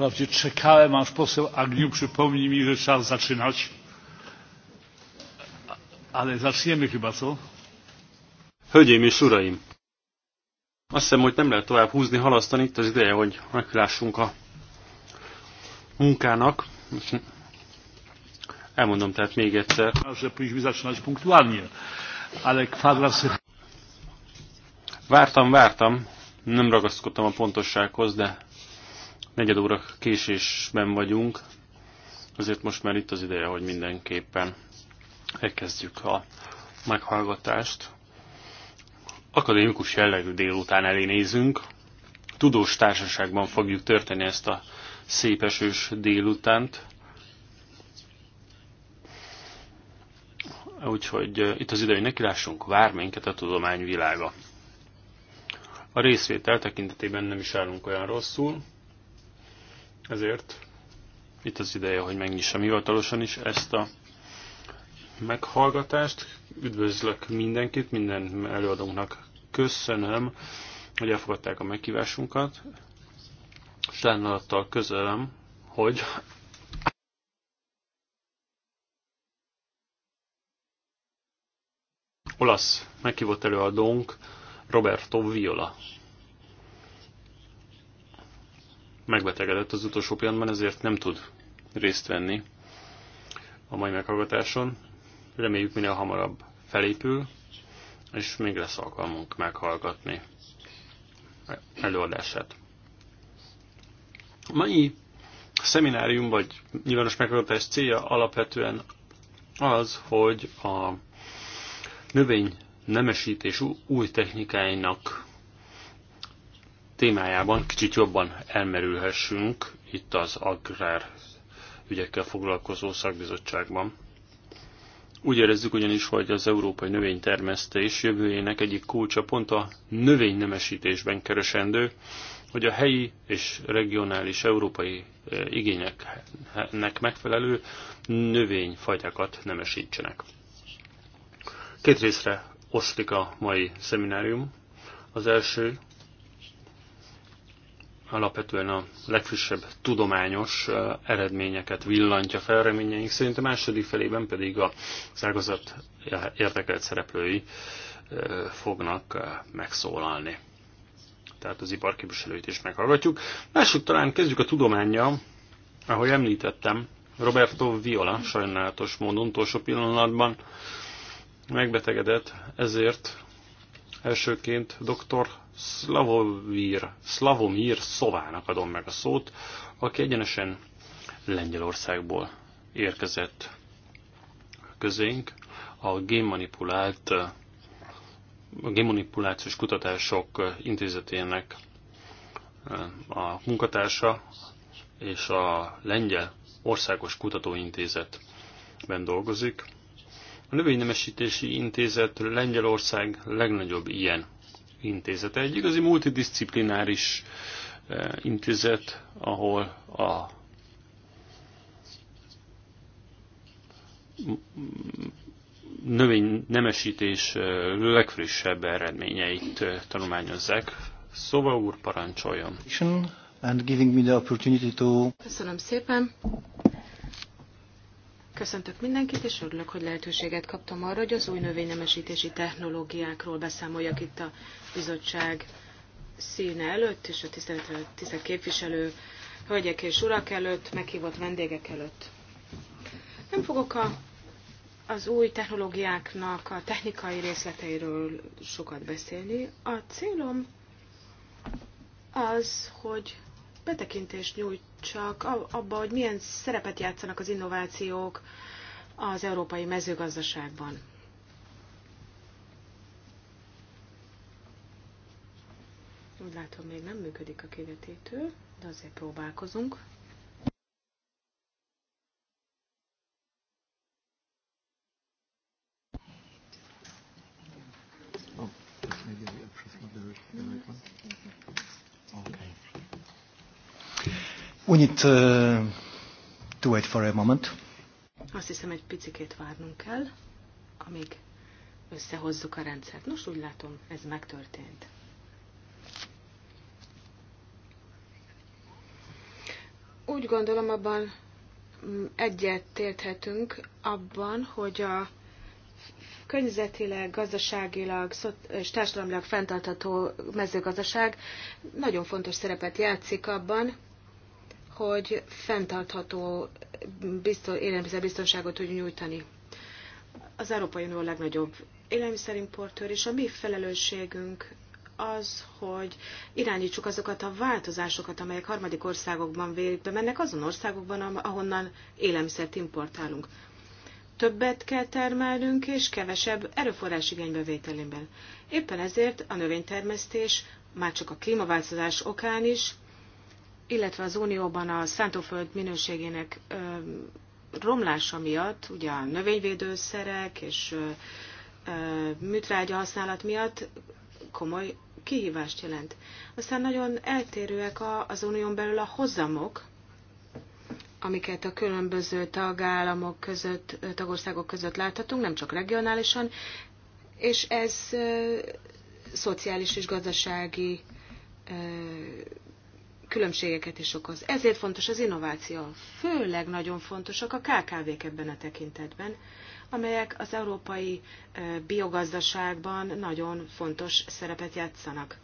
Wprawdzie czekałem, aż poseł agnew przypomni mi, że czas zaczynać. Ale zaczniemy chyba, co? Hölgyeim és uraim! Azt hiszem, hogy nem lehet tovább húzni, halasztani. Itt az ideje, hogy meglássunk a munkának. Elmondom tehát még egyszer. Vártam, vártam. Nem ragaszkodtam a pontossághoz, de Negyed óra késésben vagyunk, azért most már itt az ideje, hogy mindenképpen elkezdjük a meghallgatást. Akadémikus jellegű délután elé nézünk. Tudós társaságban fogjuk történni ezt a szép esős délutánt. Úgyhogy eh, itt az idei nekilássunk, vár minket a tudomány világa. A részvétel tekintetében nem is állunk olyan rosszul. Ezért itt az ideje, hogy megnyissam hivatalosan is ezt a meghallgatást. Üdvözlök mindenkit, minden előadónknak köszönöm, hogy elfogadták a meghívásunkat. Sajnálattal közölöm, hogy olasz meghívott előadónk Roberto Viola megbetegedett az utolsó pillanatban, ezért nem tud részt venni a mai meghallgatáson. Reméljük minél hamarabb felépül, és még lesz alkalmunk meghallgatni előadását. A mai szeminárium vagy nyilvános meghallgatás célja alapvetően az, hogy a növény nemesítés új technikáinak témájában kicsit jobban elmerülhessünk itt az agrár ügyekkel foglalkozó szakbizottságban. Úgy érezzük ugyanis, hogy az európai növénytermesztés jövőjének egyik kulcsa pont a növénynemesítésben keresendő, hogy a helyi és regionális európai e, igényeknek megfelelő növényfajtákat nemesítsenek. Két részre oszlik a mai szeminárium. Az első alapvetően a legfrissebb tudományos eredményeket villantja fel reményeink szerint, a második felében pedig a szágazat érdekelt szereplői fognak megszólalni. Tehát az iparképviselőit is meghallgatjuk. Mások talán kezdjük a tudományjal, ahogy említettem, Roberto Viola sajnálatos módon utolsó pillanatban megbetegedett, ezért elsőként dr. Slavomír, Slavomír Szovának adom meg a szót, aki egyenesen Lengyelországból érkezett közénk. A génmanipulált a génmanipulációs kutatások intézetének eh, a munkatársa és a Lengyel Országos Kutatóintézetben dolgozik. A növénynemesítési intézet Lengyelország legnagyobb ilyen intézete. Egy igazi multidisciplináris eh, intézet, ahol a növény nemesítés eh, legfrissebb eredményeit eh, tanulmányozzák. Szóval úr, parancsoljon! And giving me the opportunity to... Köszönöm szépen! Köszöntök mindenkit, és örülök, hogy lehetőséget kaptam arra, hogy az új növénynemesítési technológiákról beszámoljak itt a bizottság színe előtt, és a tisztelt, tisztelt képviselő hölgyek és urak előtt, meghívott vendégek előtt. Nem fogok a, az új technológiáknak a technikai részleteiről sokat beszélni. A célom az, hogy betekintést nyújt csak abba, hogy milyen szerepet játszanak az innovációk az európai mezőgazdaságban. Úgy látom, még nem működik a kivetítő, de azért próbálkozunk. We need uh, to wait for a moment. Azt hiszem, egy picikét várnunk kell, amíg összehozzuk a rendszert. Nos, úgy látom, ez megtörtént. Úgy gondolom, abban mm, egyet térthetünk abban, hogy a környezetileg, gazdaságilag és társadalmilag fenntartható mezőgazdaság nagyon fontos szerepet játszik abban, hogy fenntartható biztos, élelmiszerbiztonságot tudjunk nyújtani. Az Európai Unió a legnagyobb élelmiszerimportőr, és a mi felelősségünk az, hogy irányítsuk azokat a változásokat, amelyek harmadik országokban végbe mennek, azon országokban, ahonnan élelmiszert importálunk. Többet kell termelnünk, és kevesebb erőforrás igénybevételében. Éppen ezért a növénytermesztés már csak a klímaváltozás okán is illetve az Unióban a szántóföld minőségének romlása miatt, ugye a növényvédőszerek és műtrágya használat miatt komoly kihívást jelent. Aztán nagyon eltérőek a, az unión belül a hozamok, amiket a különböző tagállamok között, tagországok között láthatunk, nem csak regionálisan, és ez szociális és gazdasági különbségeket is okoz. Ezért fontos az innováció. Főleg nagyon fontosak a KKV-k ebben a tekintetben, amelyek az európai biogazdaságban nagyon fontos szerepet játszanak.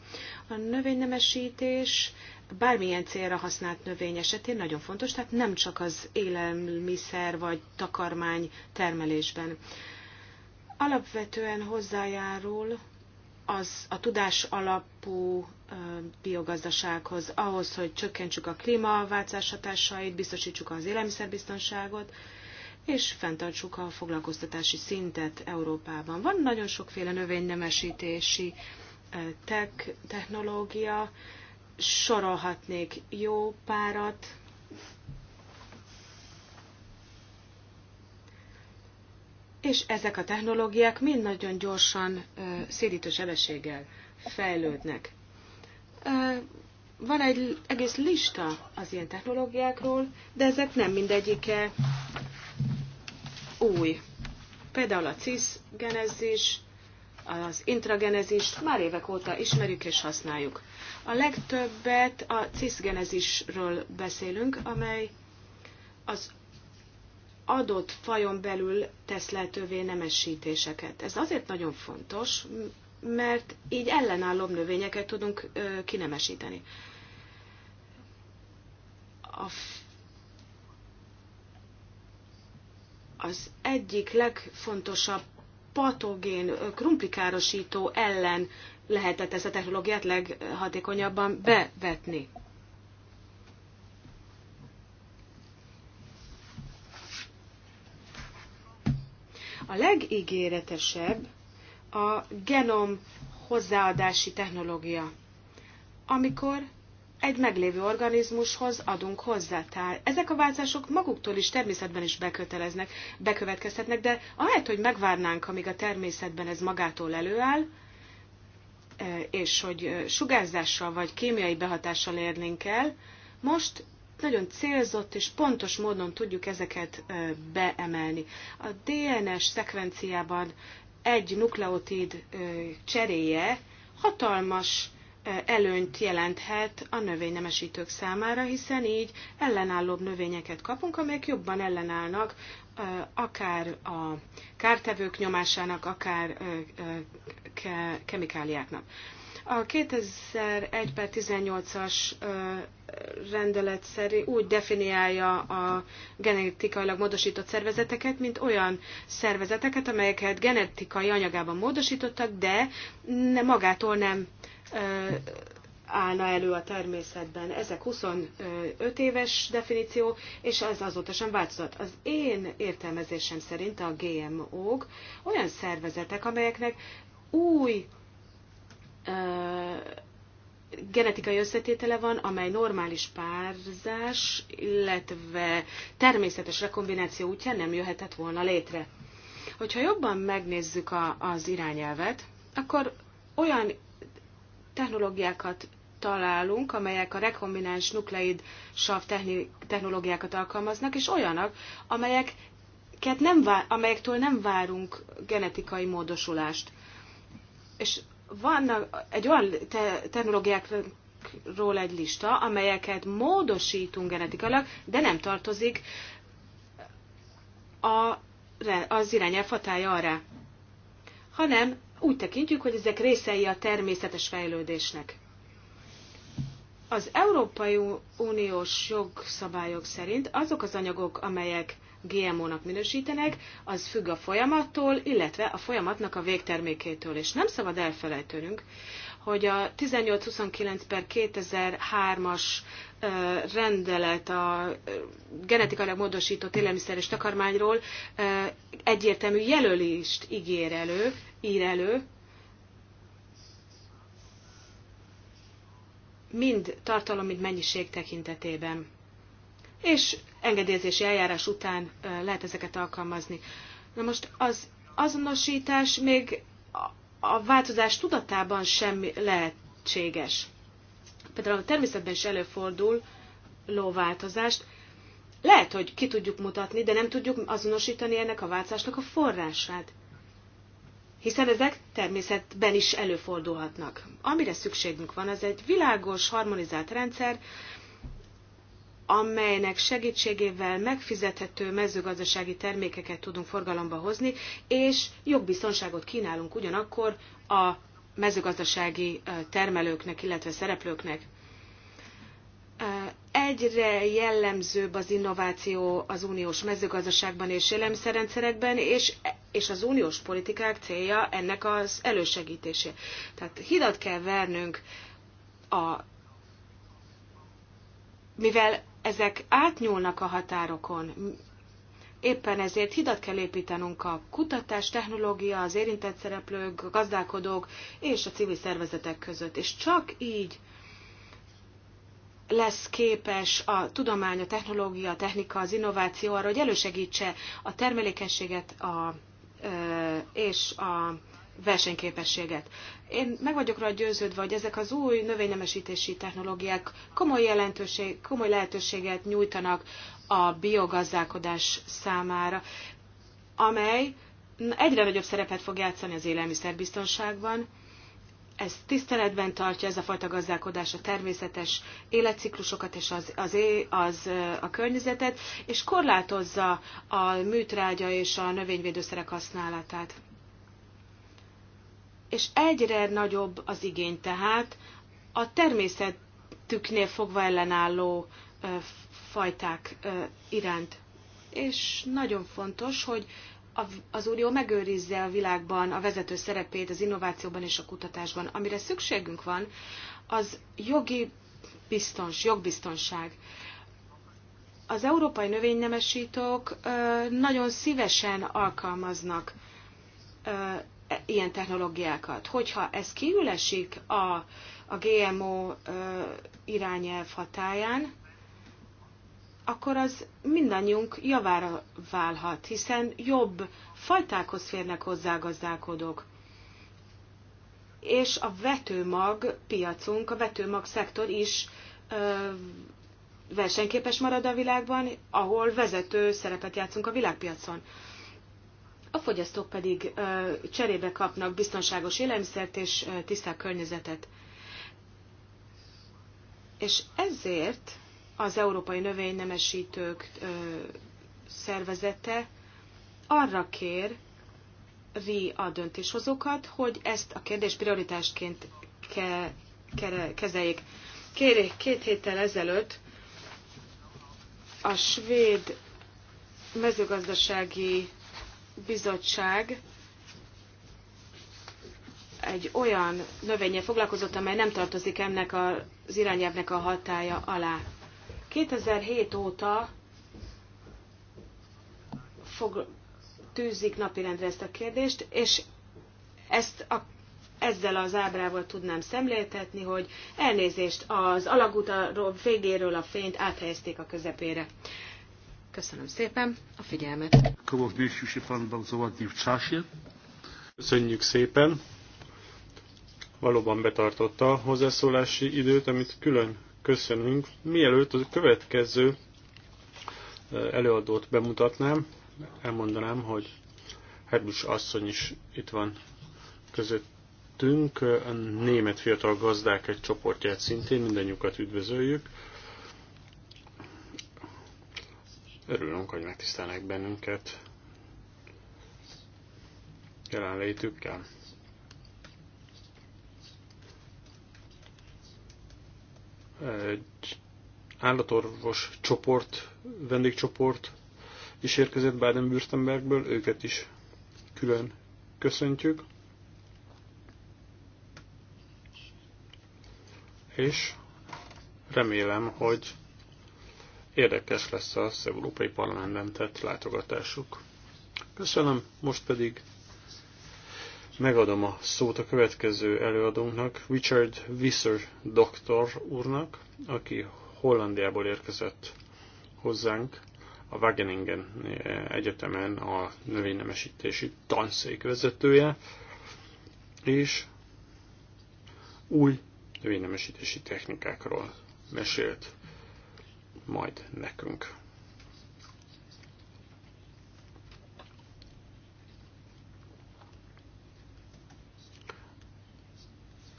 A növénynemesítés bármilyen célra használt növény esetén nagyon fontos, tehát nem csak az élelmiszer vagy takarmány termelésben. Alapvetően hozzájárul az a tudás alapú biogazdasághoz, ahhoz, hogy csökkentsük a klímaváltozás hatásait, biztosítsuk az élelmiszerbiztonságot, és fenntartsuk a foglalkoztatási szintet Európában. Van nagyon sokféle növénynemesítési tech, technológia, sorolhatnék jó párat, és ezek a technológiák mind nagyon gyorsan, szédítő sebességgel fejlődnek. Van egy egész lista az ilyen technológiákról, de ezek nem mindegyike új. Például a cisgenezis, az intragenezist már évek óta ismerjük és használjuk. A legtöbbet a cisgenezisről beszélünk, amely az adott fajon belül tesz lehetővé nemesítéseket. Ez azért nagyon fontos, mert így ellenálló növényeket tudunk kinemesíteni. A az egyik legfontosabb patogén, krumplikárosító ellen lehetett ezt a technológiát leghatékonyabban bevetni. A legígéretesebb a genom hozzáadási technológia, amikor egy meglévő organizmushoz adunk hozzá. Tehát ezek a változások maguktól is természetben is beköteleznek, bekövetkezhetnek, de ahelyett, hogy megvárnánk, amíg a természetben ez magától előáll, eh, és hogy eh, sugárzással vagy kémiai behatással érnénk el, most nagyon célzott és pontos módon tudjuk ezeket beemelni. A DNS szekvenciában egy nukleotid cseréje hatalmas előnyt jelenthet a növénynemesítők számára, hiszen így ellenállóbb növényeket kapunk, amelyek jobban ellenállnak akár a kártevők nyomásának, akár kemikáliáknak. A 2001 per 18-as rendelet szerint úgy definiálja a genetikailag módosított szervezeteket, mint olyan szervezeteket, amelyeket genetikai anyagában módosítottak, de magától nem állna elő a természetben. Ezek 25 éves definíció, és ez azóta sem változott. Az én értelmezésem szerint a GMO-k olyan szervezetek, amelyeknek új genetikai összetétele van, amely normális párzás, illetve természetes rekombináció útján nem jöhetett volna létre. Hogyha jobban megnézzük a, az irányelvet, akkor olyan technológiákat találunk, amelyek a rekombináns nukleid sav technológiákat alkalmaznak, és olyanok, amelyek nem vár, amelyektől nem várunk genetikai módosulást. És vannak egy olyan te- technológiákról egy lista, amelyeket módosítunk genetikailag, de nem tartozik a, az irányelv hatája arra, hanem úgy tekintjük, hogy ezek részei a természetes fejlődésnek. Az Európai Uniós jogszabályok szerint azok az anyagok, amelyek GMO-nak minősítenek, az függ a folyamattól, illetve a folyamatnak a végtermékétől. És nem szabad elfelejtőnünk, hogy a 1829 per 2003-as rendelet a genetikailag módosított élelmiszer és takarmányról egyértelmű jelölést ígér elő, ír elő, mind tartalom, mind mennyiség tekintetében. És engedélyezési eljárás után lehet ezeket alkalmazni. Na most az azonosítás még a változás tudatában sem lehetséges. Például a természetben is előfordul lóváltozást. Lehet, hogy ki tudjuk mutatni, de nem tudjuk azonosítani ennek a változásnak a forrását. Hiszen ezek természetben is előfordulhatnak. Amire szükségünk van, az egy világos, harmonizált rendszer, amelynek segítségével megfizethető mezőgazdasági termékeket tudunk forgalomba hozni, és jogbiztonságot kínálunk ugyanakkor a mezőgazdasági termelőknek, illetve szereplőknek. Egyre jellemzőbb az innováció az uniós mezőgazdaságban és élelmiszerrendszerekben, és, és az uniós politikák célja ennek az elősegítése. Tehát hidat kell vernünk a mivel ezek átnyúlnak a határokon. Éppen ezért hidat kell építenünk a kutatás, technológia, az érintett szereplők, a gazdálkodók és a civil szervezetek között. És csak így lesz képes a tudomány, a technológia, a technika, az innováció arra, hogy elősegítse a termelékenységet a, és a versenyképességet. Én meg vagyok rá győződve, hogy ezek az új növénynemesítési technológiák komoly, jelentőség, komoly lehetőséget nyújtanak a biogazdálkodás számára, amely egyre nagyobb szerepet fog játszani az élelmiszerbiztonságban. Ez tiszteletben tartja ez a fajta gazdálkodás a természetes életciklusokat és az, az, az a környezetet, és korlátozza a műtrágya és a növényvédőszerek használatát és egyre nagyobb az igény tehát a természetüknél fogva ellenálló fajták iránt. És nagyon fontos, hogy az Unió megőrizze a világban a vezető szerepét az innovációban és a kutatásban. Amire szükségünk van, az jogi biztons, jogbiztonság. Az európai növénynemesítők nagyon szívesen alkalmaznak ilyen technológiákat. Hogyha ez kívül esik a, a GMO ö, irányelv hatáján, akkor az mindannyiunk javára válhat, hiszen jobb fajtákhoz férnek hozzá a gazdálkodók. És a vetőmag piacunk, a vetőmag szektor is ö, versenyképes marad a világban, ahol vezető szerepet játszunk a világpiacon a fogyasztók pedig cserébe kapnak biztonságos élelmiszert és tisztább környezetet. És ezért az Európai Növénynemesítők szervezete arra kér ri a döntéshozókat, hogy ezt a kérdést prioritásként ke, ke, kezeljék. Kérjék, két héttel ezelőtt a svéd mezőgazdasági bizottság egy olyan növényel foglalkozott, amely nem tartozik ennek az irányelvnek a hatája alá. 2007 óta fog, tűzik napirendre ezt a kérdést, és ezt a, ezzel az ábrával tudnám szemléltetni, hogy elnézést az alagút a végéről a fényt áthelyezték a közepére. Köszönöm szépen a figyelmet. Köszönjük szépen. Valóban betartotta a hozzászólási időt, amit külön köszönünk. Mielőtt a következő e, előadót bemutatnám, elmondanám, hogy Herbus asszony is itt van közöttünk. A német fiatal gazdák egy csoportját szintén mindannyiukat üdvözöljük. Örülünk, hogy megtisztelnek bennünket jelenlétükkel. Egy állatorvos csoport, vendégcsoport is érkezett Baden-Württembergből, őket is külön köszöntjük. És remélem, hogy Érdekes lesz az Európai Parlamentben tett látogatásuk. Köszönöm, most pedig megadom a szót a következő előadónknak, Richard Visser doktor úrnak, aki Hollandiából érkezett hozzánk, a Wageningen eh, Egyetemen a növénynemesítési tanszék vezetője, és új növénynemesítési technikákról mesélt majd nekünk.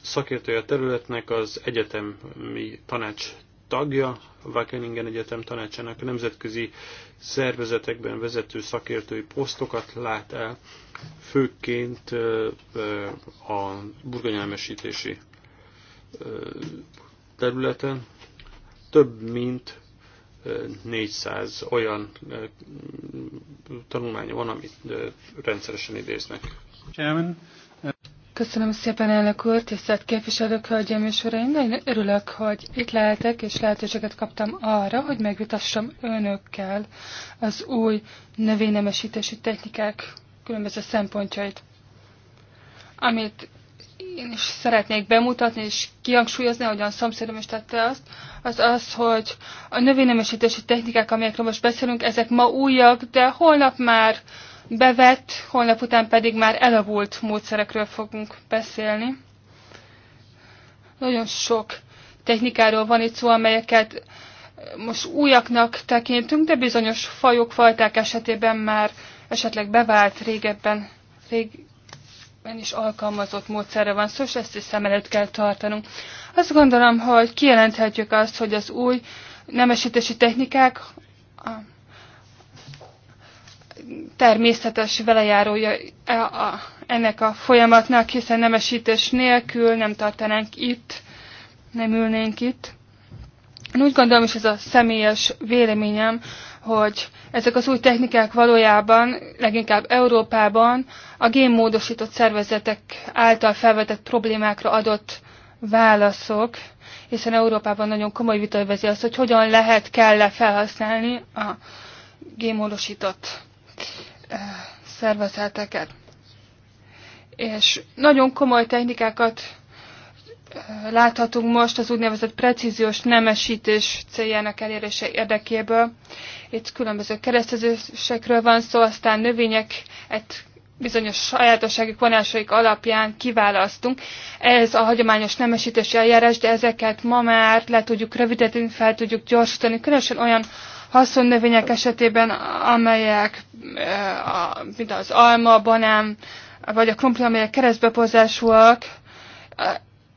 Szakértője a területnek az egyetemi tanács tagja, Wakeningen Egyetem tanácsának nemzetközi szervezetekben vezető szakértői posztokat lát el, főként a burgonyelmesítési területen több mint 400 olyan tanulmánya van, amit rendszeresen idéznek. Köszönöm szépen, elnök úr, tisztelt képviselők, hölgyeim és uraim. Nagyon örülök, hogy itt lehetek, és lehetőséget kaptam arra, hogy megvitassam önökkel az új növénynemesítési technikák különböző szempontjait. Amit én is szeretnék bemutatni és kihangsúlyozni, ahogyan a szomszédom is tette azt, az az, hogy a növénynemesítési technikák, amelyekről most beszélünk, ezek ma újak, de holnap már bevett, holnap után pedig már elavult módszerekről fogunk beszélni. Nagyon sok technikáról van itt szó, amelyeket most újaknak tekintünk, de bizonyos fajok, fajták esetében már esetleg bevált régebben, rég, esetekben is alkalmazott módszerre van szó, és ezt is szem előtt kell tartanunk. Azt gondolom, hogy kijelenthetjük azt, hogy az új nemesítési technikák a természetes velejárója ennek a folyamatnak, hiszen nemesítés nélkül nem tartanánk itt, nem ülnénk itt. Én úgy gondolom, és ez a személyes véleményem, hogy ezek az új technikák valójában, leginkább Európában a génmódosított szervezetek által felvetett problémákra adott válaszok, hiszen Európában nagyon komoly vita vezi azt, hogy hogyan lehet, kell-e felhasználni a génmódosított eh, szervezeteket. És nagyon komoly technikákat láthatunk most az úgynevezett precíziós nemesítés céljának elérése érdekéből. Itt különböző keresztezősekről van szó, aztán növényeket bizonyos sajátossági vonásaik alapján kiválasztunk. Ez a hagyományos nemesítési eljárás, de ezeket ma már le tudjuk rövidíteni, fel tudjuk gyorsítani, különösen olyan növények esetében, amelyek, eh, mint az alma, banán, vagy a krumpli, amelyek keresztbepozásúak,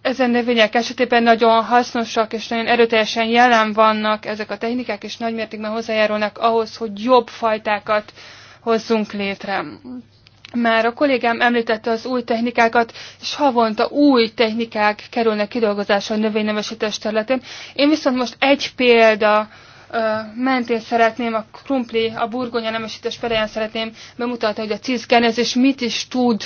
ezen növények esetében nagyon hasznosak és nagyon erőteljesen jelen vannak ezek a technikák, és nagymértékben hozzájárulnak ahhoz, hogy jobb fajtákat hozzunk létre. Már a kollégám említette az új technikákat, és havonta új technikák kerülnek kidolgozásra a növénynemesítés területén. Én viszont most egy példa mentén szeretném a krumpli, a burgonya nemesítés példáján szeretném bemutatni, hogy a cizgenezés mit is tud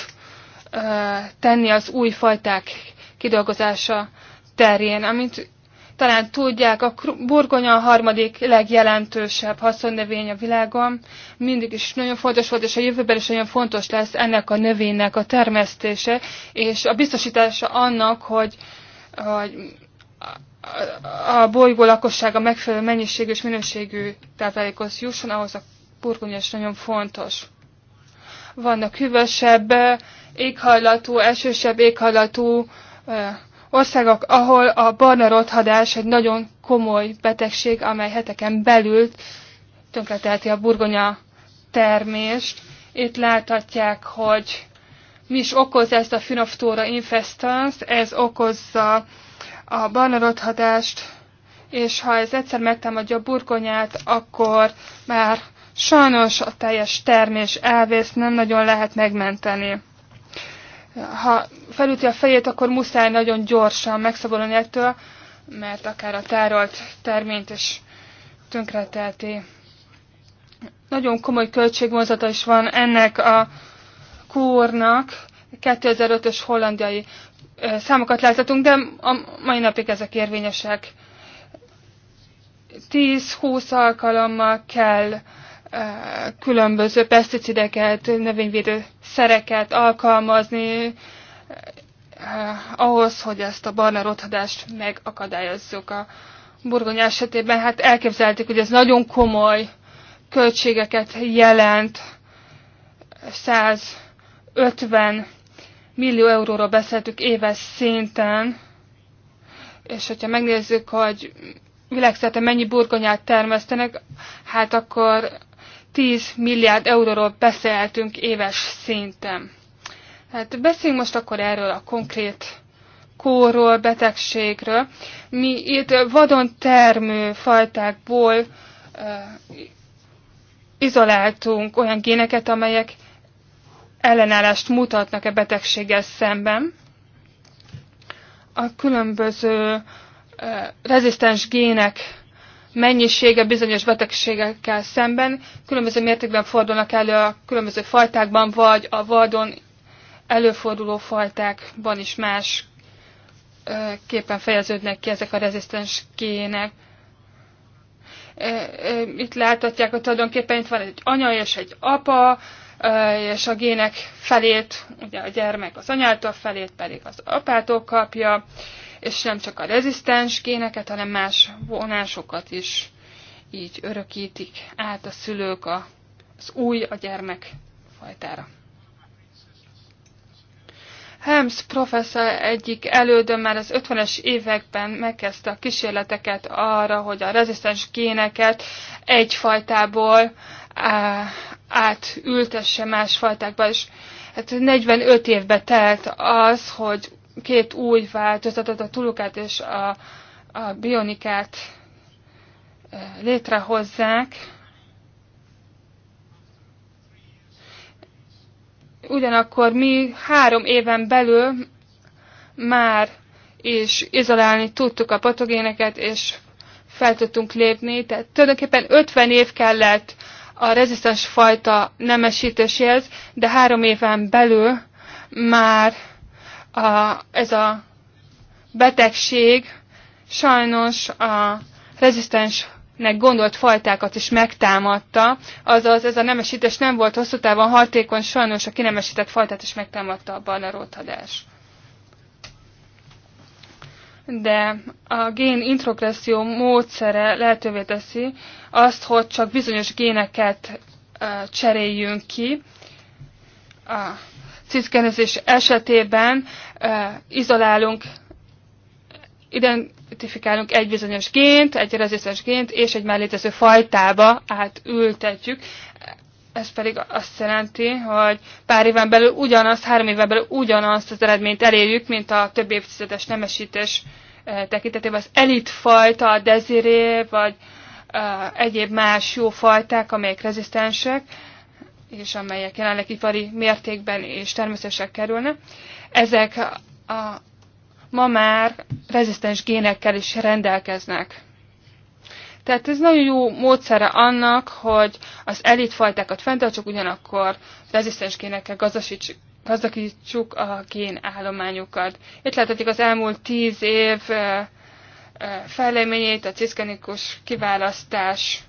tenni az új fajták kidolgozása terén. Amint talán tudják, a burgonya a harmadik legjelentősebb haszonnövény a világon. Mindig is nagyon fontos volt, és a jövőben is nagyon fontos lesz ennek a növénynek a termesztése, és a biztosítása annak, hogy, hogy a bolygó lakossága megfelelő mennyiségű és minőségű táplálékhoz jusson, ahhoz a burgonya is nagyon fontos. Vannak hűvösebb éghajlatú, esősebb éghajlatú országok, ahol a barna rothadás egy nagyon komoly betegség, amely heteken belül tönkretelti a burgonya termést. Itt láthatják, hogy mi is okozza ezt a finoftóra infestans, ez okozza a barna rothadást, és ha ez egyszer megtámadja a burgonyát, akkor már sajnos a teljes termés elvész, nem nagyon lehet megmenteni ha felüti a fejét, akkor muszáj nagyon gyorsan megszabadulni ettől, mert akár a tárolt terményt is tönkreteheti. Nagyon komoly költségvonzata is van ennek a kórnak. 2005-ös hollandiai számokat láthatunk, de a mai napig ezek érvényesek. 10-20 alkalommal kell különböző peszticideket, növényvédő szereket alkalmazni, ahhoz, hogy ezt a barna rothadást megakadályozzuk a burgonya esetében. Hát elképzelték, hogy ez nagyon komoly költségeket jelent, 150 millió euróra beszéltük éves szinten, és hogyha megnézzük, hogy világszerte mennyi burgonyát termesztenek, hát akkor 10 milliárd euróról beszélhetünk éves szinten. Hát beszéljünk most akkor erről a konkrét kórról, betegségről. Mi itt vadon termő fajtákból uh, izoláltunk olyan géneket, amelyek ellenállást mutatnak a betegséggel szemben. A különböző uh, rezisztens gének mennyisége bizonyos betegségekkel szemben különböző mértékben fordulnak elő a különböző fajtákban, vagy a vadon előforduló fajtákban is más képen fejeződnek ki ezek a rezisztens gének. Itt láthatják, hogy tulajdonképpen itt van egy anya és egy apa, és a gének felét ugye a gyermek az anyától, felét pedig az apától kapja, és nem csak a rezisztens géneket, hanem más vonásokat is így örökítik át a szülők a, az új a gyermek fajtára. Helms professzor egyik elődöm már az 50-es években megkezdte a kísérleteket arra, hogy a rezisztens géneket egyfajtából átültesse más fajtákba, és hát 45 évbe telt az, hogy két új változatot, a tulukát és a, a bionikát létrehozzák. Ugyanakkor mi három éven belül már is izolálni tudtuk a patogéneket, és fel tudtunk lépni. Tehát tulajdonképpen 50 év kellett a rezisztens fajta nemesítéséhez, de három éven belül már a, ez a betegség sajnos a rezisztensnek gondolt fajtákat is megtámadta, azaz ez a nemesítés nem volt hosszú távon hatékony, sajnos a kinemesített fajtát is megtámadta a barna rothadás. De a gén introgresszió módszere lehetővé teszi azt, hogy csak bizonyos géneket cseréljünk ki cizgenezés esetében izolálunk, identifikálunk egy bizonyos gént, egy rezisztens gént, és egy már létező fajtába átültetjük. Ez pedig azt jelenti, hogy pár éven belül ugyanazt, három éven belül ugyanazt az eredményt elérjük, mint a több évtizedes nemesítés tekintetében. Az elitfajta, a deziré, vagy egyéb más jó fajták, amelyek rezisztensek, és amelyek jelenleg ipari mértékben és természetesen kerülnek, ezek a ma már rezisztens génekkel is rendelkeznek. Tehát ez nagyon jó módszere annak, hogy az elitfajtákat fenntartsuk, ugyanakkor rezisztens génekkel gazdasítsuk gazdagítsuk a állományokat. Itt láthatjuk az elmúlt tíz év fejleményét, a ciszkenikus kiválasztás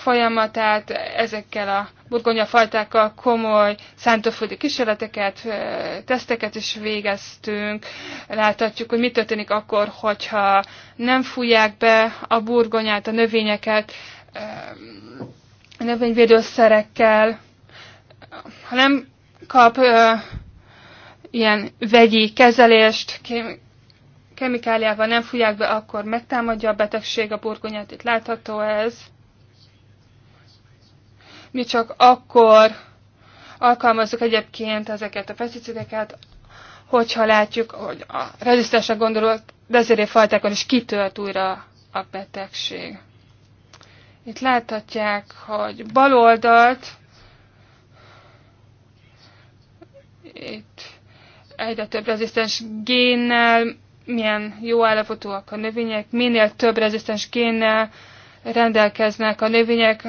folyamatát, ezekkel a burgonya fajtákkal komoly szántóföldi kísérleteket, teszteket is végeztünk. Láthatjuk, hogy mi történik akkor, hogyha nem fújják be a burgonyát, a növényeket, a növényvédőszerekkel, ha nem kap ilyen vegyi kezelést, kemikáliával nem fújják be, akkor megtámadja a betegség a burgonyát. Itt látható ez mi csak akkor alkalmazzuk egyébként ezeket a pesticideket, hogyha látjuk, hogy a rezisztensre gondoló dezéré fajtákon is kitölt újra a betegség. Itt láthatják, hogy oldalt itt egyre több rezisztens génnel, milyen jó állapotúak a növények, minél több rezisztens génnel rendelkeznek a növények,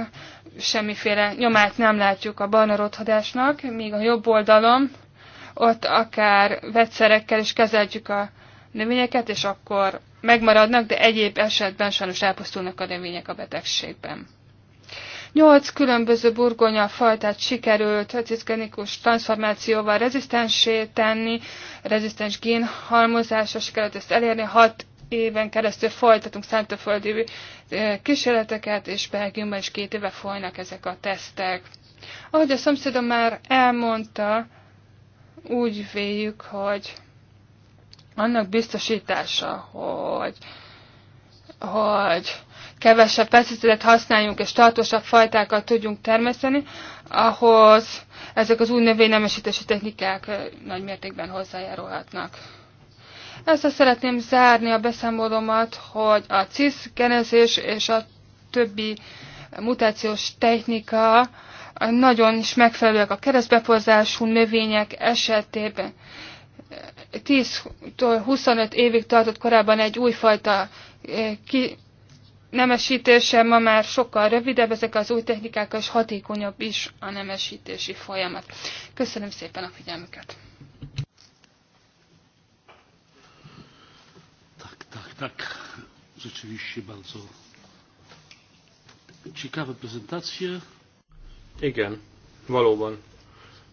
semmiféle nyomát nem látjuk a barna rothadásnak, míg a jobb oldalon ott akár vegyszerekkel is kezeljük a növényeket, és akkor megmaradnak, de egyéb esetben sajnos elpusztulnak a növények a betegségben. Nyolc különböző burgonya fajtát sikerült ciszkenikus transformációval rezisztensé tenni, rezisztens génhalmozásra sikerült ezt elérni, hat éven keresztül folytatunk szántóföldi eh, kísérleteket, és Belgiumban is két éve folynak ezek a tesztek. Ahogy a szomszédom már elmondta, úgy véljük, hogy annak biztosítása, hogy, hogy kevesebb pesticidet használjunk és tartósabb fajtákat tudjunk termeszteni, ahhoz ezek az új növénynemesítési technikák eh, nagy mértékben hozzájárulhatnak. Ezzel szeretném zárni a beszámolómat, hogy a CIS genezés és a többi mutációs technika nagyon is megfelelőek a keresztbeporzású növények esetében. 10-25 évig tartott korábban egy újfajta eh, ki, nemesítése, ma már sokkal rövidebb, ezek az új technikák, és hatékonyabb is a nemesítési folyamat. Köszönöm szépen a figyelmüket! Tak, tak. Rzeczywiście bardzo ciekawe prezentacje. Igen, valóban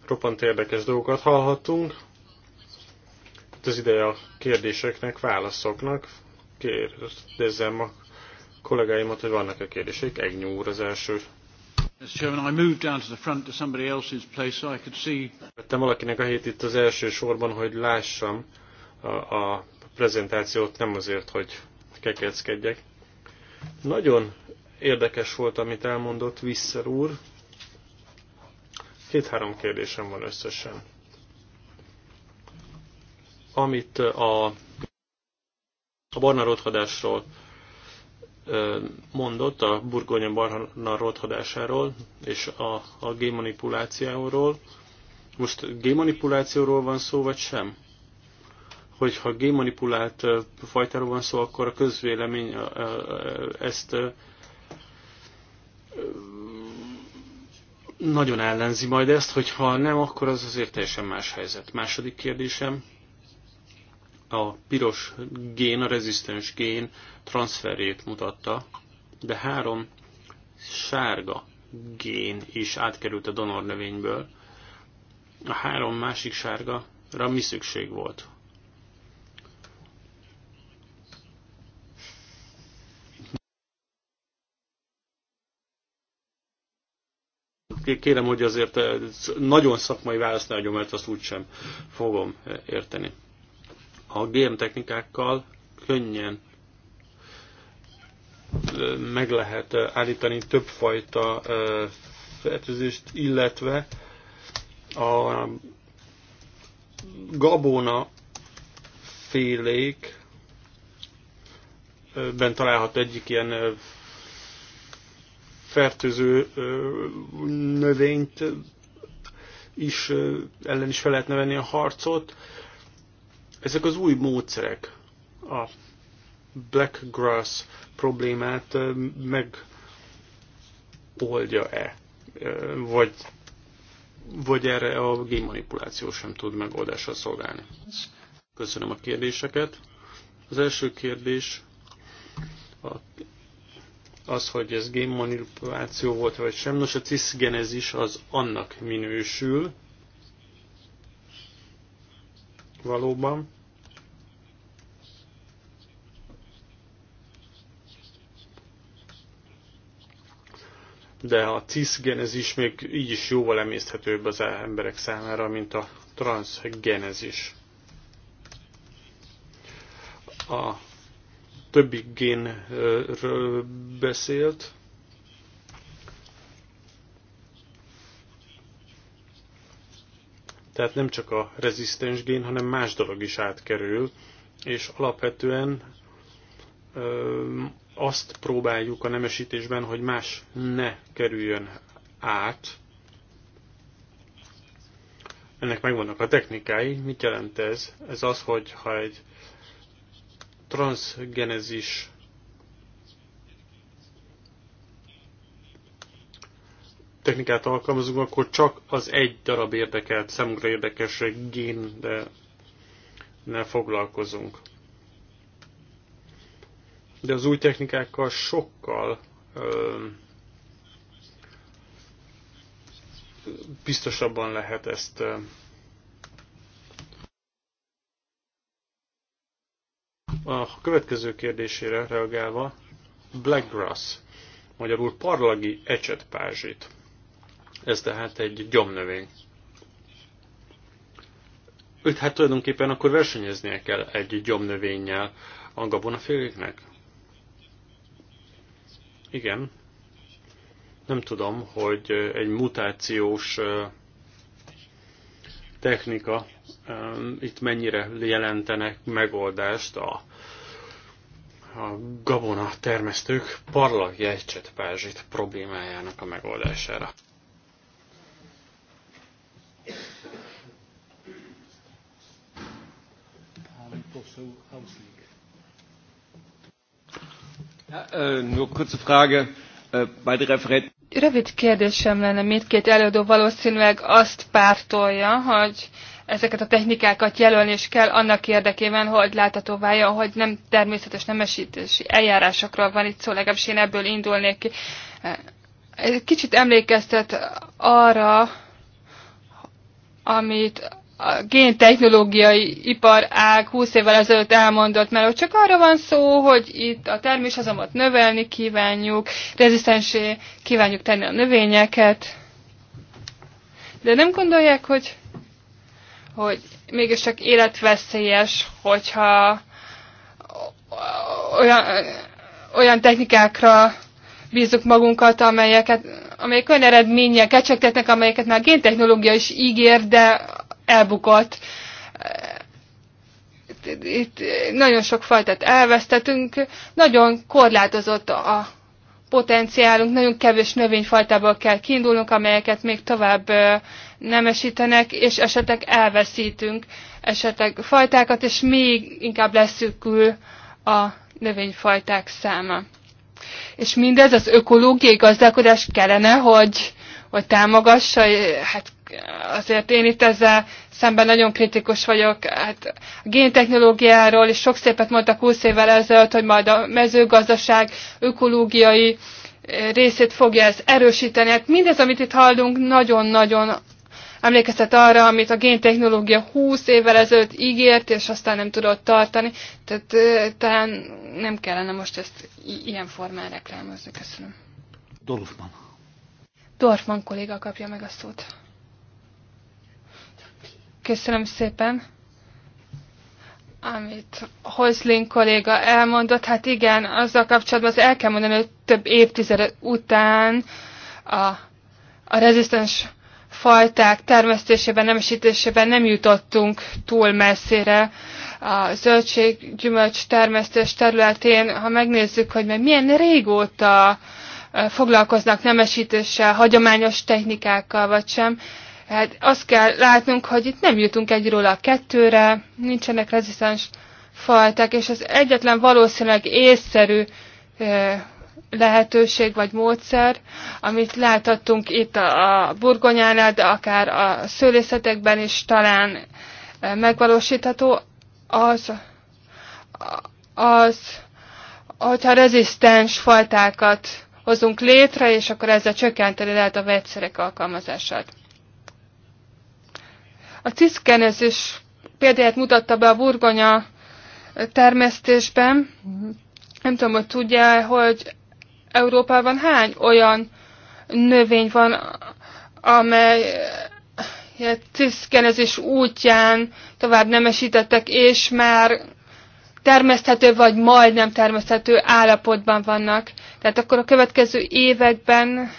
roppant érdekes dolgokat hallhattunk. Itt hát az ideje a kérdéseknek, válaszoknak. Kérdezzem a kollégáimat, hogy vannak-e kérdéseik. Egnyú úr az első. Vettem valakinek a hét itt az első sorban, hogy lássam a, a prezentációt, nem azért, hogy kekeckedjek. Nagyon érdekes volt, amit elmondott Visszer úr. Két-három kérdésem van összesen. Amit a, a barna rothadásról mondott, a burgonya barna rothadásáról és a, a gémanipulációról. Most gémanipulációról van szó, vagy sem? hogyha gémanipulált fajtáról van szó, akkor a közvélemény ezt nagyon ellenzi majd ezt, hogyha nem, akkor az azért teljesen más helyzet. Második kérdésem, a piros gén, a rezisztens gén transferét mutatta, de három sárga gén is átkerült a donornövényből. A három másik sárga mi szükség volt? kérem, hogy azért eh, nagyon szakmai választ ne adjon, mert azt úgysem fogom eh, érteni. A GM technikákkal könnyen eh, meg lehet állítani többfajta fertőzést, illetve a gabona félék ben található egyik ilyen fertőző növényt is ellen is fel lehetne venni a harcot. Ezek az új módszerek a black grass problémát megoldja-e, vagy, vagy erre a génmanipuláció sem tud megoldással szolgálni. Köszönöm a kérdéseket. Az első kérdés a az, hogy ez game manipuláció volt, vagy sem. Nos, a cisgenezis az annak minősül. Valóban. De a cisgenezis még így is jóval emészthetőbb az emberek számára, mint a transgenezis. A többi génről beszélt. Tehát nem csak a rezisztens gén, hanem más dolog is átkerül, és alapvetően azt próbáljuk a nemesítésben, hogy más ne kerüljön át. Ennek megvannak a technikái. Mit jelent ez? Ez az, hogy ha egy transgenezis technikát alkalmazunk, akkor csak az egy darab érdekelt, számunkra érdekes ne foglalkozunk. De az új technikákkal sokkal ö, biztosabban lehet ezt ö, A következő kérdésére reagálva, Blackgrass, magyarul parlagi ecsetpázsit. Ez tehát egy gyomnövény. Őt hát tulajdonképpen akkor versenyeznie kell egy gyomnövénnyel a gabonaféléknek? Igen. Nem tudom, hogy egy mutációs technika itt mennyire jelentenek megoldást a, a gabona termesztők parlagja egy problémájának a megoldására. Rövid kérdésem lenne, mindkét előadó valószínűleg azt pártolja, hogy ezeket a technikákat jelölni is kell annak érdekében, hogy látható váljon, hogy nem természetes nemesítési eljárásokról van itt szó, legalábbis én ebből indulnék ki. Kicsit emlékeztet arra, amit a géntechnológiai ipar ág 20 évvel ezelőtt elmondott, mert csak arra van szó, hogy itt a terméshozamot növelni kívánjuk, rezisztensé kívánjuk tenni a növényeket, de nem gondolják, hogy hogy mégiscsak életveszélyes, hogyha olyan, olyan technikákra bízzuk magunkat, amelyeket, amelyek olyan eredménnyel kecsegtetnek, amelyeket már a géntechnológia is ígér, de elbukott. Itt nagyon sok fajtát elvesztettünk, nagyon korlátozott a potenciálunk, nagyon kevés növényfajtából kell kiindulnunk, amelyeket még tovább nemesítenek, és esetleg elveszítünk esetleg fajtákat, és még inkább leszűkül a növényfajták száma. És mindez az ökológiai gazdálkodás kellene, hogy, hogy támogassa, hát azért én itt ezzel szemben nagyon kritikus vagyok. Hát a géntechnológiáról is sok szépet mondtak 20 évvel ezelőtt, hogy majd a mezőgazdaság ökológiai részét fogja ez erősíteni. Hát mindez, amit itt hallunk, nagyon-nagyon emlékeztet arra, amit a géntechnológia 20 évvel ezelőtt ígért, és aztán nem tudott tartani. Tehát talán nem kellene most ezt ilyen formán reklámozni. Köszönöm. Dorfman. Dorfman kolléga kapja meg a szót. Köszönöm szépen amit Hozlin kolléga elmondott, hát igen, azzal kapcsolatban az el kell mondani, hogy több évtized után a, a rezisztens fajták termesztésében, nemesítésében nem jutottunk túl messzire. A zöldség, gyümölcs termesztés területén, ha megnézzük, hogy meg milyen régóta foglalkoznak nemesítéssel, hagyományos technikákkal vagy sem, hát azt kell látnunk, hogy itt nem jutunk egyről a kettőre, nincsenek rezisztens fajták, és az egyetlen valószínűleg észszerű lehetőség vagy módszer, amit láthattunk itt a, a burgonyánál, de akár a szőlészetekben is talán e, megvalósítható, az, az hogyha rezisztens fajtákat hozunk létre, és akkor ezzel csökkenteni lehet a vegyszerek alkalmazását. A ciszkenezés példáját mutatta be a burgonya termesztésben. Mhm. Nem tudom, hogy tudja, hogy Európában hány olyan növény van, amely ciszkenezés eh, útján tovább nemesítettek, és már termeszthető vagy majdnem termeszthető állapotban vannak. Tehát akkor a következő években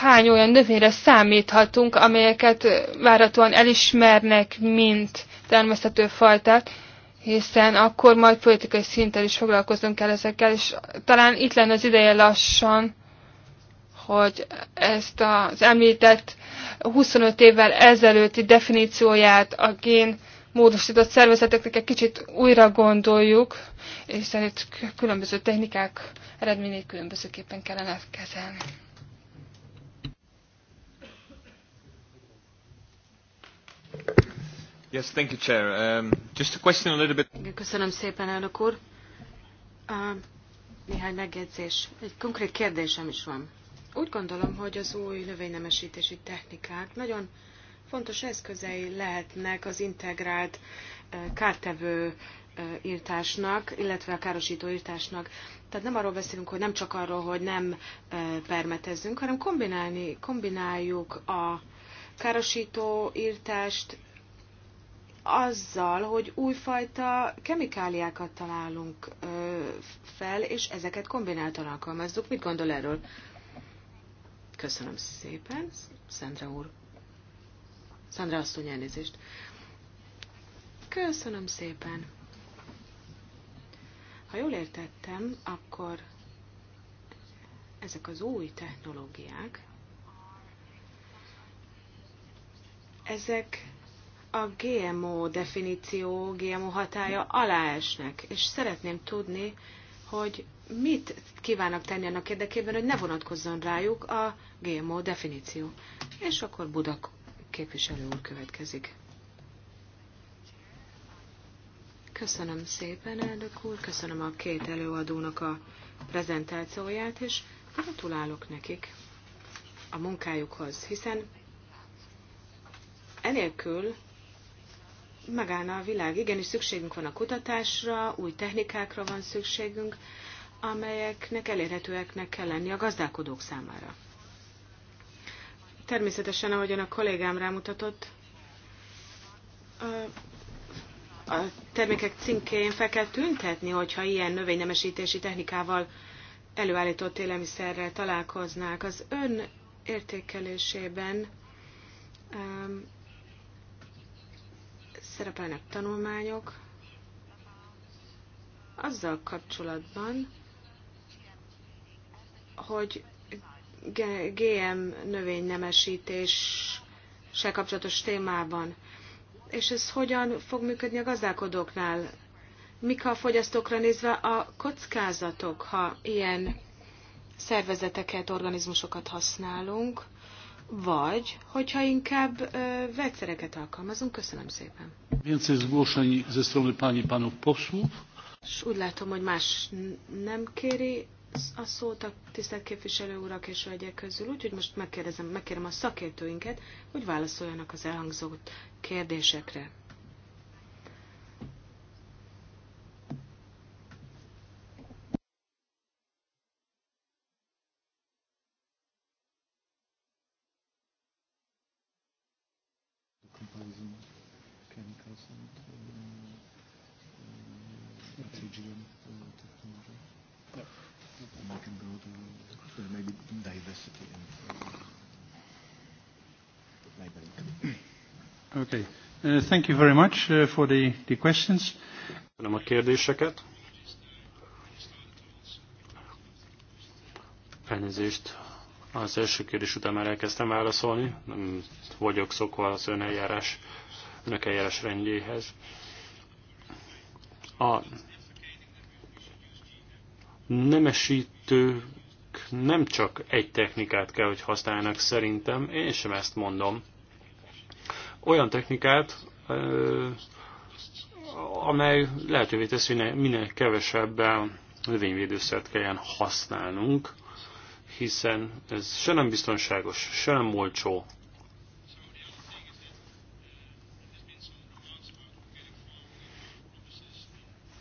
hány olyan növényre számíthatunk, amelyeket várhatóan elismernek, mint termeszthető fajtát, hiszen akkor majd politikai szinten is foglalkoznunk kell ezekkel, és talán itt lenne az ideje lassan, hogy ezt az említett 25 évvel ezelőtti definícióját a gén módosított szervezeteknek egy kicsit újra gondoljuk, hiszen itt különböző technikák eredményét különbözőképpen kellene kezelni. Yes, thank you, Chair. Um, just a question a little bit. Köszönöm szépen, elnök úr. Uh, néhány megjegyzés. Egy konkrét kérdésem is van. Úgy gondolom, hogy az új növénynemesítési technikák nagyon fontos eszközei lehetnek az integrált kártevő írtásnak, illetve a károsító írtásnak. Tehát nem arról beszélünk, hogy nem csak arról, hogy nem permetezzünk, hanem kombinálni, kombináljuk a károsító írtást azzal, hogy újfajta kemikáliákat találunk fel, és ezeket kombináltan alkalmazzuk. Mit gondol erről? Köszönöm szépen, Szandra úr. Szandra asszony, elnézést. Köszönöm szépen. Ha jól értettem, akkor ezek az új technológiák, ezek a GMO definíció, GMO hatája alá esnek, és szeretném tudni, hogy mit kívánnak tenni annak érdekében, hogy ne vonatkozzon rájuk a GMO definíció. És akkor Budak képviselő úr következik. Köszönöm szépen, elnök úr, köszönöm a két előadónak a prezentációját, és gratulálok nekik a munkájukhoz, hiszen enélkül megállna a világ. Igenis szükségünk van a kutatásra, új technikákra van szükségünk, amelyeknek elérhetőeknek kell lenni a gazdálkodók számára. Természetesen, ahogyan a kollégám rámutatott, a termékek címkéjén fel kell tüntetni, hogyha ilyen növénynemesítési technikával előállított élelmiszerrel találkoznák. Az ön értékelésében szerepelnek tanulmányok azzal kapcsolatban, hogy GM növénynemesítéssel kapcsolatos témában. És ez hogyan fog működni a gazdálkodóknál? Mik a fogyasztókra nézve a kockázatok, ha ilyen szervezeteket, organizmusokat használunk? vagy hogyha inkább ö, vegyszereket alkalmazunk. Köszönöm szépen. ze strony pani panów posłów. És úgy látom, hogy más nem kéri a szót a tisztelt képviselő urak és hölgyek közül, úgyhogy most megkérdezem, megkérem a szakértőinket, hogy válaszoljanak az elhangzott kérdésekre. Uh, thank you very much uh, for the, the questions. Köszönöm a kérdéseket. Elnézést, az első kérdés után már elkezdtem válaszolni, nem vagyok szokva az ön eljárás, önök eljárás rendjéhez. A nemesítők nem csak egy technikát kell, hogy használjanak szerintem, én sem ezt mondom olyan technikát, amely lehetővé teszi, hogy minél kevesebb növényvédőszert kelljen használnunk, hiszen ez se nem biztonságos, se nem olcsó.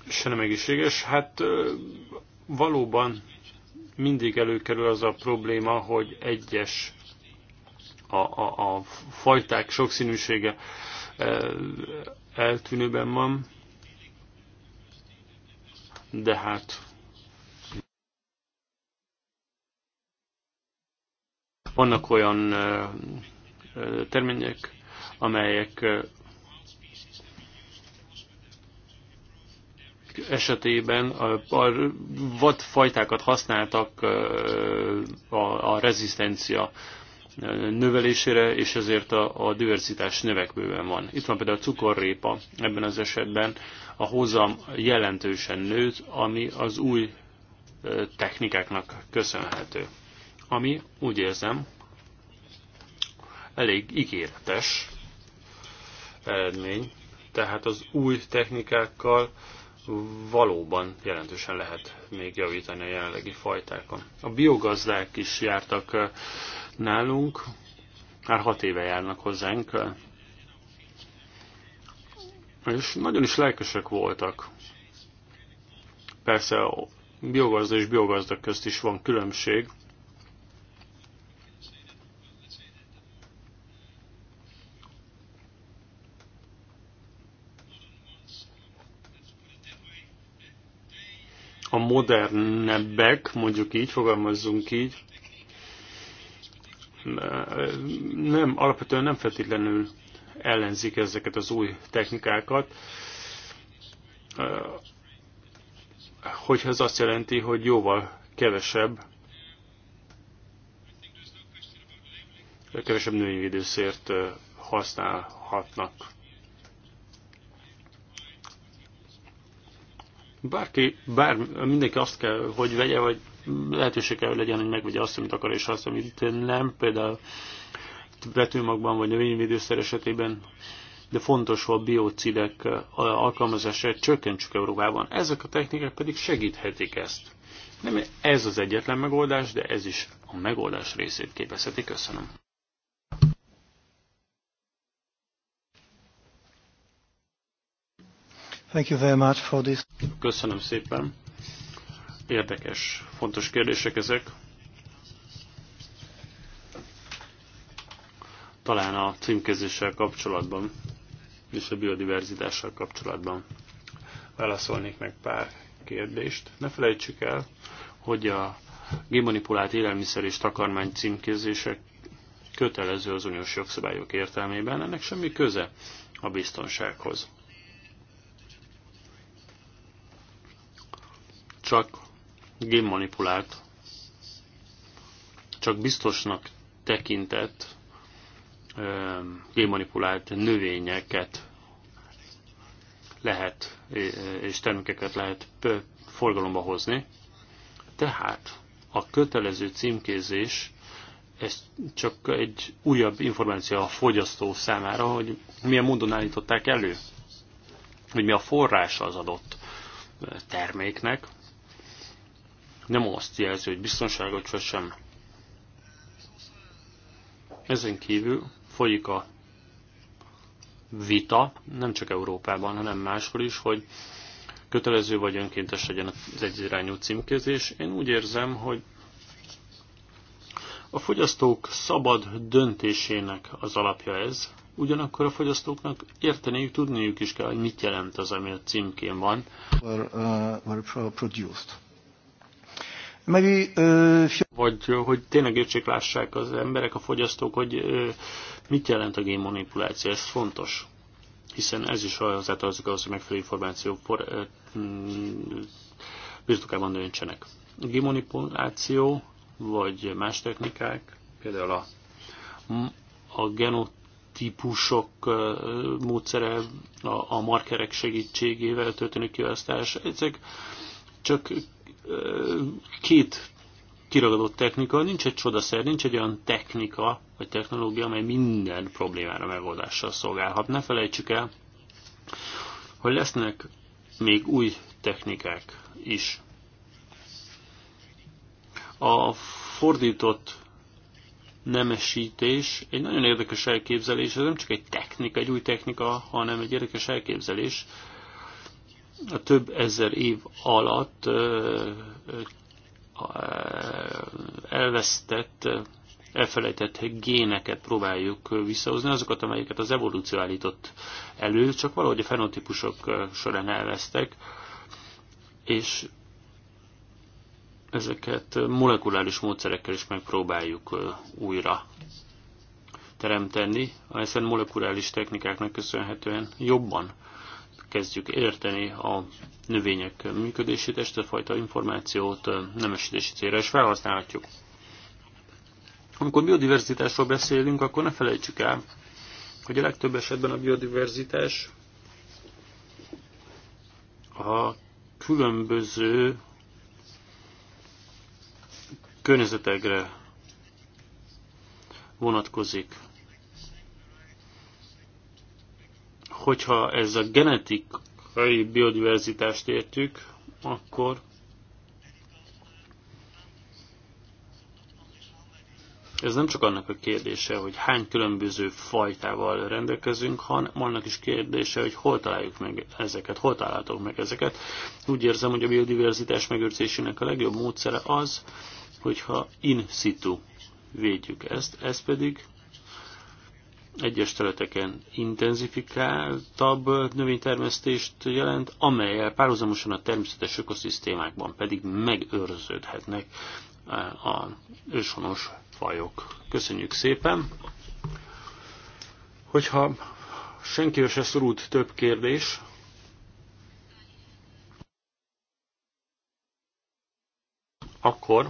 Se nem egészséges. Hát valóban mindig előkerül az a probléma, hogy egyes a, a, a fajták sokszínűsége e, eltűnőben van, de hát vannak olyan e, e, termények, amelyek esetében a, vadfajtákat használtak a, a rezisztencia növelésére, és ezért a, a diversitás növekvőben van. Itt van például a cukorrépa, ebben az esetben a hozam jelentősen nőtt, ami az új technikáknak köszönhető. Ami úgy érzem, elég ígéretes eredmény, tehát az új technikákkal valóban jelentősen lehet még javítani a jelenlegi fajtákon. A biogazdák is jártak nálunk. Már hat éve járnak hozzánk. És nagyon is lelkesek voltak. Persze a biogazda és biogazda közt is van különbség. a modernebbek, mondjuk így, fogalmazzunk így, nem, alapvetően nem feltétlenül ellenzik ezeket az új technikákat, hogyha ez azt jelenti, hogy jóval kevesebb kevesebb női védőszért használhatnak. Bárki, bár mindenki azt kell, hogy vegye, vagy lehetősége kell, hogy legyen, hogy megvegye azt, amit akar, és azt, amit nem. Például vetőmagban vagy növényvédőszer esetében de fontos, hogy a biocidek alkalmazását csökkentsük Európában. Ezek a technikák pedig segíthetik ezt. Nem ez az egyetlen megoldás, de ez is a megoldás részét képezheti. Köszönöm. Thank you very much for this. Köszönöm szépen Érdekes, fontos kérdések ezek. Talán a címkézéssel kapcsolatban és a biodiverzitással kapcsolatban válaszolnék meg pár kérdést. Ne felejtsük el, hogy a gémanipulált élelmiszer és takarmány címkézések kötelező az uniós jogszabályok értelmében, ennek semmi köze a biztonsághoz. Csak gémmanipulált, csak biztosnak tekintett gémmanipulált növényeket lehet és termékeket lehet forgalomba hozni. Tehát a kötelező címkézés ez csak egy újabb információ a fogyasztó számára, hogy milyen módon állították elő, hogy mi a forrása az adott terméknek, nem azt jelzi, hogy biztonságot vagy sem. Ezen kívül folyik a vita, nem csak Európában, hanem máshol is, hogy kötelező vagy önkéntes legyen az egyirányú címkézés. Én úgy érzem, hogy a fogyasztók szabad döntésének az alapja ez, ugyanakkor a fogyasztóknak érteniük, tudniuk is kell, hogy mit jelent az, ami a címkén van. Were, uh, were Maybe, uh, Vagy hogy tényleg értsék, lássák az emberek, a fogyasztók, hogy uh, mit jelent a génmanipuláció, ez fontos. Hiszen ez is hozzátartozik ahhoz, hogy megfelelő információ for, uh, mm, birtokában döntsenek. A génmanipuláció vagy más technikák, például a, a genotípusok módszere, a, a markerek segítségével történő kiválasztás, ezek csak két kiragadott technika, nincs egy csodaszer, nincs egy olyan technika vagy technológia, amely minden problémára megoldással szolgálhat. Ne felejtsük el, hogy lesznek még új technikák is. A fordított nemesítés egy nagyon érdekes elképzelés, ez nem csak egy technika, egy új technika, hanem egy érdekes elképzelés a több ezer év alatt elvesztett, elfelejtett géneket próbáljuk visszahozni, azokat, amelyeket az evolúció állított elő, csak valahogy a fenotípusok során elvesztek, és ezeket molekuláris módszerekkel is megpróbáljuk újra teremteni, hiszen molekuláris technikáknak köszönhetően jobban kezdjük érteni a növények működését, ezt a fajta információt nemesítési célra is felhasználhatjuk. Amikor biodiverzitásról beszélünk, akkor ne felejtsük el, hogy a legtöbb esetben a biodiverzitás a különböző környezetekre vonatkozik. Hogyha ez a genetikai biodiverzitást értjük, akkor ez nem csak annak a kérdése, hogy hány különböző fajtával rendelkezünk, hanem annak is kérdése, hogy hol találjuk meg ezeket, hol találhatok meg ezeket. Úgy érzem, hogy a biodiverzitás megőrzésének a legjobb módszere az, hogyha in situ védjük ezt, ez pedig egyes területeken intenzifikáltabb növénytermesztést jelent, amelyel párhuzamosan a természetes ökoszisztémákban pedig megőrződhetnek eh, a őshonos fajok. Köszönjük szépen! Hogyha senki se szorult több kérdés, akkor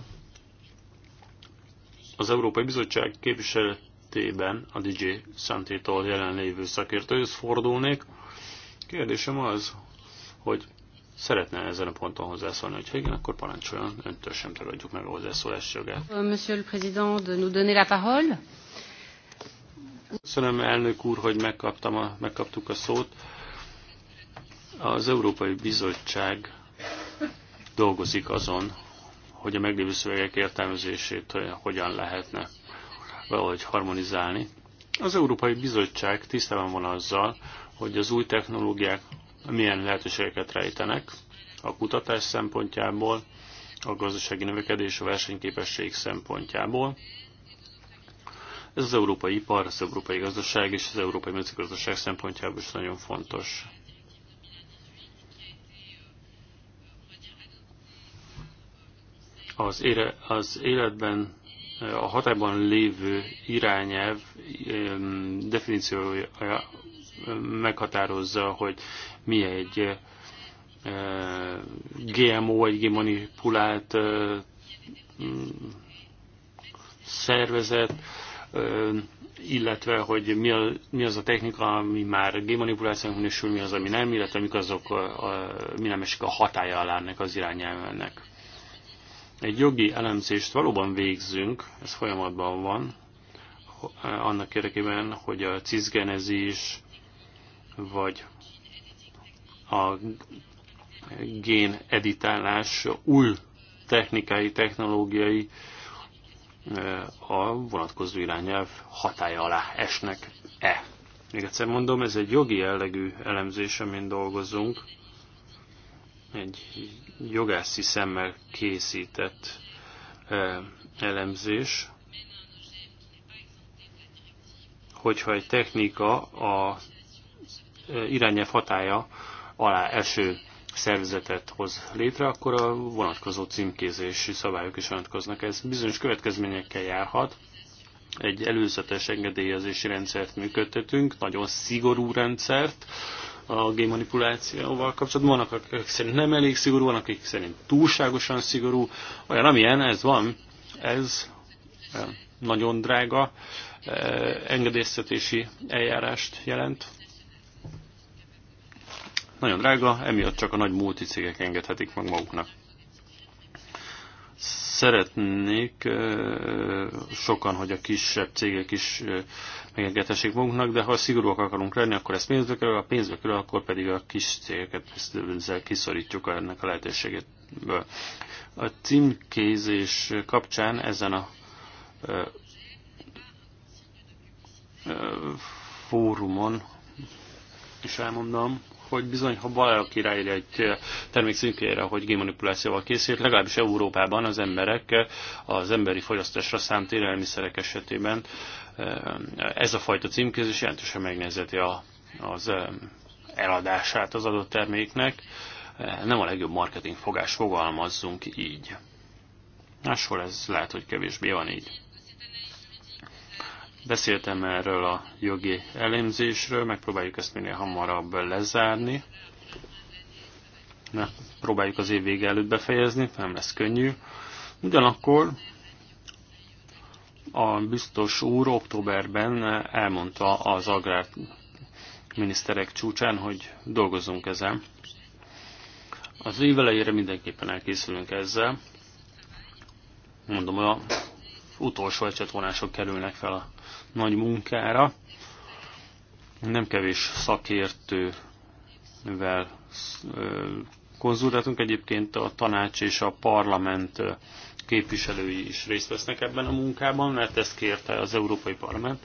az Európai Bizottság képviselő esetében a DJ Santétól jelenlévő szakértőhöz fordulnék. Kérdésem az, hogy szeretne ezen a ponton hozzászólni, hogy igen, akkor parancsoljon, öntől sem tagadjuk meg a hozzászólás jogát. Euh, monsieur le Président, de nous donner la parole. Köszönöm, elnök úr, hogy megkaptam a, megkaptuk a szót. Az Európai Bizottság dolgozik azon, hogy a meglévő szövegek értelmezését hogyan lehetne valahogy harmonizálni. Az Európai Bizottság tisztában van azzal, hogy az új technológiák milyen lehetőségeket rejtenek a kutatás szempontjából, a gazdasági növekedés, a versenyképesség szempontjából. Ez az európai ipar, az európai gazdaság és az európai mezőgazdaság szempontjából is nagyon fontos. Az, ére, az életben a hatályban lévő irányelv definíciója meghatározza, hogy mi egy GMO, egy manipulált szervezet, illetve hogy mi, a, mi az a technika, ami már gémanipulációnak minősül, mi az, ami nem, illetve mik azok, a, a, mi nem esik a hatája alá ennek az irányelvennek egy jogi elemzést valóban végzünk, ez folyamatban van, annak érdekében, hogy a cizgenezés vagy a gén editálás új technikai, technológiai eh, a vonatkozó irányelv hatája alá esnek-e. Még egyszer mondom, ez egy jogi jellegű elemzés, amin dolgozunk, egy jogászi szemmel készített elemzés, hogyha egy technika a irányelv hatája alá eső szervezetet hoz létre, akkor a vonatkozó címkézési szabályok is vonatkoznak. Ez bizonyos következményekkel járhat. Egy előzetes engedélyezési rendszert működtetünk, nagyon szigorú rendszert, a génmanipulációval kapcsolatban. Vannak, akik szerint nem elég szigorú, vannak, akik szerint túlságosan szigorú. Olyan, amilyen ez van, ez e, nagyon drága e, engedélyeztetési eljárást jelent. Nagyon drága, emiatt csak a nagy multicégek engedhetik meg maguknak szeretnék sokan, hogy a kisebb cégek is megengedhessék magunknak, de ha szigorúak akarunk lenni, akkor ezt pénzbe kerül, a pénzbe kerül, akkor pedig a kis cégeket ezzel kiszorítjuk ennek a lehetőségetből. A címkézés kapcsán ezen a fórumon is elmondom, hogy bizony, ha valaki ráír egy eh, termék címkére, hogy gémanipulációval készült, legalábbis Európában az emberek eh, az emberi fogyasztásra szánt élelmiszerek esetében eh, ez a fajta címkézés jelentősen megnehezíti az eladását az adott terméknek. Nem a legjobb marketing fogás, fogalmazzunk így. Máshol ez lehet, hogy kevésbé van így. Beszéltem erről a jogi elemzésről, megpróbáljuk ezt minél hamarabb lezárni. Mert próbáljuk az év vége előtt befejezni, nem lesz könnyű. Ugyanakkor a biztos úr októberben elmondta az agrár miniszterek csúcsán, hogy dolgozunk ezen. Az év elejére mindenképpen elkészülünk ezzel. Mondom, a utolsó ecsetvonások kerülnek fel a nagy munkára. Nem kevés szakértővel konzultáltunk, egyébként a tanács és a parlament képviselői is részt vesznek ebben a munkában, mert ezt kérte az Európai Parlament.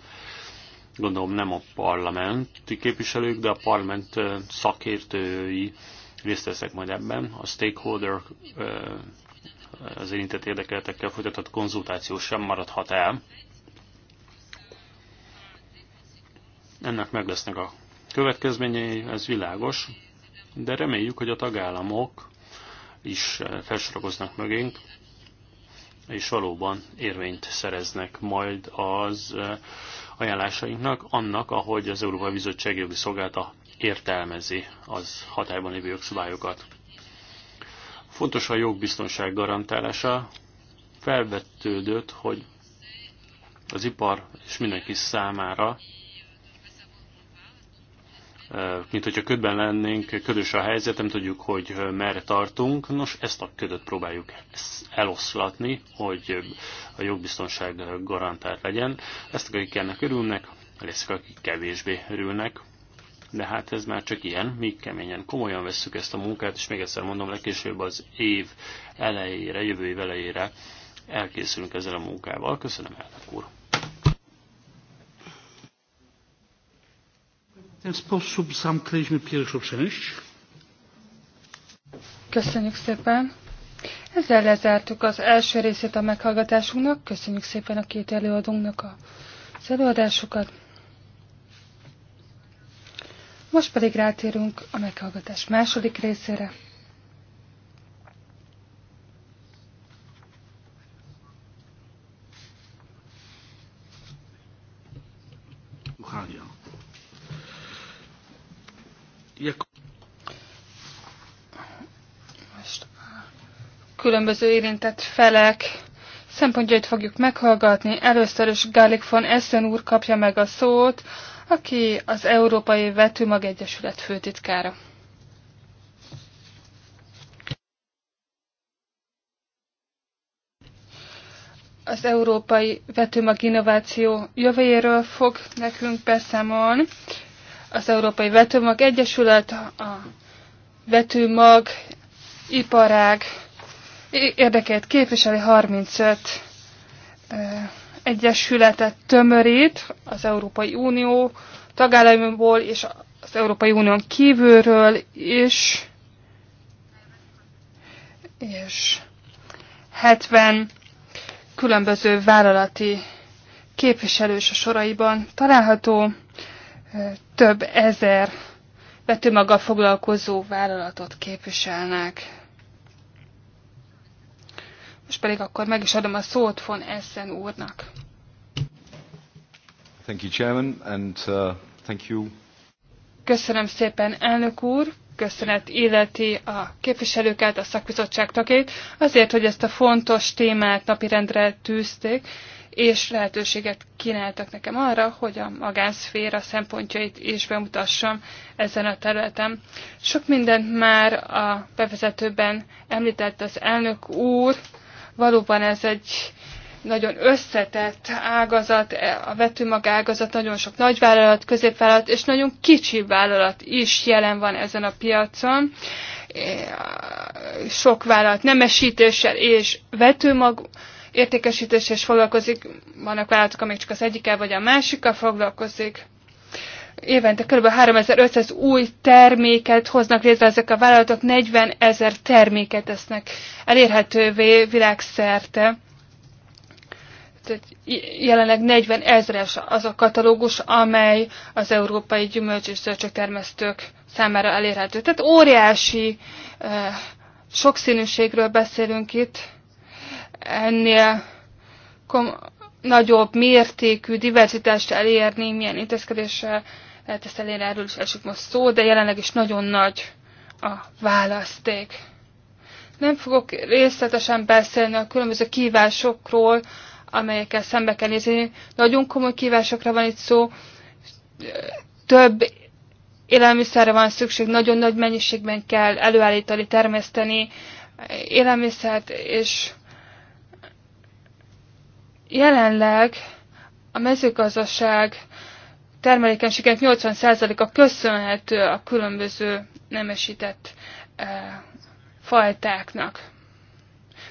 Gondolom nem a parlamenti képviselők, de a parlament szakértői részt veszek majd ebben. A stakeholder az érintett érdekeltekkel folytatott konzultáció sem maradhat el. Ennek meg lesznek a következményei, ez világos, de reméljük, hogy a tagállamok is eh, felsorakoznak mögénk, és valóban érvényt szereznek majd az eh, ajánlásainknak, annak, ahogy az Európai Bizottság jogi szolgálta értelmezi az hatályban lévő jogszabályokat. Fontos a jogbiztonság garantálása. Felvetődött, hogy az ipar és mindenki számára mint hogyha ködben lennénk, ködös a helyzet, nem tudjuk, hogy merre tartunk. Nos, ezt a ködöt próbáljuk eloszlatni, hogy a jogbiztonság garantált legyen. Ezt akik ennek örülnek, lesznek, akik kevésbé örülnek. De hát ez már csak ilyen, mi keményen, komolyan vesszük ezt a munkát, és még egyszer mondom, legkésőbb az év elejére, jövő év elejére elkészülünk ezzel a munkával. Köszönöm, elnök úr! ten sposób zamknęliśmy pierwszą część. Köszönjük szépen! Ezzel lezártuk az első részét a meghallgatásunknak. Köszönjük szépen a két előadónknak az előadásukat. Most pedig rátérünk a meghallgatás második részére. különböző érintett felek szempontjait fogjuk meghallgatni. Először is Gálik von Essen úr kapja meg a szót, aki az Európai Vetőmag Egyesület főtitkára. Az Európai Vetőmag Innováció jövőjéről fog nekünk beszámolni. Az Európai Vetőmag Egyesület a vetőmag iparág érdekeit képviseli 35 egyesületet tömörít az Európai Unió tagállamból és az Európai Unión kívülről is, és 70 különböző vállalati képviselős a soraiban található, több ezer vetőmaggal foglalkozó vállalatot képviselnek és pedig akkor meg is adom a szót von Essen úrnak. Thank you, Chairman, and uh, thank you. Köszönöm szépen, elnök úr, köszönet illeti a képviselőket, a szakbizottság tagjait, azért, hogy ezt a fontos témát napirendre tűzték, és lehetőséget kínáltak nekem arra, hogy a magánszféra szempontjait is bemutassam ezen a területen. Sok mindent már a bevezetőben említett az elnök úr, Valóban ez egy nagyon összetett ágazat, a vetőmag ágazat, nagyon sok nagyvállalat, középvállalat és nagyon kicsi vállalat is jelen van ezen a piacon. Sok vállalat nemesítéssel és vetőmag értékesítéssel is foglalkozik, vannak vállalatok, amik csak az egyikkel vagy a másikkal foglalkozik évente kb. 3500 új terméket hoznak létre ezek a vállalatok, 40 ezer terméket tesznek elérhetővé világszerte. Tehát jelenleg 40 ezres az a katalógus, amely az európai gyümölcs és zöldségtermesztők számára elérhető. Tehát óriási sokszínűségről beszélünk itt, ennél kom nagyobb mértékű diverzitást elérni, milyen intézkedéssel elérni, erről is esik most szó, de jelenleg is nagyon nagy a választék. Nem fogok részletesen beszélni a különböző kívásokról, amelyekkel szembe kell nézni. Nagyon komoly kívásokra van itt szó, több élelmiszerre van szükség, nagyon nagy mennyiségben kell előállítani, termeszteni élelmiszert, és jelenleg a mezőgazdaság termelékenységek 80%-a köszönhető a különböző nemesített eh, fajtáknak.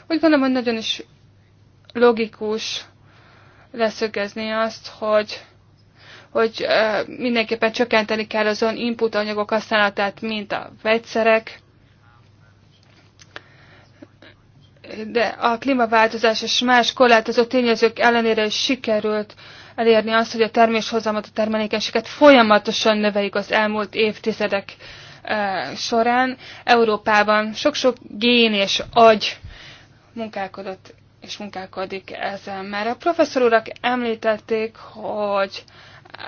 Úgy gondolom, hogy nagyon is logikus leszögezni azt, hogy hogy eh, mindenképpen csökkenteni kell azon input anyagok használatát, mint a vegyszerek, de a klímaváltozás és más korlátozó tényezők ellenére is sikerült uh, elérni azt, hogy a terméshozamot, a termelékenységet folyamatosan növeljük az elmúlt évtizedek e, során. Európában sok-sok gén és agy munkálkodott és munkálkodik ezen. Már a professzor urak említették, hogy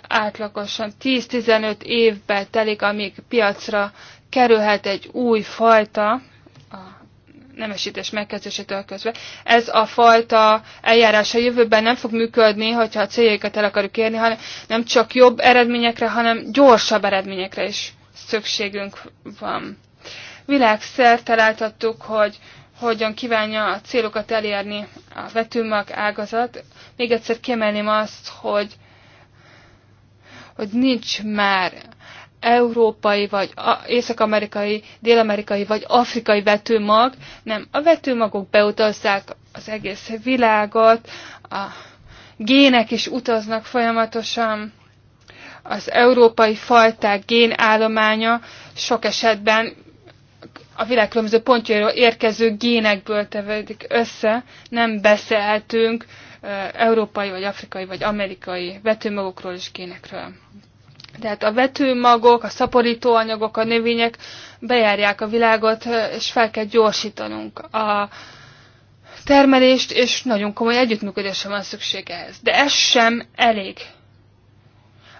átlagosan 10-15 évbe telik, amíg piacra kerülhet egy új fajta, nemesítés megkezdésétől közve. Ez a fajta eljárás a jövőben nem fog működni, hogyha a céljaikat el akarjuk érni, hanem nem csak jobb eredményekre, hanem gyorsabb eredményekre is szükségünk van. Világszerte láthattuk, hogy hogyan kívánja a célokat elérni a vetőmag ágazat. Még egyszer kiemelném azt, hogy, hogy nincs már európai, vagy észak-amerikai, dél-amerikai, vagy afrikai vetőmag, nem, a vetőmagok beutazzák az egész világot, a gének is utaznak folyamatosan, az európai fajták génállománya sok esetben a világ különböző pontjairól érkező génekből tevődik össze, nem beszélhetünk európai, vagy afrikai, vagy amerikai vetőmagokról és génekről. Tehát a vetőmagok, a szaporítóanyagok, a növények bejárják a világot, és fel kell gyorsítanunk a termelést, és nagyon komoly együttműködésre van szükség ehhez. De ez sem elég.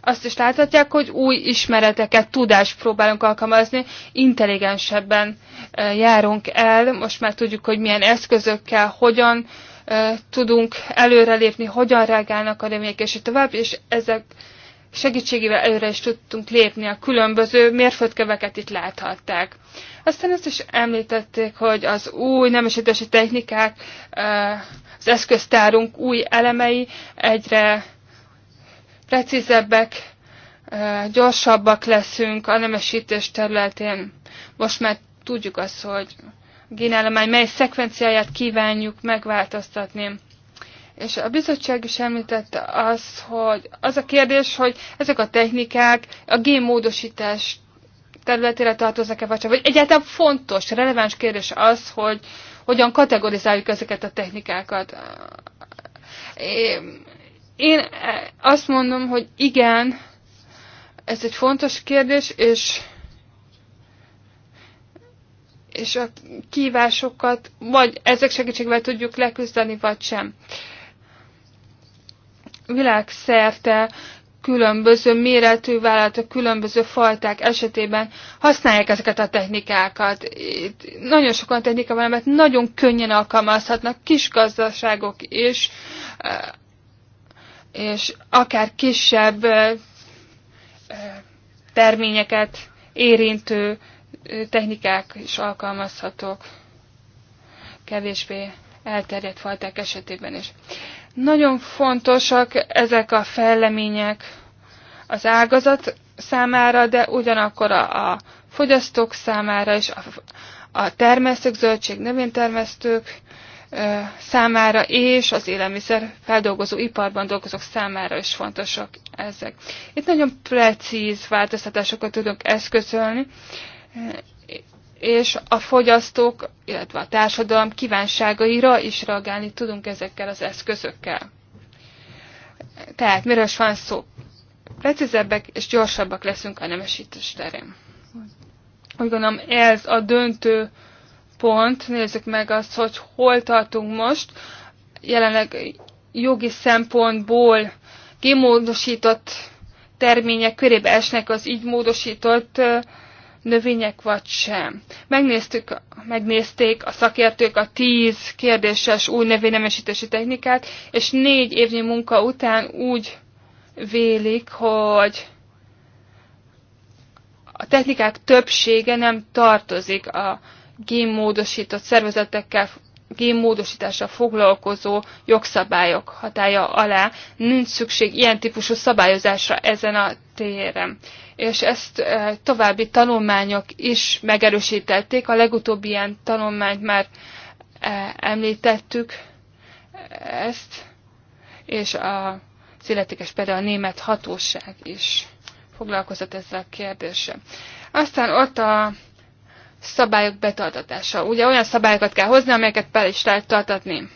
Azt is láthatják, hogy új ismereteket, tudást próbálunk alkalmazni, intelligensebben eh, járunk el, most már tudjuk, hogy milyen eszközökkel, hogyan eh, tudunk előrelépni, hogyan reagálnak a remények, és tovább, és ezek segítségével előre is tudtunk lépni a különböző mérföldköveket itt láthatták. Aztán azt is említették, hogy az új nemesítési technikák, az eszköztárunk új elemei egyre precízebbek, gyorsabbak leszünk a nemesítés területén. Most már tudjuk azt, hogy génállomány mely szekvenciáját kívánjuk megváltoztatni. És a bizottság is említette azt, hogy az a kérdés, hogy ezek a technikák a génmódosítás területére tartoznak-e, vagy, vagy egyáltalán fontos, releváns kérdés az, hogy hogyan kategorizáljuk ezeket a technikákat. Én azt mondom, hogy igen, ez egy fontos kérdés, és és a kívásokat, vagy ezek segítségével tudjuk leküzdeni, vagy sem. Uh, világszerte különböző méretű vállalatok, különböző fajták esetében használják ezeket a technikákat. Itt nagyon sokan technika van, mert nagyon könnyen alkalmazhatnak kis gazdaságok is, eh, és akár kisebb eh, eh, terményeket érintő technikák is alkalmazhatók kevésbé elterjedt fajták esetében is. Nagyon fontosak ezek a fejlemények az ágazat számára, de ugyanakkor a, a fogyasztók számára és a, a termesztők, zöldség növénytermesztők számára és az élelmiszer feldolgozó iparban dolgozók számára is fontosak ezek. Itt nagyon precíz változtatásokat tudunk eszközölni, és a fogyasztók, illetve a társadalom kívánságaira is reagálni tudunk ezekkel az eszközökkel. Tehát miről is van szó? Precízebbek és gyorsabbak leszünk a nemesítés terén. Úgy gondolom ez a döntő pont, nézzük meg azt, hogy hol tartunk most. Jelenleg jogi szempontból gémódosított termények körébe esnek az így módosított uh, növények, vagy sem. Megnéztük, megnézték a szakértők a tíz kérdéses új növénynemesítési technikát, és négy évnyi munka után úgy vélik, hogy a technikák többsége nem tartozik a génmódosított szervezetekkel génmódosítással foglalkozó jogszabályok hatája alá. Nincs szükség ilyen típusú szabályozásra ezen a téren. És ezt e, további tanulmányok is megerősítették. A legutóbbi ilyen tanulmányt már e, említettük e, ezt, és a illetékes például a német hatóság is foglalkozott ezzel a kérdéssel. Aztán ott a szabályok betartatása. Ugye olyan szabályokat kell hozni, amelyeket be is lehet tartatni.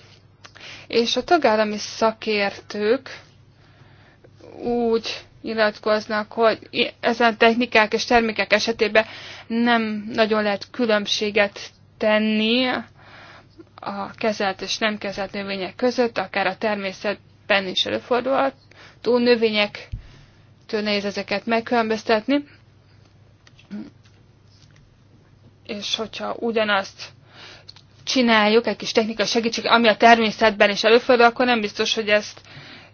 És a tagállami szakértők úgy nyilatkoznak, hogy ezen technikák és termékek esetében nem nagyon lehet különbséget tenni a kezelt és nem kezelt növények között, akár a természetben is előfordulható növények növényektől nehéz ezeket megkülönböztetni és hogyha ugyanazt csináljuk, egy kis technikai segítség, ami a természetben is előfordul, akkor nem biztos, hogy ezt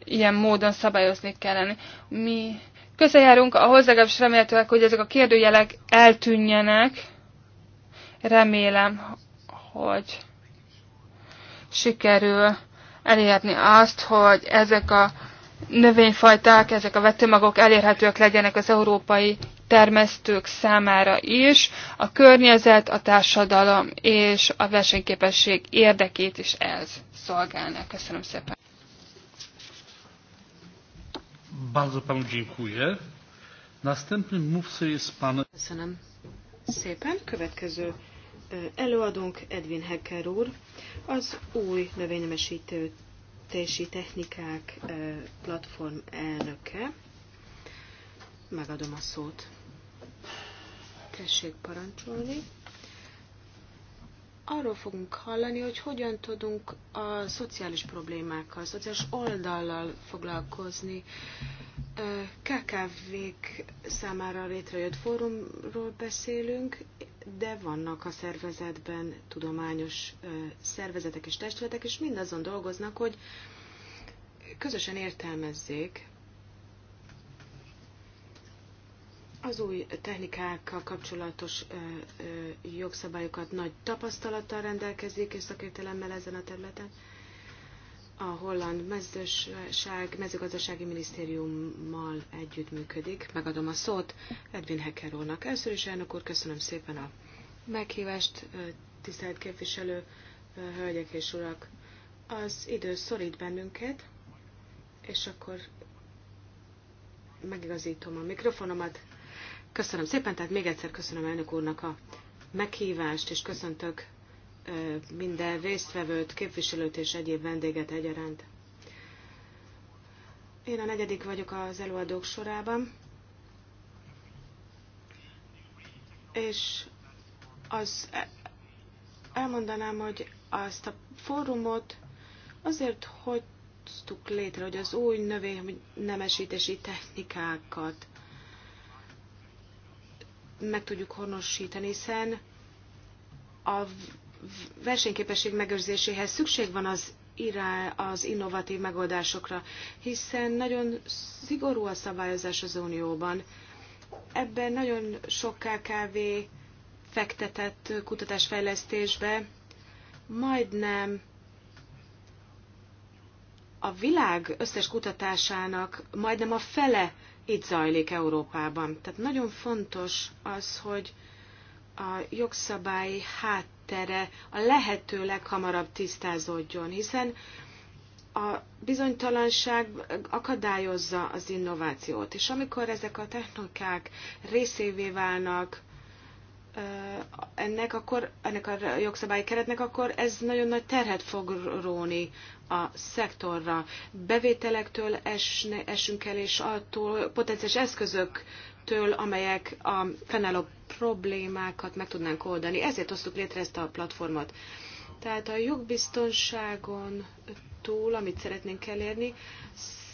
ilyen módon szabályozni kellene. Mi közeljárunk ahhoz, legalábbis remélhetőleg, hogy ezek a kérdőjelek eltűnjenek. Remélem, hogy sikerül elérni azt, hogy ezek a növényfajták, ezek a vetőmagok elérhetőek legyenek az európai termesztők számára is a környezet, a társadalom és a versenyképesség érdekét is ez szolgálná. Köszönöm szépen. Bardzo panu dziękuję. jest pan... Köszönöm szépen. Következő e, előadónk Edwin Hecker úr az új növénynemesítő technikák e, platform elnöke megadom a szót. Tessék parancsolni. Arról fogunk hallani, hogy hogyan tudunk a szociális problémákkal, a szociális oldallal foglalkozni. KKV-k számára létrejött fórumról beszélünk, de vannak a szervezetben tudományos szervezetek és testületek, és mindazon dolgoznak, hogy közösen értelmezzék Az új technikákkal kapcsolatos ö, ö, jogszabályokat nagy tapasztalattal rendelkezik és szakértelemmel ezen a területen. A holland mezőság, mezőgazdasági minisztériummal együttműködik. Megadom a szót Edwin Hecker Először is, elnök úr, köszönöm szépen a meghívást, tisztelt képviselő, hölgyek és urak. Az idő szorít bennünket, és akkor megigazítom a mikrofonomat. Köszönöm szépen, tehát még egyszer köszönöm elnök úrnak a meghívást, és köszöntök minden résztvevőt, képviselőt és egyéb vendéget egyaránt. Én a negyedik vagyok az előadók sorában, és az e- elmondanám, hogy azt a fórumot azért hoztuk létre, hogy az új növény nemesítési technikákat meg tudjuk honosítani, hiszen a versenyképesség megőrzéséhez szükség van az irá az innovatív megoldásokra, hiszen nagyon szigorú a szabályozás az Unióban. Ebben nagyon sok KKV fektetett kutatásfejlesztésbe, majdnem a világ összes kutatásának majdnem a fele itt zajlik Európában. Tehát nagyon fontos az, hogy a jogszabály háttere a lehető leghamarabb tisztázódjon, hiszen a bizonytalanság akadályozza az innovációt, és amikor ezek a technikák részévé válnak, ennek, akkor, ennek a jogszabályi keretnek, akkor ez nagyon nagy terhet fog róni a szektorra. Bevételektől esne, esünk el, és attól potenciális eszközöktől, amelyek a fennálló problémákat meg tudnánk oldani. Ezért hoztuk létre ezt a platformot. Tehát a jogbiztonságon túl, amit szeretnénk elérni,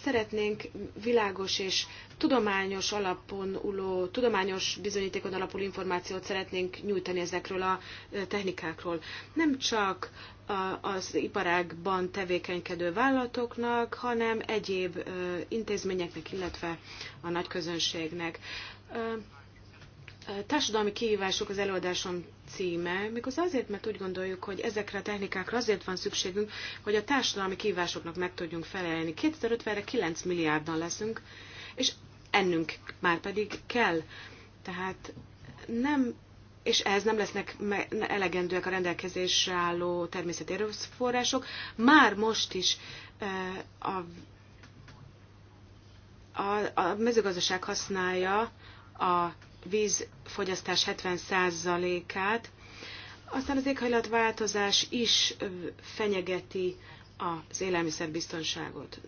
szeretnénk világos és tudományos alapon uló, tudományos bizonyítékon alapuló információt szeretnénk nyújtani ezekről a technikákról. Nem csak az iparágban tevékenykedő vállalatoknak, hanem egyéb intézményeknek, illetve a nagy közönségnek. Társadalmi kihívások az előadásom címe, méghozzá azért, mert úgy gondoljuk, hogy ezekre a technikákra azért van szükségünk, hogy a társadalmi kihívásoknak meg tudjunk felelni. 2050-re 9 milliárdan leszünk, és ennünk már pedig kell. Tehát nem, és ehhez nem lesznek elegendőek a rendelkezésre álló természeti erőforrások. Már most is eh, a, a, a mezőgazdaság használja a vízfogyasztás 70%-át. Aztán az éghajlatváltozás is fenyegeti az élelmiszerbiztonságot.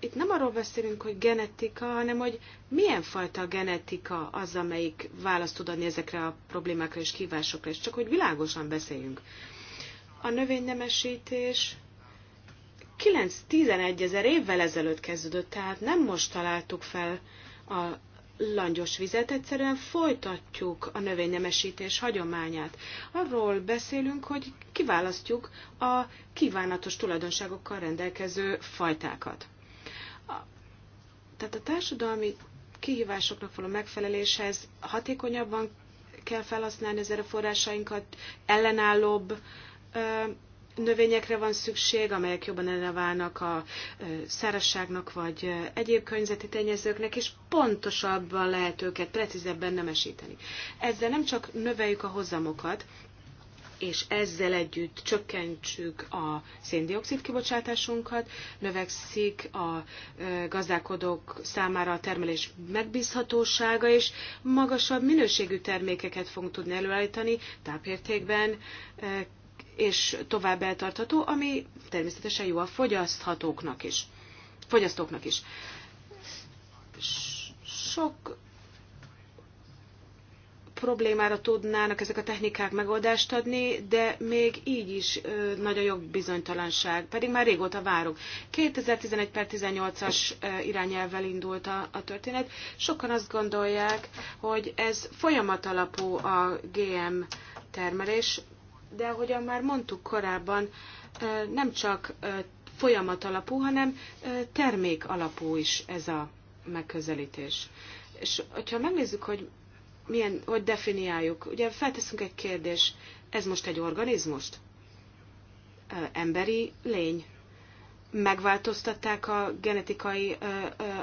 Itt nem arról beszélünk, hogy genetika, hanem hogy milyen fajta genetika az, amelyik választ tud adni ezekre a problémákra és kívásokra, és csak hogy világosan beszéljünk. A növénynemesítés 9-11 ezer évvel ezelőtt kezdődött, tehát nem most találtuk fel a langyos vizet, egyszerűen folytatjuk a növénynemesítés hagyományát. Arról beszélünk, hogy kiválasztjuk a kívánatos tulajdonságokkal rendelkező fajtákat. A, tehát a társadalmi kihívásoknak való megfeleléshez hatékonyabban kell felhasználni az erőforrásainkat, ellenállóbb növényekre van szükség, amelyek jobban eleválnak a szárazságnak vagy egyéb környezeti tényezőknek, és pontosabban lehet őket precízebben nemesíteni. Ezzel nem csak növeljük a hozamokat, és ezzel együtt csökkentsük a széndiokszid kibocsátásunkat, növekszik a gazdálkodók számára a termelés megbízhatósága, és magasabb minőségű termékeket fogunk tudni előállítani tápértékben, és tovább eltartható, ami természetesen jó a fogyaszthatóknak is. Fogyasztóknak is. Sok problémára tudnának ezek a technikák megoldást adni, de még így is ö, nagy a jogbizonytalanság, pedig már régóta várunk. 2011 per 18-as irányelvvel indult a, a történet. Sokan azt gondolják, hogy ez folyamat alapú a GM termelés, de ahogyan már mondtuk korábban, nem csak folyamat alapú, hanem termék alapú is ez a megközelítés. És hogyha megnézzük, hogy milyen, hogy definiáljuk, ugye felteszünk egy kérdés, ez most egy organizmust? Emberi lény. Megváltoztatták a genetikai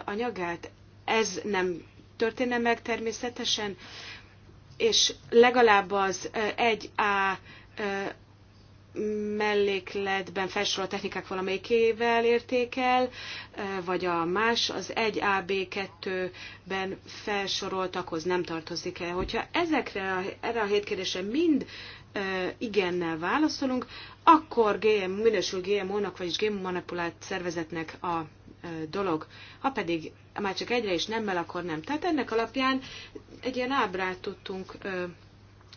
anyagát? Ez nem történne meg természetesen? És legalább az 1A mellékletben felsorolt technikák valamelyikével értékel, vagy a más, az 1AB2-ben felsoroltakhoz nem tartozik el. Hogyha ezekre a, erre a hét kérdésre mind e, igennel válaszolunk, akkor GM, minősül GMO-nak, vagyis GM manipulált szervezetnek a e, dolog. Ha pedig már csak egyre is nemmel, akkor nem. Tehát ennek alapján egy ilyen ábrát tudtunk e,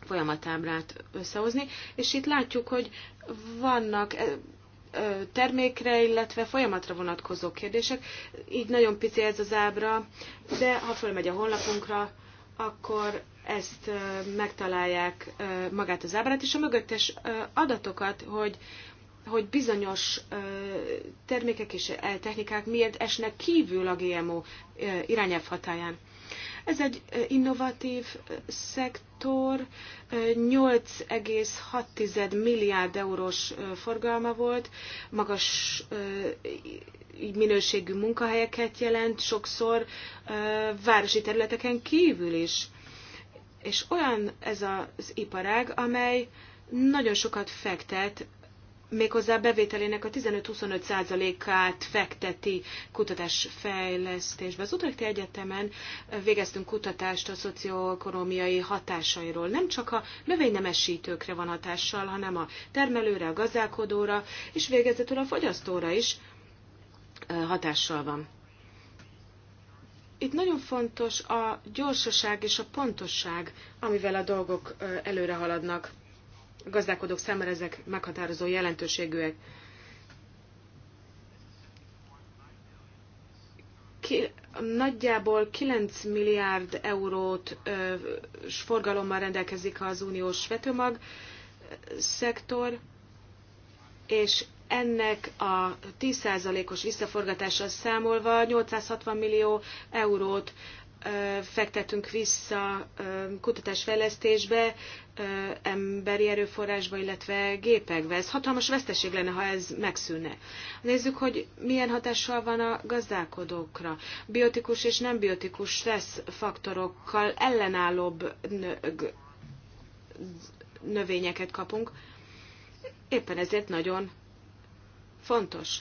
folyamatábrát összehozni, és itt látjuk, hogy vannak termékre, illetve folyamatra vonatkozó kérdések. Így nagyon pici ez az ábra, de ha fölmegy a honlapunkra, akkor ezt megtalálják magát az ábrát, és a mögöttes adatokat, hogy, hogy bizonyos termékek és technikák miért esnek kívül a GMO irányelv hatáján. Ez egy innovatív szektor, 8,6 milliárd eurós forgalma volt, magas minőségű munkahelyeket jelent, sokszor városi területeken kívül is. És olyan ez az iparág, amely nagyon sokat fektet méghozzá bevételének a 15-25%-át fekteti kutatásfejlesztésbe. Az Utrechti Egyetemen végeztünk kutatást a szocioekonomiai hatásairól. Nem csak a növénynemesítőkre van hatással, hanem a termelőre, a gazdálkodóra, és végezetül a fogyasztóra is hatással van. Itt nagyon fontos a gyorsaság és a pontosság, amivel a dolgok előre haladnak a gazdálkodók számára ezek meghatározó jelentőségűek. Ki, nagyjából 9 milliárd eurót ö, forgalommal rendelkezik az uniós vetőmag szektor, és ennek a 10%-os visszaforgatása számolva 860 millió eurót fektetünk vissza kutatásfejlesztésbe, emberi erőforrásba, illetve gépekbe. Ez hatalmas veszteség lenne, ha ez megszűnne. Nézzük, hogy milyen hatással van a gazdálkodókra. Biotikus és nem biotikus stressz faktorokkal ellenállóbb növényeket kapunk. Éppen ezért nagyon fontos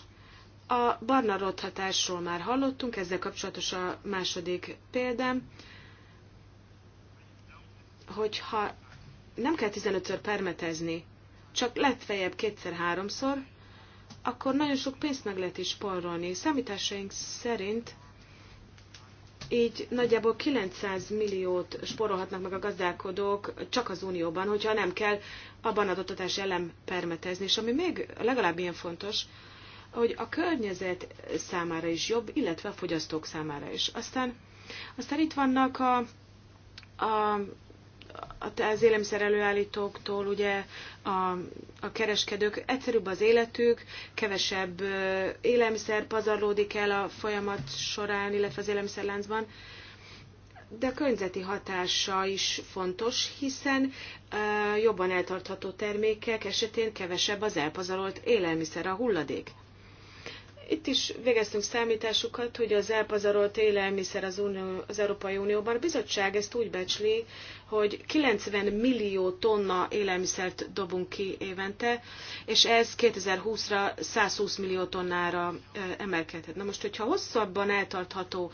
a barna rothatásról már hallottunk, ezzel kapcsolatos a második példám, hogyha nem kell 15-ször permetezni, csak legfeljebb kétszer-háromszor, akkor nagyon sok pénzt meg lehet is spórolni. Számításaink szerint így nagyjából 900 milliót spórolhatnak meg a gazdálkodók csak az Unióban, hogyha nem kell abban adottatás ellen permetezni. És ami még legalább ilyen fontos, hogy a környezet számára is jobb, illetve a fogyasztók számára is. Aztán, aztán itt vannak a, a az élelmiszer előállítóktól ugye a, a kereskedők, egyszerűbb az életük, kevesebb élelmiszer pazarlódik el a folyamat során, illetve az élelmiszerláncban, de a környezeti hatása is fontos, hiszen jobban eltartható termékek esetén kevesebb az elpazarolt élelmiszer, a hulladék. Itt is végeztünk számításukat, hogy az elpazarolt élelmiszer az, Unió, az Európai Unióban. A bizottság ezt úgy becsli, hogy 90 millió tonna élelmiszert dobunk ki évente, és ez 2020-ra 120 millió tonnára emelkedhet. Na most, hogyha hosszabban eltartható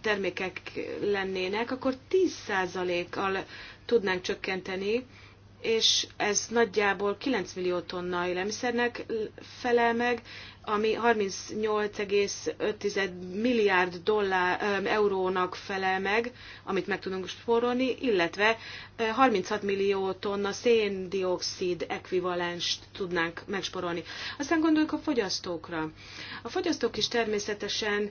termékek lennének, akkor 10%-kal tudnánk csökkenteni és ez nagyjából 9 millió tonna élelmiszernek felel meg, ami 38,5 milliárd dollár, eurónak felel meg, amit meg tudunk spórolni, illetve 36 millió tonna széndiokszid ekvivalenst tudnánk megsporolni. Aztán gondoljuk a fogyasztókra. A fogyasztók is természetesen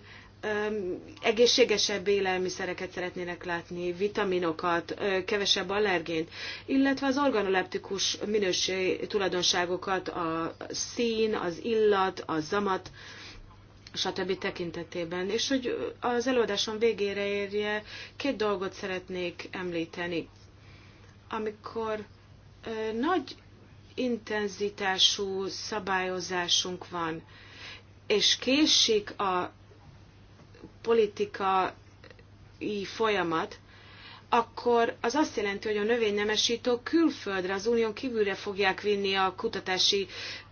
egészségesebb élelmiszereket szeretnének látni, vitaminokat, kevesebb allergént, illetve az organoleptikus minőség tulajdonságokat, a szín, az illat, a zamat, stb. tekintetében. És hogy az előadásom végére érje, két dolgot szeretnék említeni. Amikor nagy intenzitású szabályozásunk van, és késik a politikai folyamat, akkor az azt jelenti, hogy a növénynemesítő külföldre, az unión kívülre fogják vinni a kutatási,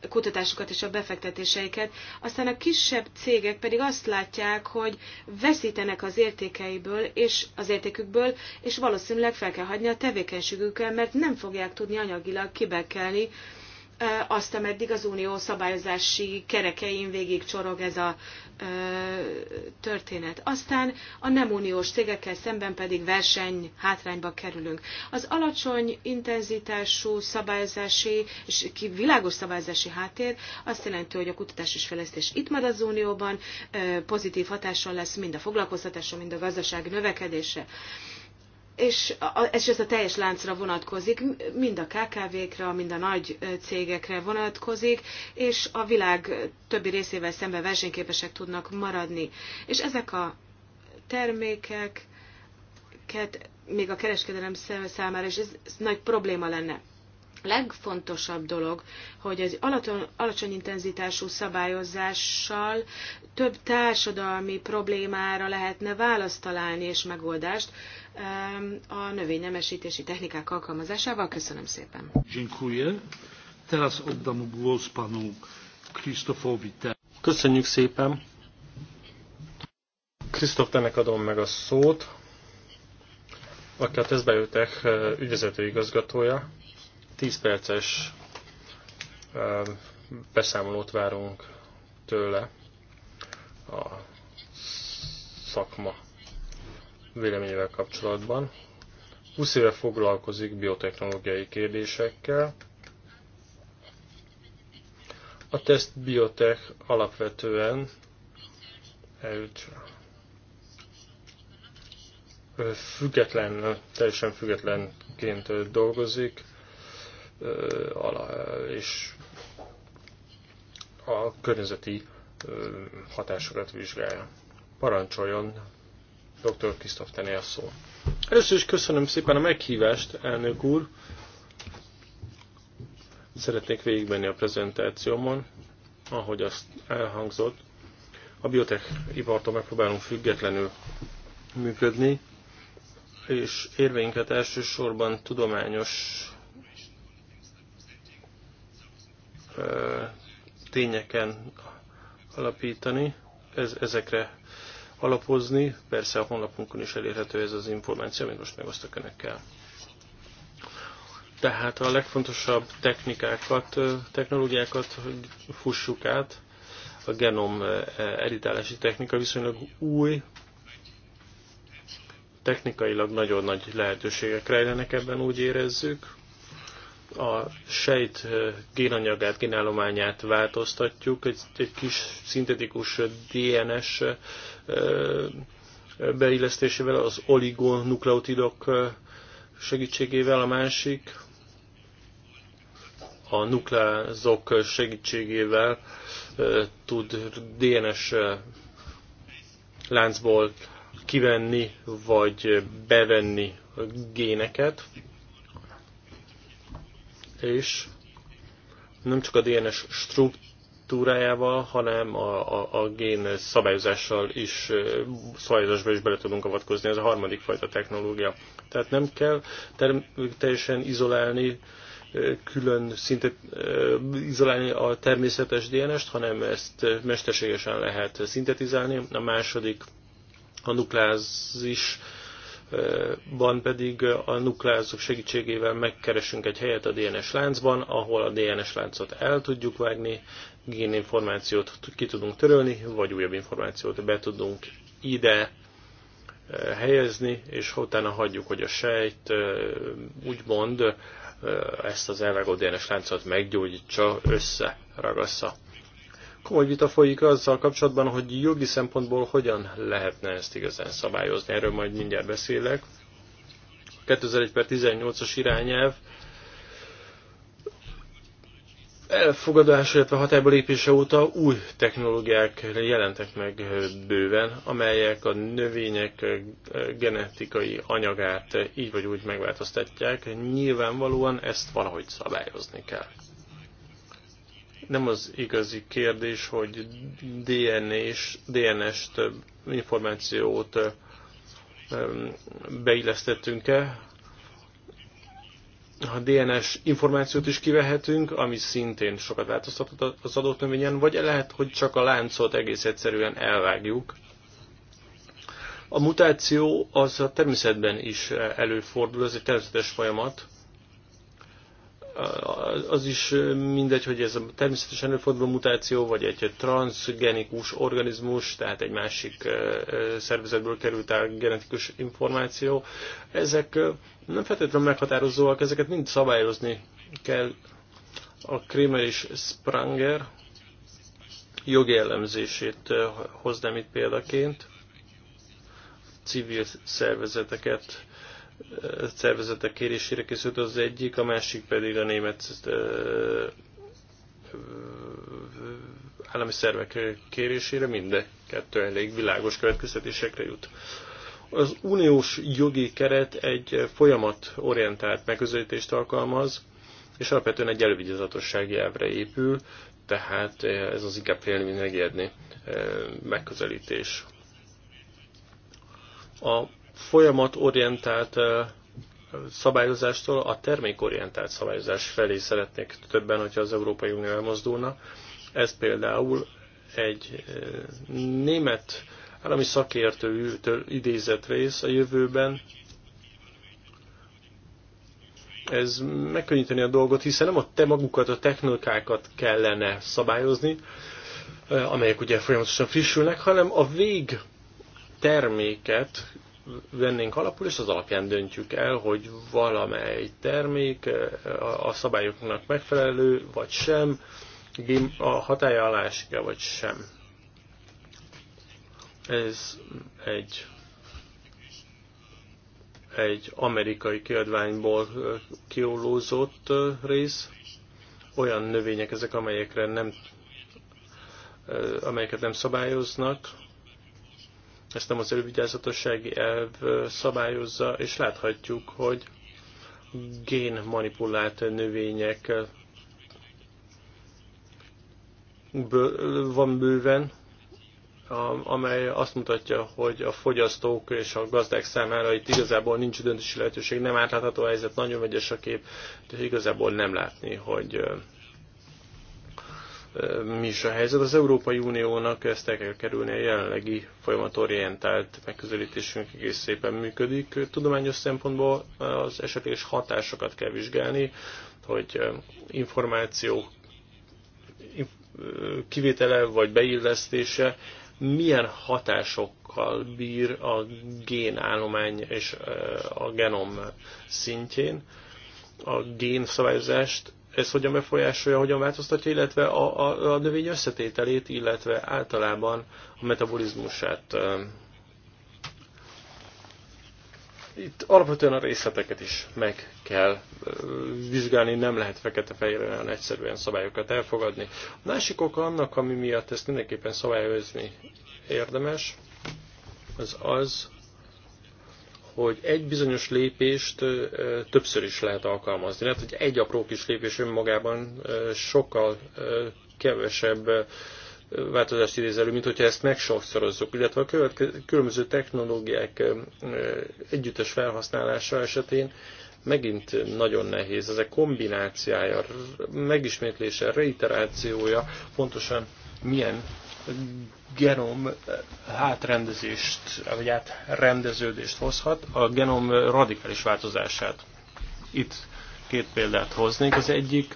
kutatásukat és a befektetéseiket, aztán a kisebb cégek pedig azt látják, hogy veszítenek az értékeiből és az értékükből, és valószínűleg fel kell hagyni a tevékenységükkel, mert nem fogják tudni anyagilag kibekelni azt, ameddig az unió szabályozási kerekein végig csorog ez a ö, történet. Aztán a nem uniós cégekkel szemben pedig verseny hátrányba kerülünk. Az alacsony intenzitású szabályozási és világos szabályozási háttér azt jelenti, hogy a kutatás és fejlesztés itt marad az unióban, ö, pozitív hatással lesz mind a foglalkoztatásra, mind a gazdaság növekedése és ez, ez a teljes láncra vonatkozik, mind a KKV-kra, mind a nagy cégekre vonatkozik, és a világ többi részével szemben versenyképesek tudnak maradni. És ezek a termékeket még a kereskedelem számára is ez, ez nagy probléma lenne. Legfontosabb dolog, hogy az alacsony intenzitású szabályozással több társadalmi problémára lehetne választ találni és megoldást, a növénynemesítési technikák alkalmazásával. Köszönöm szépen. Dziękuję. Teraz oddam głos panu Krzysztofowi. Köszönjük szépen. Krisztof, tennek adom meg a szót, aki a Teszbejutek eh, ügyvezető igazgatója. 10 perces eh, beszámolót várunk tőle a szakma véleményével kapcsolatban. 20 éve foglalkozik biotechnológiai kérdésekkel. A teszt biotech alapvetően független, teljesen függetlenként dolgozik, és a környezeti hatásokat vizsgálja. Parancsoljon, Dr. Krisztof tené a szó. Először is köszönöm szépen a meghívást, elnök úr. Szeretnék végigmenni a prezentációmon, ahogy azt elhangzott. A biotech ipartól megpróbálunk függetlenül működni, és érveinket elsősorban tudományos tényeken alapítani, ez, ezekre alapozni. Persze a honlapunkon is elérhető ez az információ, amit most megosztok önökkel. Tehát a legfontosabb technikákat, technológiákat fussuk át. A genom editálási technika viszonylag új, technikailag nagyon nagy lehetőségek rejlenek ebben, úgy érezzük a sejt génanyagát, génállományát változtatjuk, egy, egy kis szintetikus DNS beillesztésével, az oligonukleotidok segítségével, a másik a nukleázok segítségével tud DNS láncból kivenni vagy bevenni géneket, és nem csak a DNS struktúrájával, hanem a, a, a gén szabályozással is, szabályozásba is bele tudunk avatkozni, ez a harmadik fajta technológia. Tehát nem kell teljesen izolálni, külön szintet izolálni a természetes DNS-t, hanem ezt mesterségesen lehet szintetizálni. A második, a nukleázis ban pedig a nukleázok segítségével megkeresünk egy helyet a DNS láncban, ahol a DNS láncot el tudjuk vágni, géninformációt ki tudunk törölni, vagy újabb információt be tudunk ide eh, helyezni, és utána hagyjuk, hogy a sejt eh, úgymond eh, ezt az elvágó DNS láncot meggyógyítsa, összeragassza komoly vita folyik azzal kapcsolatban, hogy jogi szempontból hogyan lehetne ezt igazán szabályozni. Erről majd mindjárt beszélek. 2001 per 18-as irányelv elfogadása, illetve hatályba lépése óta új technológiák jelentek meg bőven, amelyek a növények genetikai anyagát így vagy úgy megváltoztatják. Nyilvánvalóan ezt valahogy szabályozni kell nem az igazi kérdés, hogy DNS, DNS több információt beillesztettünk-e. A DNS információt is kivehetünk, ami szintén sokat változtatott az adott növényen, vagy lehet, hogy csak a láncot egész egyszerűen elvágjuk. A mutáció az a természetben is előfordul, ez egy természetes folyamat az is mindegy, hogy ez a természetesen előforduló mutáció, vagy egy transgenikus organizmus, tehát egy másik szervezetből került el genetikus információ. Ezek nem feltétlenül meghatározóak, ezeket mind szabályozni kell. A Kramer és Spranger jogi elemzését hoznám itt példaként. Civil szervezeteket szervezetek kérésére készült az egyik, a másik pedig a német állami szervek kérésére, mind kettő elég világos következtetésekre jut. Az uniós jogi keret egy folyamat orientált megközelítést alkalmaz, és alapvetően egy elővigyazatossági elvre épül, tehát ez az inkább félni, mint megijedni megközelítés. A folyamatorientált szabályozástól a termékorientált szabályozás felé szeretnék többen, hogyha az Európai Unió elmozdulna. Ez például egy német állami szakértő idézett rész a jövőben. Ez megkönnyíteni a dolgot, hiszen nem a te magukat, a technikákat kellene szabályozni, amelyek ugye folyamatosan frissülnek, hanem a vég terméket vennénk alapul, és az alapján döntjük el, hogy valamely termék eh, a szabályoknak megfelelő, vagy sem, a hatája alá esik -e, vagy sem. Ez egy, egy amerikai kiadványból eh, kiolózott eh, rész. Olyan növények ezek, amelyekre nem, amelyeket nem szabályoznak, ezt nem az elővigyázatossági elv szabályozza, és láthatjuk, hogy gén manipulált növények van bőven, amely azt mutatja, hogy a fogyasztók és a gazdák számára itt igazából nincs döntési lehetőség, nem átlátható helyzet, nagyon vegyes a kép, de igazából nem látni, hogy mi is a helyzet. Az Európai Uniónak ezt el kell kerülni, a jelenlegi folyamatorientált megközelítésünk egész szépen működik. Tudományos szempontból az esetés hatásokat kell vizsgálni, hogy információ kivétele vagy beillesztése milyen hatásokkal bír a génállomány és a genom szintjén. A génszabályozást ez hogyan befolyásolja, hogyan változtatja, illetve a, a, a növény összetételét, illetve általában a metabolizmusát. Um, itt alapvetően a részleteket is meg kell uh, vizsgálni, nem lehet fekete-fehér olyan egyszerűen szabályokat elfogadni. A másik oka annak, ami miatt ezt mindenképpen szabályozni érdemes, az az, hogy egy bizonyos lépést többször is lehet alkalmazni. Lehet, hogy egy apró kis lépés önmagában sokkal kevesebb változást idéz elő, mint hogyha ezt megsokszorozzuk, illetve a különböző technológiák együttes felhasználása esetén megint nagyon nehéz. a kombinációja, megismétlése, reiterációja pontosan milyen genom hátrendezést, vagy átrendeződést hozhat, a genom radikális változását. Itt két példát hoznék. Az egyik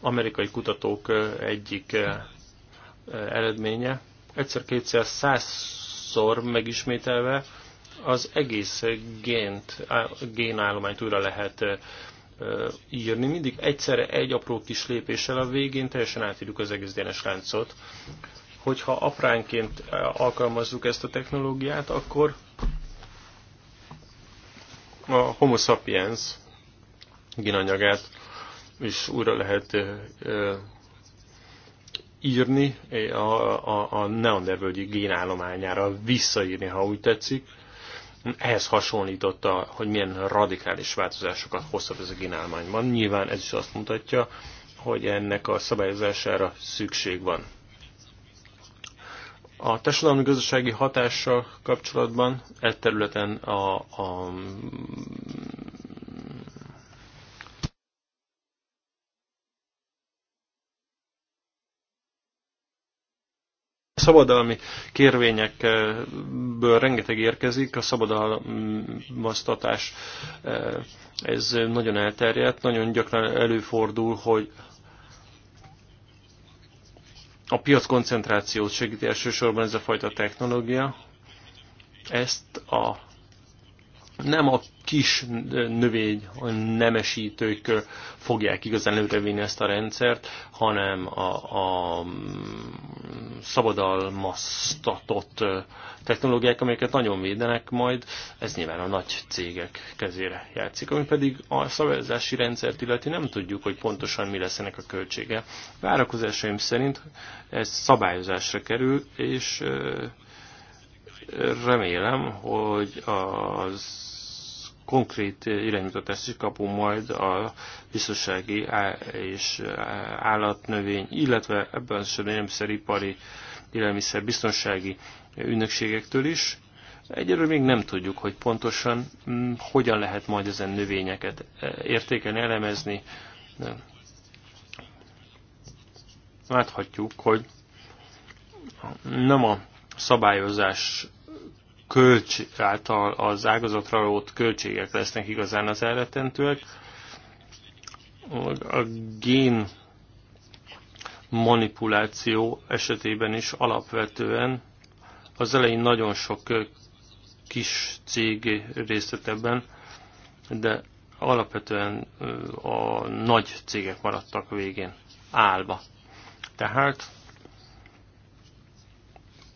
amerikai kutatók egyik eredménye, egyszer-kétszer százszor megismételve az egész gént, génállományt újra lehet írni, mindig egyszerre egy apró kis lépéssel a végén teljesen átírjuk az egész DNS láncot. Hogyha apránként alkalmazzuk ezt a technológiát, akkor a homo sapiens ginanyagát is újra lehet írni, a, a, a neandervölgyi génállományára visszaírni, ha úgy tetszik ehhez hasonlította, hogy milyen radikális változásokat hozhat ez a ginálmányban. Nyilván ez is azt mutatja, hogy ennek a szabályozására szükség van. A társadalmi gazdasági hatással kapcsolatban egy területen a, a szabadalmi kérvényekből rengeteg érkezik, a szabadalmaztatás e, ez nagyon elterjedt, nagyon gyakran előfordul, hogy a piac koncentrációt segíti elsősorban ez a fajta technológia, ezt a nem a kis növény, a nemesítők fogják igazán előrevinni ezt a rendszert, hanem a, a mm, szabadalmaztatott technológiák, amelyeket nagyon védenek majd, ez nyilván a nagy cégek kezére játszik. Ami pedig a szabályozási rendszert illeti, nem tudjuk, hogy pontosan mi lesz ennek a költsége. Várakozásaim szerint ez szabályozásra kerül, és Remélem, hogy az konkrét iránymutatást is kapunk majd a biztonsági és állatnövény, illetve ebben az esetben élelmiszeripari, élelmiszer biztonsági ügynökségektől is. Egyelőre még nem tudjuk, hogy pontosan mm, hogyan lehet majd ezen növényeket e, értékelni, elemezni. Láthatjuk, hogy nem a szabályozás költs által az ágazatra ott költségek lesznek igazán az elretentőek. A gén manipuláció esetében is alapvetően az elején nagyon sok kis cég részt vett ebben, de alapvetően a nagy cégek maradtak végén állva. Tehát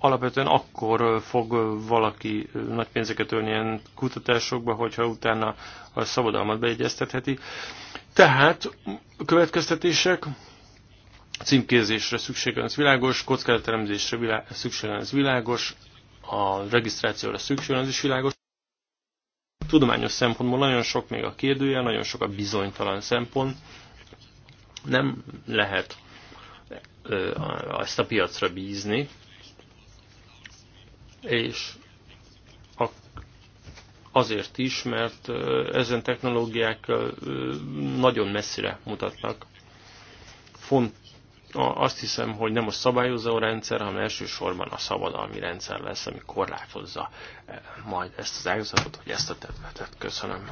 alapvetően akkor fog valaki nagy pénzeket ölni ilyen kutatásokba, hogyha utána a szabadalmat beegyeztetheti. Tehát következtetések, címkézésre szükség lesz világos, kockázatelemzésre vilá, szükség lesz világos, a regisztrációra szükség lesz is világos. Tudományos szempontból nagyon sok még a kérdője, nagyon sok a bizonytalan szempont. Nem lehet ezt a piacra bízni, és azért is, mert ezen technológiák nagyon messzire mutatnak. Font, azt hiszem, hogy nem a szabályozó rendszer, hanem elsősorban a szabadalmi rendszer lesz, ami korlátozza e, majd ezt az ágazatot, hogy ezt a területet. Köszönöm.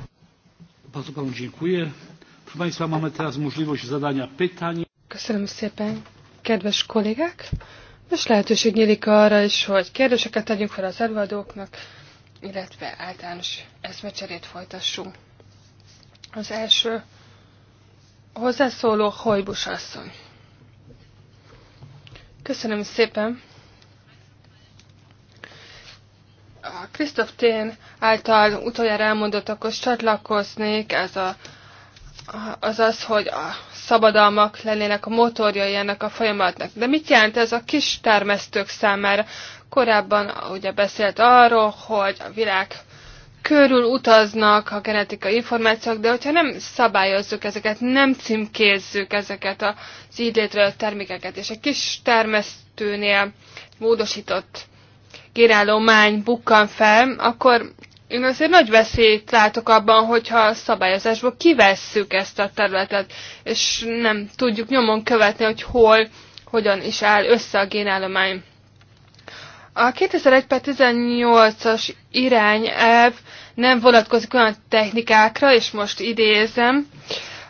Köszönöm szépen, kedves kollégák! és lehetőség nyílik arra is, hogy kérdéseket tegyünk fel az előadóknak, illetve általános eszmecserét folytassunk. Az első hozzászóló Hojbus asszony. Köszönöm szépen! A Krisztof Tén által utoljára elmondottakhoz csatlakoznék, ez a az az, hogy a szabadalmak lennének a motorjai ennek a folyamatnak. De mit jelent ez a kis termesztők számára? Korábban ugye beszélt arról, hogy a világ körül utaznak a genetikai információk, de hogyha nem szabályozzuk ezeket, nem címkézzük ezeket az így létrejött termékeket, és egy kis termesztőnél módosított génállómány bukkan fel, akkor én azért nagy veszélyt látok abban, hogyha a szabályozásból kivesszük ezt a területet, és nem tudjuk nyomon követni, hogy hol, hogyan is áll össze a génállomány. A 2001-18-as irányelv nem vonatkozik olyan technikákra, és most idézem,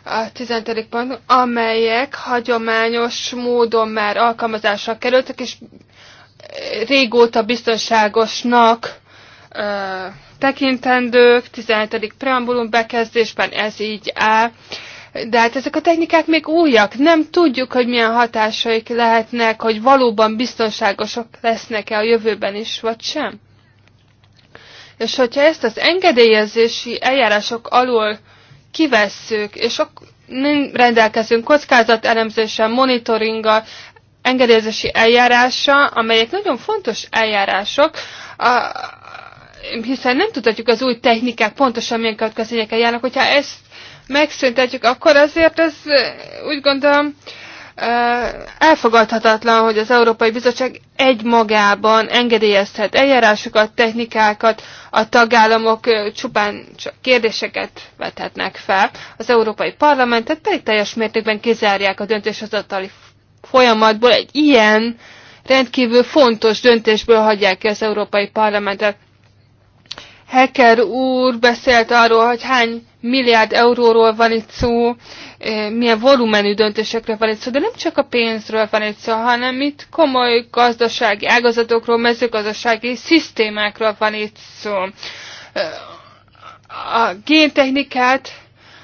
a 15. pont, amelyek hagyományos módon már alkalmazásra kerültek, és régóta biztonságosnak uh, tekintendők, 17. preambulum bekezdésben ez így áll. De hát ezek a technikák még újak, nem tudjuk, hogy milyen hatásaik lehetnek, hogy valóban biztonságosak lesznek-e a jövőben is, vagy sem. És hogyha ezt az engedélyezési eljárások alól kivesszük, és nem rendelkezünk kockázat elemzéssel, monitoringgal, engedélyezési eljárással, amelyek nagyon fontos eljárások, a, hiszen nem tudhatjuk az új technikák pontosan milyen következményekkel járnak, hogyha ezt megszüntetjük, akkor azért ez úgy gondolom elfogadhatatlan, hogy az Európai Bizottság egymagában engedélyezhet eljárásokat, technikákat, a tagállamok csupán csak kérdéseket vethetnek fel. Az Európai Parlamentet pedig teljes mértékben kizárják a döntéshozatali folyamatból. Egy ilyen rendkívül fontos döntésből hagyják ki az Európai Parlamentet. Hecker úr beszélt arról, hogy hány milliárd euróról van itt szó, eh, milyen volumenű döntésekről van itt szó, de nem csak a pénzről van itt szó, hanem itt komoly gazdasági ágazatokról, mezőgazdasági szisztémákról van itt szó. Eh, a géntechnikát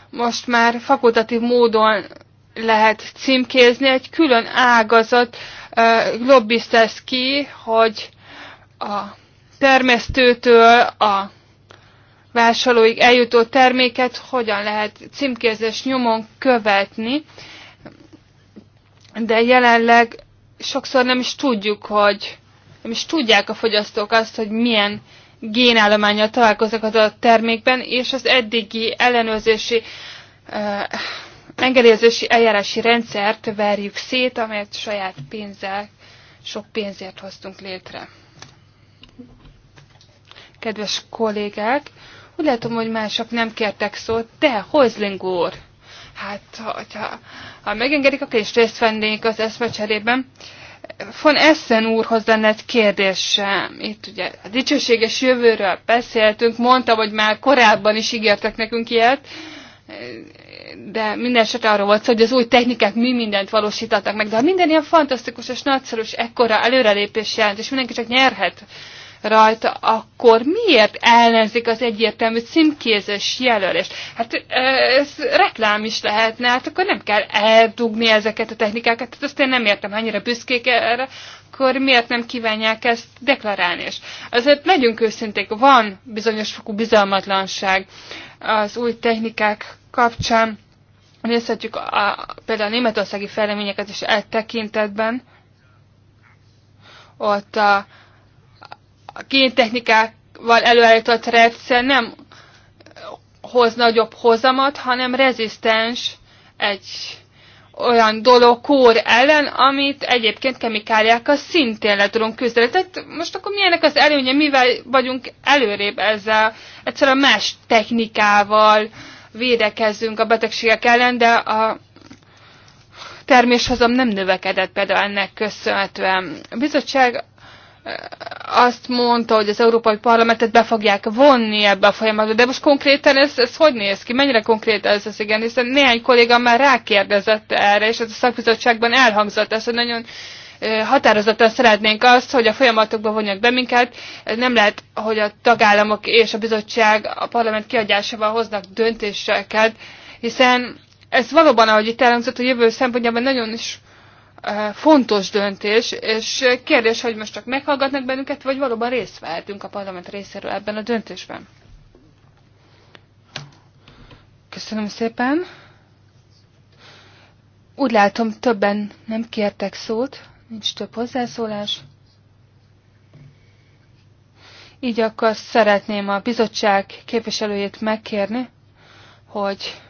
most már fakultatív módon lehet címkézni, egy külön ágazat eh, lobbiztesz ki, hogy a termesztőtől a vásárlóig eljutó terméket hogyan lehet címkézés nyomon követni, de jelenleg sokszor nem is tudjuk, hogy nem is tudják a fogyasztók azt, hogy milyen génállományjal találkoznak az a termékben, és az eddigi ellenőrzési eh, engedélyezési eljárási rendszert verjük szét, amelyet saját pénzzel, sok pénzért hoztunk létre. Kedves kollégák, úgy látom, hogy mások nem kértek szót, de Hozling úr! Hát, hogyha, ha megengedik, akkor is részt vennék az eszmecserében. Von Essen úrhoz lenne egy kérdésem. Itt ugye a dicsőséges jövőről beszéltünk, mondtam, hogy már korábban is ígértek nekünk ilyet, de minden esetre arról volt szó, hogy az új technikák mi mindent valósítatnak meg, de ha minden ilyen fantasztikus és nagyszerűs, ekkora előrelépés jelent, és mindenki csak nyerhet rajta, akkor miért ellenzik az egyértelmű címkézes jelölést? Hát ez reklám is lehetne, hát akkor nem kell eldugni ezeket a technikákat, tehát azt én nem értem, annyira büszkék erre, akkor miért nem kívánják ezt deklarálni? És azért legyünk őszinték, van bizonyos fokú bizalmatlanság az új technikák kapcsán, nézhetjük a, például a németországi fejleményeket is eltekintetben, ott a, a géntechnikával előállított rendszer nem hoz nagyobb hozamat, hanem rezisztens egy olyan dolog kór ellen, amit egyébként kemikáliákkal szintén le tudunk küzdeni. Tehát most akkor milyenek az előnye, mivel vagyunk előrébb ezzel, egyszerűen más technikával védekezzünk a betegségek ellen, de a terméshozam nem növekedett például ennek köszönhetően. A bizottság azt mondta, hogy az Európai Parlamentet be fogják vonni ebbe a folyamatba. De most konkrétan ez, ez hogy néz ki? Mennyire konkrét ez az igen? Hiszen néhány kolléga már rákérdezett erre, és ez a szakbizottságban elhangzott ez, hogy nagyon határozottan szeretnénk azt, hogy a folyamatokba vonják be minket. Nem lehet, hogy a tagállamok és a bizottság a parlament kiadásával hoznak döntéseket, hiszen ez valóban, ahogy itt elhangzott, a jövő szempontjában nagyon is fontos döntés, és kérdés, hogy most csak meghallgatnak bennünket, vagy valóban részt vehetünk a parlament részéről ebben a döntésben. Köszönöm szépen. Úgy látom, többen nem kértek szót, nincs több hozzászólás. Így akkor szeretném a bizottság képviselőjét megkérni, hogy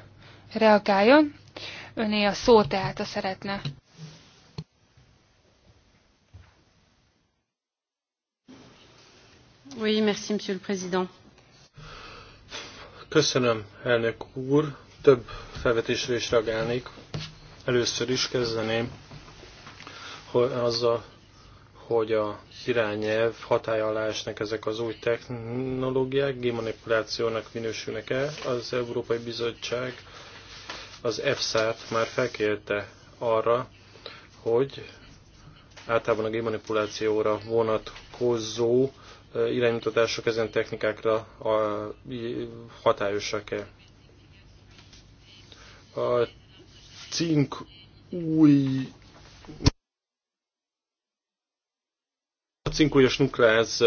reagáljon. Öné a szó, tehát a szeretne Köszönöm, elnök úr. Több felvetésre is reagálnék. Először is kezdeném azzal, hogy a irányelv hatája alá esnek ezek az új technológiák, gémanipulációnak minősülnek el. Az Európai Bizottság az EFSA-t már felkérte arra, hogy általában a gémanipulációra vonatkozó iránymutatások ezen technikákra hatályosak-e. A cink új a cinkújas nukleáz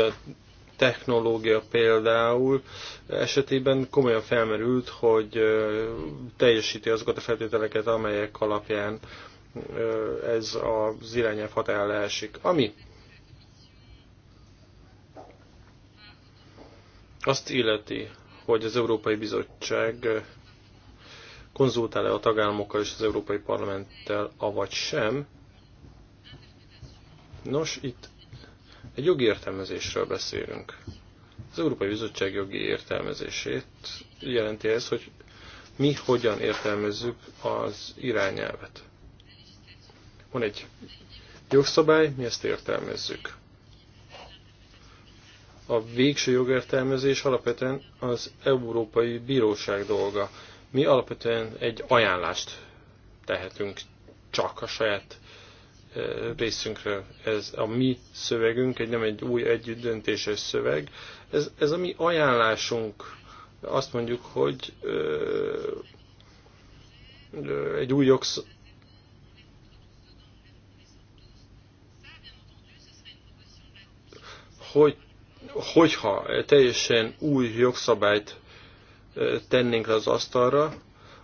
technológia például esetében komolyan felmerült, hogy teljesíti azokat a feltételeket, amelyek alapján ez az irányelv hatájára esik. Ami azt illeti, hogy az Európai Bizottság konzultál-e a tagállamokkal és az Európai Parlamenttel, avagy sem. Nos, itt egy jogi értelmezésről beszélünk. Az Európai Bizottság jogi értelmezését jelenti ez, hogy mi hogyan értelmezzük az irányelvet. Van egy jogszabály, mi ezt értelmezzük a végső jogértelmezés alapvetően az Európai Bíróság dolga. Mi alapvetően egy ajánlást tehetünk csak a saját részünkre. Ez a mi szövegünk, egy nem egy új együttdöntéses szöveg. Ez, ez a mi ajánlásunk. Azt mondjuk, hogy ö, ö, egy új jogsz, hogy hogyha teljesen új jogszabályt tennénk le az asztalra,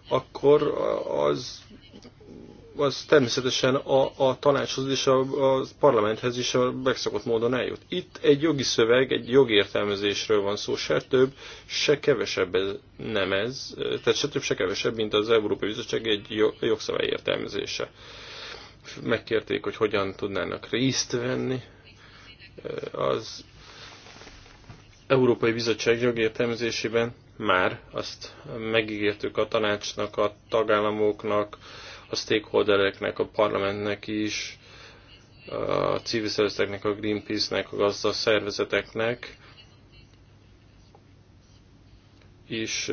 akkor az, az természetesen a, a tanácshoz és a, a parlamenthez is a megszokott módon eljut. Itt egy jogi szöveg, egy jogértelmezésről van szó, se több, se kevesebb nem ez, tehát se több, se kevesebb, mint az Európai Bizottság egy jogszabály értelmezése. Megkérték, hogy hogyan tudnának részt venni az Európai Bizottság jogértelmezésében már azt megígértük a tanácsnak, a tagállamoknak, a stakeholdereknek, a parlamentnek is, a civil szervezeteknek, a Greenpeace-nek, a gazdaszervezeteknek, szervezeteknek is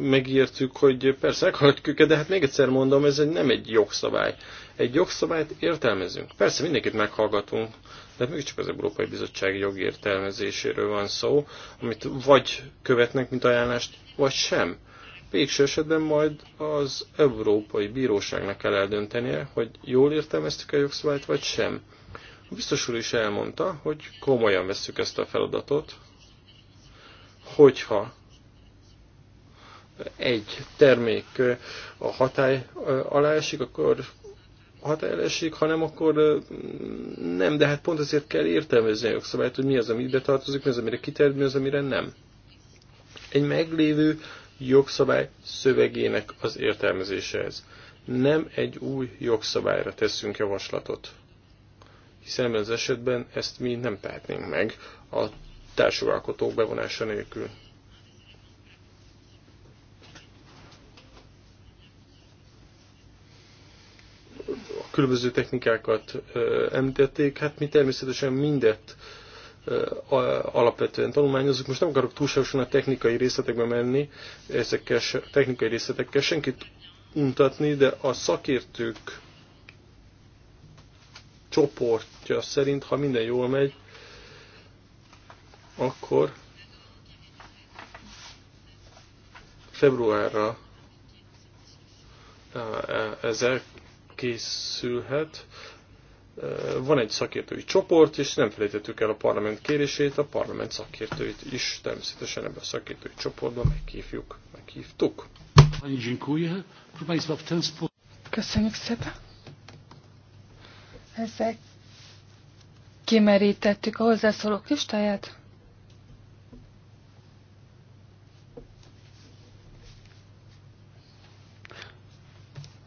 megírtük, hogy persze elhagyjuk őket, de hát még egyszer mondom, ez egy, nem egy jogszabály. Egy jogszabályt értelmezünk. Persze mindenkit meghallgatunk, de mégiscsak az Európai Bizottság jogi van szó, amit vagy követnek, mint ajánlást, vagy sem. Végső esetben majd az Európai Bíróságnak kell eldöntenie, hogy jól értelmeztük a jogszabályt, vagy sem. A biztos úr is elmondta, hogy komolyan vesszük ezt a feladatot, hogyha egy termék a hatály alá esik, akkor ha esik, hanem akkor nem, de hát pont ezért kell értelmezni a jogszabályt, hogy mi az, ami ide tartozik, mi az, amire kiterjed, mi az, amire nem. Egy meglévő jogszabály szövegének az értelmezése ez. Nem egy új jogszabályra teszünk javaslatot. Hiszen ebben az esetben ezt mi nem tehetnénk meg a társjogalkotók bevonása nélkül. különböző technikákat említették, hát mi természetesen mindet alapvetően tanulmányozunk. Most nem akarok túlságosan a technikai részletekbe menni, ezekkel technikai részletekkel senkit untatni, de a szakértők csoportja szerint, ha minden jól megy, akkor februárra e, ezek készülhet. Van egy szakértői csoport, és nem felejtettük el a parlament kérését, a parlament szakértőit is természetesen ebben a szakértői csoportban meghívjuk, meghívtuk. Köszönjük szépen! Ezzel kimerítettük a hozzászóló listáját.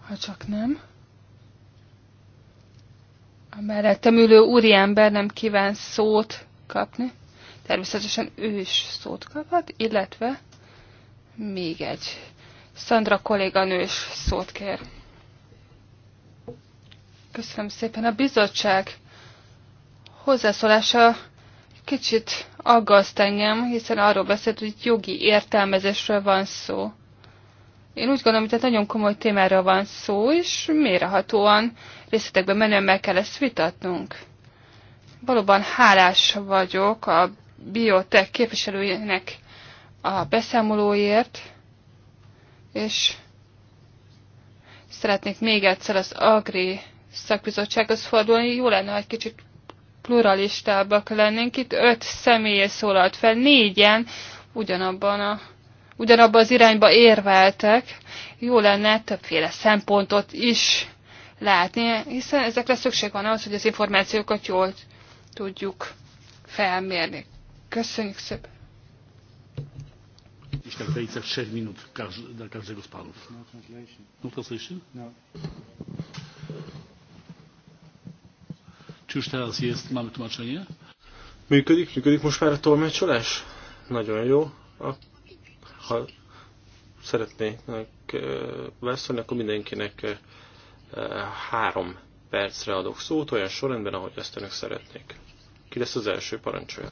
Ha csak nem. A mellettem ülő úriember nem kíván szót kapni. Természetesen ő is szót kaphat, illetve még egy. Szandra kolléganő is szót kér. Köszönöm szépen. A bizottság hozzászólása kicsit aggaszt engem, hiszen arról beszélt, hogy jogi értelmezésről van szó. Én úgy gondolom, hogy tehát nagyon komoly témára van szó, és mérehatóan részletekben menően meg kell ezt vitatnunk. Valóban hálás vagyok a biotek képviselőjének a beszámolóért, és szeretnék még egyszer az Agri szakbizottsághoz fordulni. Jó lenne, ha egy kicsit pluralistábbak lennénk. Itt öt személy szólalt fel, négyen ugyanabban a ugyanabba az irányba érveltek, jó lenne többféle szempontot is látni, hiszen ezekre szükség van ahhoz, hogy az információkat jól tudjuk felmérni. Köszönjük szépen! Gdzieś na granicach 3 minut dla każdego z panów. No translation. No translation? No. Czy już teraz jest, mamy tłumaczenie? Működik, működik most már a tolmácsolás? Nagyon jó ha szeretnének beszélni, akkor mindenkinek három percre adok szót, olyan sorrendben, ahogy ezt önök szeretnék. Ki lesz az első parancsolja?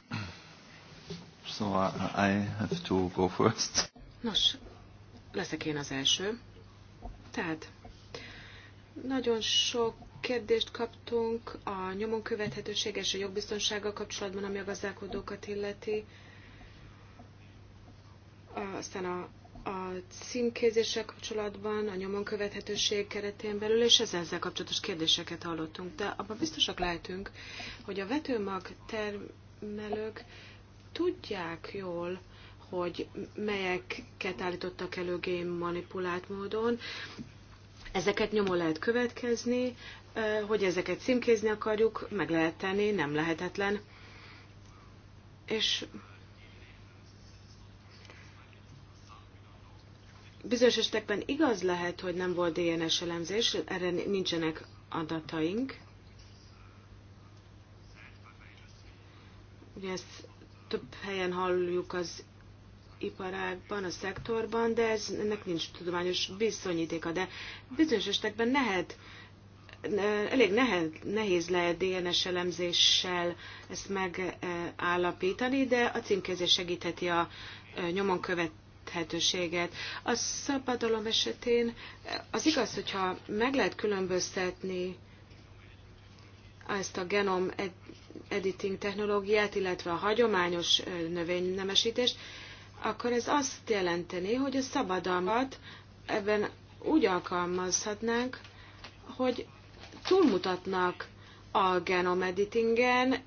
So uh, I have to go first. Nos, leszek én az első. Tehát nagyon sok kérdést kaptunk a nyomon követhetőség és a jogbiztonsággal kapcsolatban, ami a gazdálkodókat illeti aztán a, a címkézéssel kapcsolatban, a nyomon követhetőség keretén belül, és ezzel, ezzel kapcsolatos kérdéseket hallottunk. De abban biztosak lehetünk, hogy a vetőmag termelők tudják jól, hogy melyeket állítottak elő game manipulált módon, ezeket nyomon lehet következni, hogy ezeket címkézni akarjuk, meg lehet tenni, nem lehetetlen. És bizonyos esetekben igaz lehet, hogy nem volt DNS elemzés, erre nincsenek adataink. Ugye ezt több helyen halljuk az iparágban, a szektorban, de ez, ennek nincs tudományos bizonyítéka, de bizonyos esetekben lehet, elég nehez, nehéz lehet DNS elemzéssel ezt megállapítani, de a címkézés segítheti a nyomon követ érthetőséget. A szabadalom esetén az igaz, hogyha meg lehet különböztetni ezt a genom editing technológiát, illetve a hagyományos növénynemesítést, akkor ez azt jelenteni, hogy a szabadalmat ebben úgy alkalmazhatnánk, hogy túlmutatnak a genomeditingen,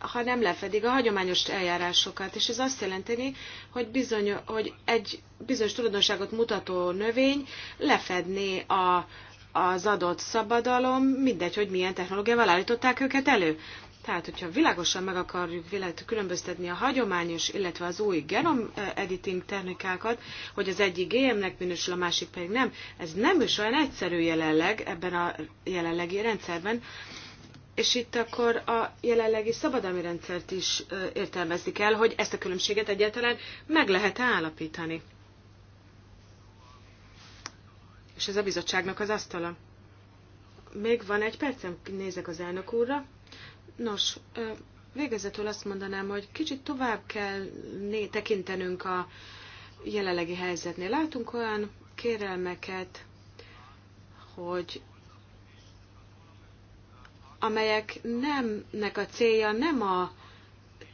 ha nem lefedik a hagyományos eljárásokat. És ez azt jelenteni, hogy, bizony, hogy egy bizonyos tulajdonságot mutató növény lefedné a, az adott szabadalom, mindegy, hogy milyen technológiával állították őket elő. Tehát, hogyha világosan meg akarjuk különböztetni a hagyományos, illetve az új genom editing technikákat, hogy az egyik GM-nek minősül, a másik pedig nem, ez nem is olyan egyszerű jelenleg ebben a jelenlegi rendszerben, és itt akkor a jelenlegi szabadalmi rendszert is értelmezni kell, hogy ezt a különbséget egyáltalán meg lehet-e állapítani. És ez a bizottságnak az asztala. Még van egy percem, nézek az elnök úrra. Nos, végezetül azt mondanám, hogy kicsit tovább kell tekintenünk a jelenlegi helyzetnél. Látunk olyan kérelmeket, hogy amelyek nemnek a célja nem a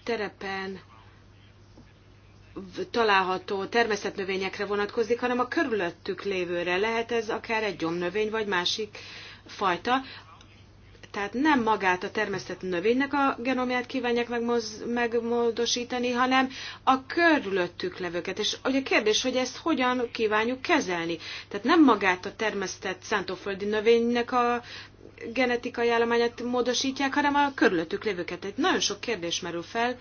terepen található természetnövényekre vonatkozik, hanem a körülöttük lévőre. Lehet ez akár egy gyomnövény, vagy másik fajta. Tehát nem magát a természet növénynek a genomját kívánják megmoz, megmódosítani, hanem a körülöttük levőket. És ugye a kérdés, hogy ezt hogyan kívánjuk kezelni. Tehát nem magát a termesztett szántóföldi növénynek a genetikai állományát módosítják, hanem a körülöttük lévőket. Egy nagyon sok kérdés merül fel,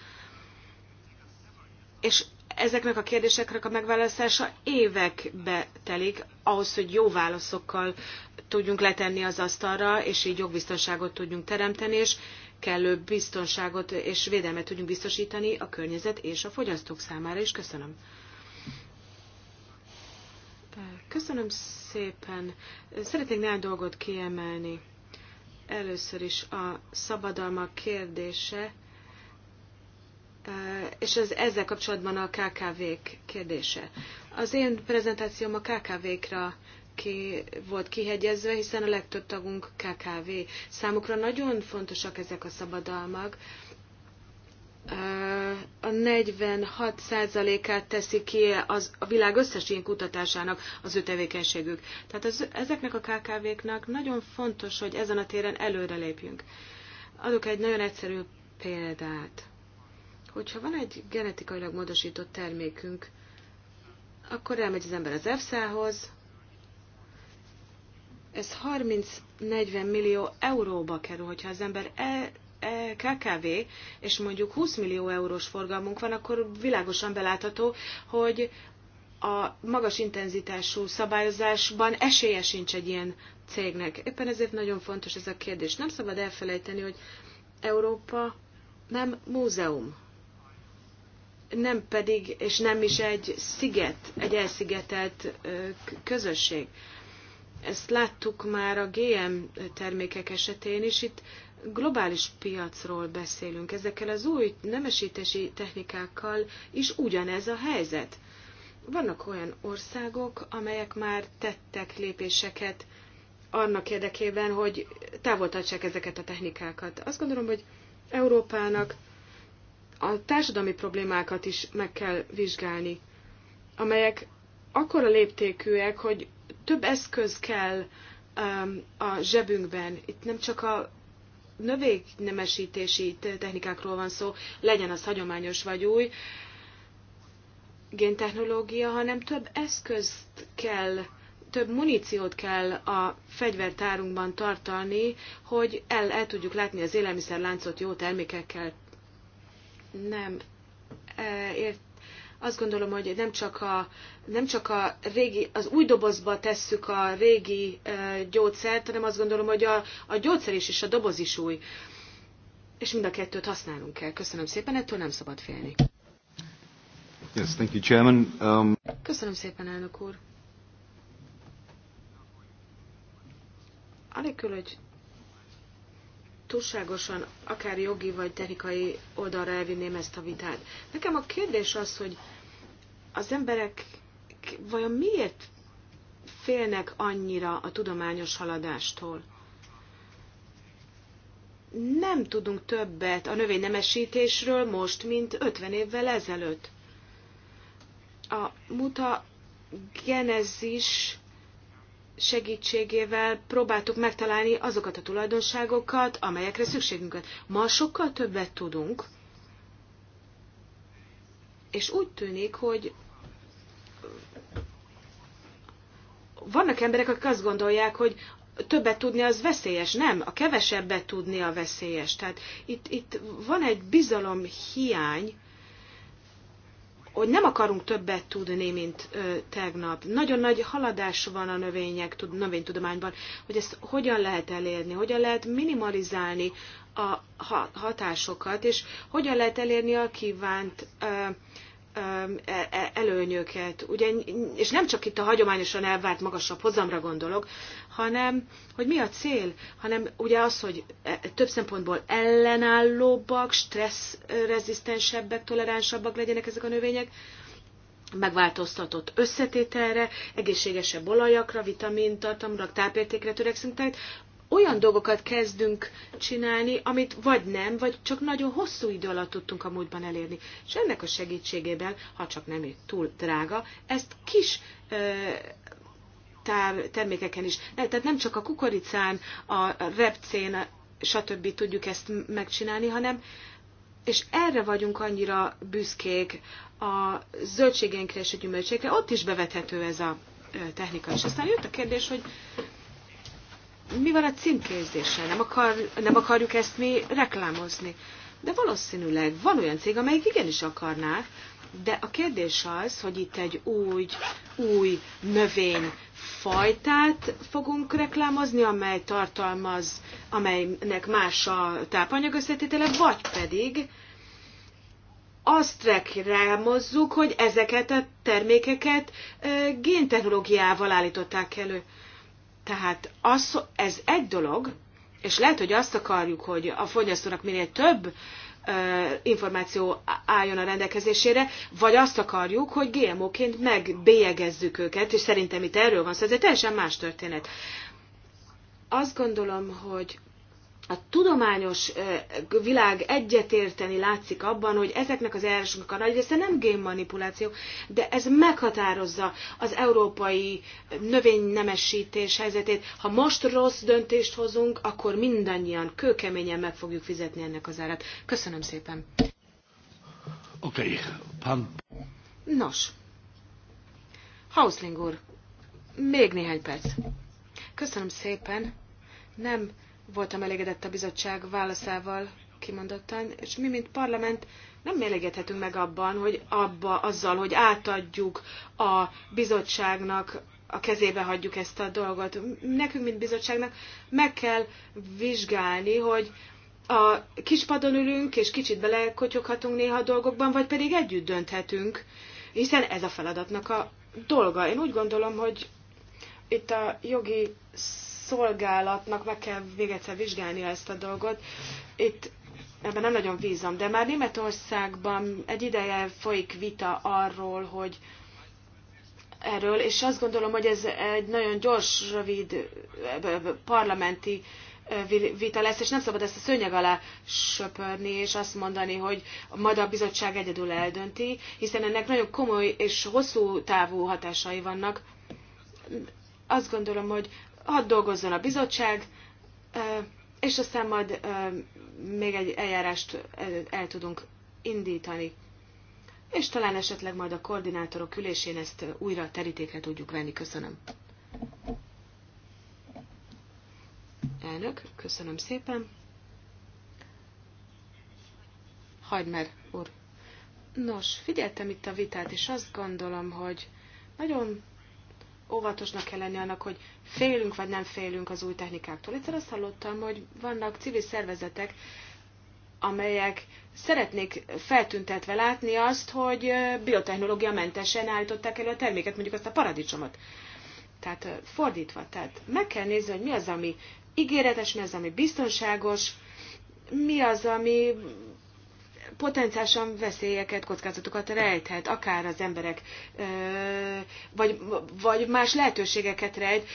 és ezeknek a kérdéseknek a megválaszolása évekbe telik, ahhoz, hogy jó válaszokkal tudjunk letenni az asztalra, és így jogbiztonságot tudjunk teremteni, és kellő biztonságot és védelmet tudjunk biztosítani a környezet és a fogyasztók számára is. Köszönöm. Köszönöm szépen. Szeretnék néhány dolgot kiemelni. Először is a szabadalmak kérdése, és az ezzel kapcsolatban a KKV-k kérdése. Az én prezentációm a KKV-kra ki volt kihegyezve, hiszen a legtöbb tagunk KKV. Számukra nagyon fontosak ezek a szabadalmak, a 46%-át teszi ki az, a világ összes ilyen kutatásának az ő tevékenységük. Tehát az, ezeknek a KKV-knak nagyon fontos, hogy ezen a téren lépjünk. Adok egy nagyon egyszerű példát. Hogyha van egy genetikailag módosított termékünk, akkor elmegy az ember az EFSA-hoz, ez 30-40 millió euróba kerül, hogyha az ember e KKV, és mondjuk 20 millió eurós forgalmunk van, akkor világosan belátható, hogy a magas intenzitású szabályozásban esélye sincs egy ilyen cégnek. Éppen ezért nagyon fontos ez a kérdés. Nem szabad elfelejteni, hogy Európa nem múzeum, nem pedig, és nem is egy sziget, egy elszigetelt közösség. Ezt láttuk már a GM termékek esetén is, itt globális piacról beszélünk, ezekkel az új nemesítési technikákkal is ugyanez a helyzet. Vannak olyan országok, amelyek már tettek lépéseket annak érdekében, hogy távol tartsák ezeket a technikákat. Azt gondolom, hogy Európának a társadalmi problémákat is meg kell vizsgálni, amelyek akkora léptékűek, hogy több eszköz kell um, a zsebünkben. Itt nem csak a növénynemesítési technikákról van szó, legyen az hagyományos vagy új géntechnológia, hanem több eszközt kell, több muníciót kell a fegyvertárunkban tartani, hogy el, el tudjuk látni az élelmiszerláncot jó termékekkel. Nem e, ért azt gondolom, hogy nem csak, a, nem csak a régi, az új dobozba tesszük a régi e, gyógyszert, hanem azt gondolom, hogy a, a gyógyszer is és a doboz is új. És mind a kettőt használnunk kell. Köszönöm szépen, ettől nem szabad félni. Yes, thank you, Chairman. Um... Köszönöm szépen, elnök úr. Anélkül, hogy túlságosan akár jogi vagy technikai oldalra elvinném ezt a vitát. Nekem a kérdés az, hogy az emberek vajon miért félnek annyira a tudományos haladástól? Nem tudunk többet a növénynemesítésről most, mint 50 évvel ezelőtt. A muta genezis segítségével próbáltuk megtalálni azokat a tulajdonságokat, amelyekre szükségünk van. Ma sokkal többet tudunk, és úgy tűnik, hogy vannak emberek, akik azt gondolják, hogy többet tudni az veszélyes. Nem, a kevesebbet tudni a veszélyes. Tehát itt, itt van egy bizalom hiány, hogy nem akarunk többet tudni, mint ö, tegnap. Nagyon nagy haladás van a növények, tud, növénytudományban, hogy ezt hogyan lehet elérni, hogyan lehet minimalizálni a hatásokat, és hogyan lehet elérni a kívánt ö, Um, e, e, előnyöket, ugye, és nem csak itt a hagyományosan elvárt magasabb hozamra gondolok, hanem, hogy mi a cél, hanem ugye az, hogy e, több szempontból ellenállóbbak, stresszrezisztensebbek, toleránsabbak legyenek ezek a növények, megváltoztatott összetételre, egészségesebb olajakra, vitamintartamra, tápértékre törekszünk, tehát olyan dolgokat kezdünk csinálni, amit vagy nem, vagy csak nagyon hosszú idő alatt tudtunk a múltban elérni. És ennek a segítségével, ha csak nem túl drága, ezt kis ö, tár, termékeken is. Ne, tehát nem csak a kukoricán, a repcén, stb. tudjuk ezt megcsinálni, hanem és erre vagyunk annyira büszkék a zöldségeinkre és a gyümölcsékre, ott is bevethető ez a technika. És aztán jött a kérdés, hogy mi van a címkézéssel? Nem, akar, nem akarjuk ezt mi reklámozni. De valószínűleg van olyan cég, amelyik igenis akarná, de a kérdés az, hogy itt egy új, új növényfajtát fogunk reklámozni, amely tartalmaz, amelynek más a tápanyagösszetétele, vagy pedig azt reklámozzuk, hogy ezeket a termékeket géntechnológiával állították elő. Tehát az, ez egy dolog, és lehet, hogy azt akarjuk, hogy a fogyasztónak minél több információ álljon a rendelkezésére, vagy azt akarjuk, hogy GMO-ként megbélyegezzük őket, és szerintem itt erről van szó, szóval ez egy teljesen más történet. Azt gondolom, hogy a tudományos világ egyetérteni látszik abban, hogy ezeknek az eljárásoknak a nagy része nem génmanipuláció, de ez meghatározza az európai növénynemesítés helyzetét. Ha most rossz döntést hozunk, akkor mindannyian kőkeményen meg fogjuk fizetni ennek az árát. Köszönöm szépen. Oké, okay. Nos, Hausling úr, még néhány perc. Köszönöm szépen. Nem voltam elégedett a bizottság válaszával kimondottan, és mi, mint parlament nem elégedhetünk meg abban, hogy abba, azzal, hogy átadjuk a bizottságnak, a kezébe hagyjuk ezt a dolgot. Nekünk, mint bizottságnak meg kell vizsgálni, hogy a kispadon ülünk, és kicsit belekotyoghatunk néha a dolgokban, vagy pedig együtt dönthetünk, hiszen ez a feladatnak a dolga. Én úgy gondolom, hogy itt a jogi szolgálatnak meg kell még egyszer vizsgálnia ezt a dolgot. Itt ebben nem nagyon vízom, de már Németországban egy ideje folyik vita arról, hogy erről, és azt gondolom, hogy ez egy nagyon gyors, rövid parlamenti vita lesz, és nem szabad ezt a szőnyeg alá söpörni, és azt mondani, hogy majd a bizottság egyedül eldönti, hiszen ennek nagyon komoly és hosszú távú hatásai vannak. Azt gondolom, hogy hadd dolgozzon a bizottság, és aztán majd még egy eljárást el tudunk indítani. És talán esetleg majd a koordinátorok ülésén ezt újra a terítékre tudjuk venni. Köszönöm. Elnök, köszönöm szépen. már, úr. Nos, figyeltem itt a vitát, és azt gondolom, hogy nagyon óvatosnak kell lenni annak, hogy félünk vagy nem félünk az új technikáktól. Egyszer azt hallottam, hogy vannak civil szervezetek, amelyek szeretnék feltüntetve látni azt, hogy biotechnológia mentesen állították elő a terméket, mondjuk azt a paradicsomot. Tehát fordítva, tehát meg kell nézni, hogy mi az, ami ígéretes, mi az, ami biztonságos, mi az, ami potenciálisan veszélyeket, kockázatokat rejthet, akár az emberek, vagy, vagy más lehetőségeket rejt.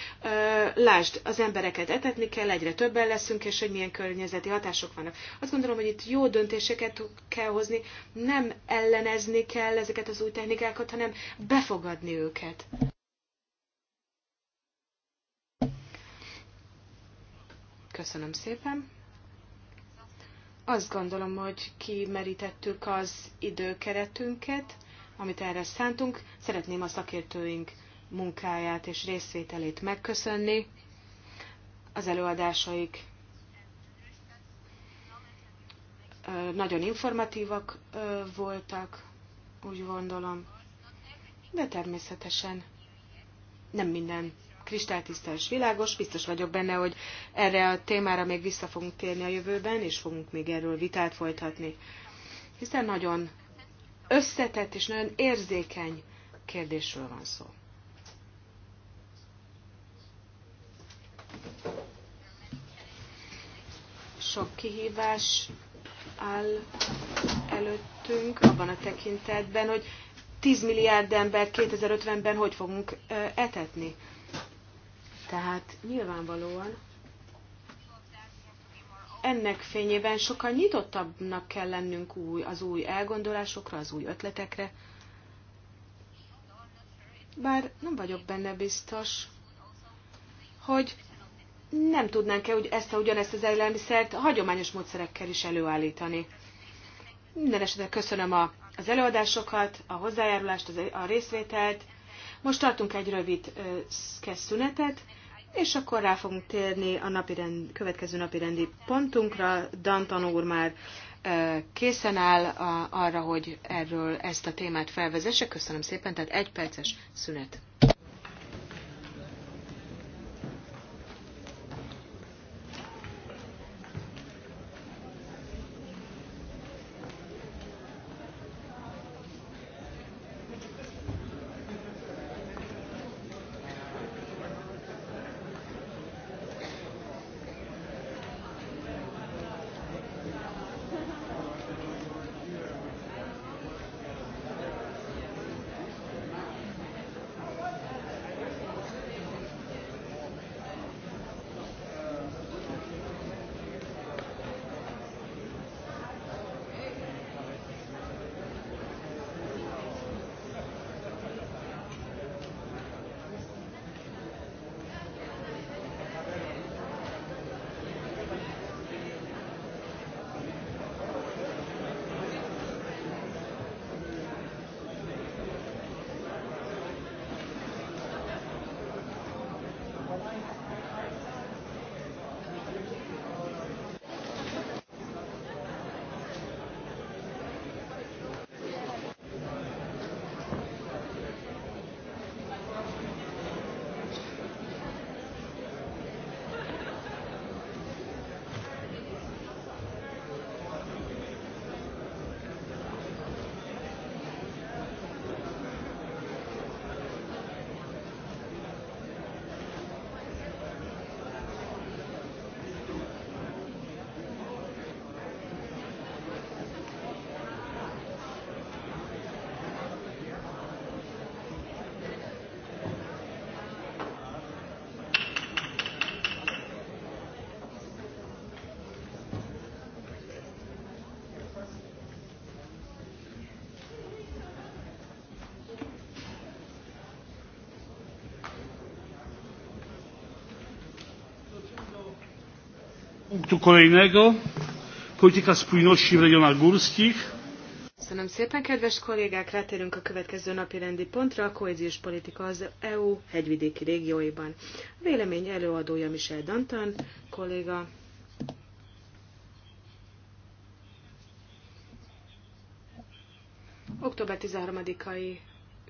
Lásd, az embereket etetni kell, egyre többen leszünk, és hogy milyen környezeti hatások vannak. Azt gondolom, hogy itt jó döntéseket kell hozni, nem ellenezni kell ezeket az új technikákat, hanem befogadni őket. Köszönöm szépen. Azt gondolom, hogy kimerítettük az időkeretünket, amit erre szántunk. Szeretném a szakértőink munkáját és részvételét megköszönni, az előadásaik nagyon informatívak voltak, úgy gondolom, de természetesen nem minden kristálytiszta és világos, biztos vagyok benne, hogy erre a témára még vissza fogunk térni a jövőben, és fogunk még erről vitát folytatni. Hiszen nagyon összetett és nagyon érzékeny kérdésről van szó. Sok kihívás áll előttünk abban a tekintetben, hogy 10 milliárd ember 2050-ben hogy fogunk etetni. Tehát nyilvánvalóan ennek fényében sokkal nyitottabbnak kell lennünk új, az új elgondolásokra, az új ötletekre. Bár nem vagyok benne biztos, hogy nem tudnánk-e úgy ezt a ugyanezt az élelmiszert hagyományos módszerekkel is előállítani. Minden esetre köszönöm a, az előadásokat, a hozzájárulást, az, a részvételt. Most tartunk egy rövid szünetet, és akkor rá fogunk térni a napi rend, következő napi rendi pontunkra. Dantan úr már készen áll arra, hogy erről ezt a témát felvezesse. Köszönöm szépen, tehát egy perces szünet. punktu kolejnego. Polityka spójności w regionach górskich. Köszönöm szépen, kedves kollégák! Rátérünk a következő napi rendi pontra, a kohéziós politika az EU hegyvidéki régióiban. A vélemény előadója Michel Dantan, kolléga. Október 13-ai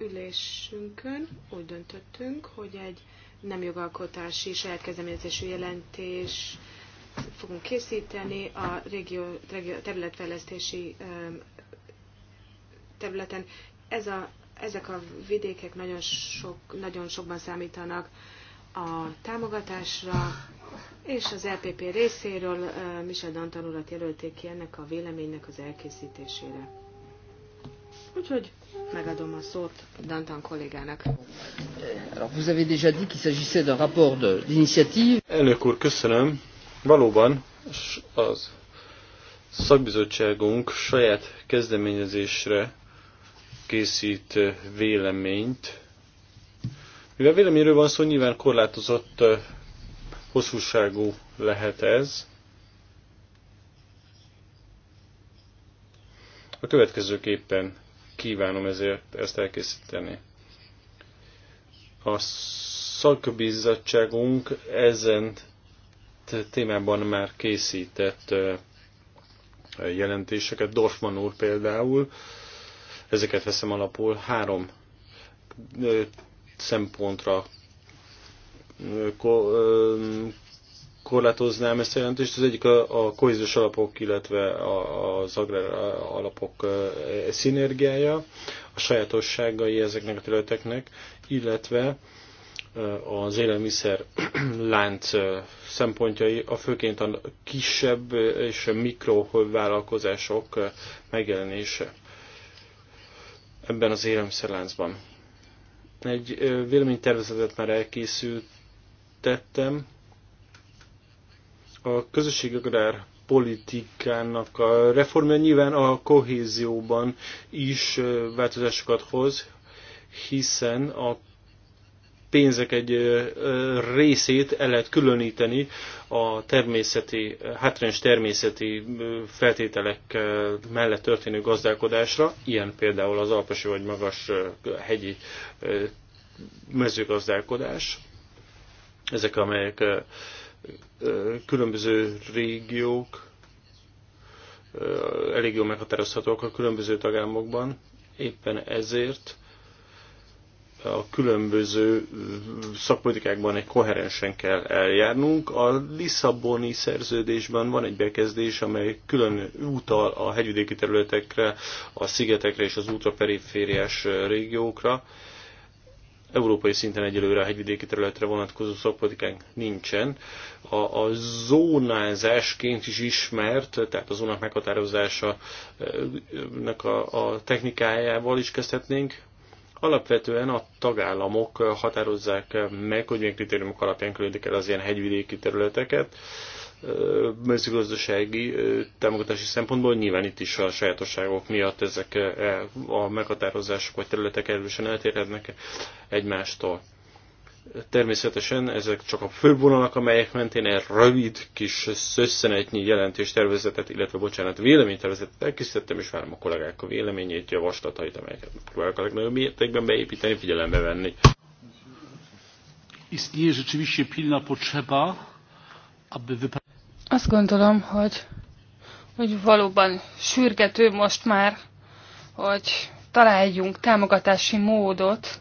ülésünkön úgy döntöttünk, hogy egy nem jogalkotási saját kezdeményezésű jelentés fogunk készíteni a régió, régió területfejlesztési területen. Ez a, ezek a vidékek nagyon, sok, nagyon sokban számítanak a támogatásra, és az LPP részéről Michel Dantan urat jelölték ki ennek a véleménynek az elkészítésére. Úgyhogy megadom a szót Dantan kollégának. Alors vous avez déjà dit qu'il s'agissait d'un rapport d'initiative. Elnök úr, köszönöm. Valóban az szakbizottságunk saját kezdeményezésre készít eh, véleményt. Mivel véleményről van szó, nyilván korlátozott eh, hosszúságú lehet ez. A következőképpen kívánom ezért ezt elkészíteni. A szakbizottságunk ezen témában már készített jelentéseket, Dorfman úr például, ezeket veszem alapul, három szempontra korlátoznám ezt a jelentést. Az egyik a, a kohéziós alapok, illetve az agrár alapok szinergiája, a sajátosságai ezeknek a területeknek, illetve Eh, az élelmiszer lánc eh, szempontjai, a főként a kisebb és mikrovállalkozások eh, megjelenése ebben az élelmiszerláncban. Egy véleménytervezetet már elkészültettem. A közösségi agrár politikának a reformja nyilván a kohézióban is változásokat hoz, hiszen a pénzek egy részét el lehet különíteni a természeti, hátrányos természeti feltételek mellett történő gazdálkodásra, ilyen például az alpesi vagy magas hegyi mezőgazdálkodás, ezek amelyek különböző régiók elég jól meghatározhatóak a különböző tagállamokban, éppen ezért a különböző szakpolitikákban egy koherensen kell eljárnunk. A Lisszaboni szerződésben van egy bekezdés, amely külön utal a hegyvidéki területekre, a szigetekre és az ultraperifériás régiókra. Európai szinten egyelőre a hegyvidéki területre vonatkozó szakpolitikánk nincsen. A, a zónázásként is ismert, tehát a zónák meghatározása a, a technikájával is kezdhetnénk, Alapvetően a tagállamok határozzák meg, hogy milyen kritériumok alapján küldik el az ilyen hegyvidéki területeket. Mezőgazdasági támogatási szempontból nyilván itt is a sajátosságok miatt ezek e, a meghatározások vagy területek erősen eltérhetnek egymástól. Természetesen ezek csak a fővonalak, amelyek mentén egy rövid kis szösszenetnyi jelentéstervezetet, illetve bocsánat, véleménytervezetet elkészítettem, és várom a kollégák a véleményét, javaslatait, amelyeket próbálok a legnagyobb mértékben beépíteni, figyelembe venni. Azt gondolom, hogy, hogy valóban sürgető most már, hogy találjunk támogatási módot,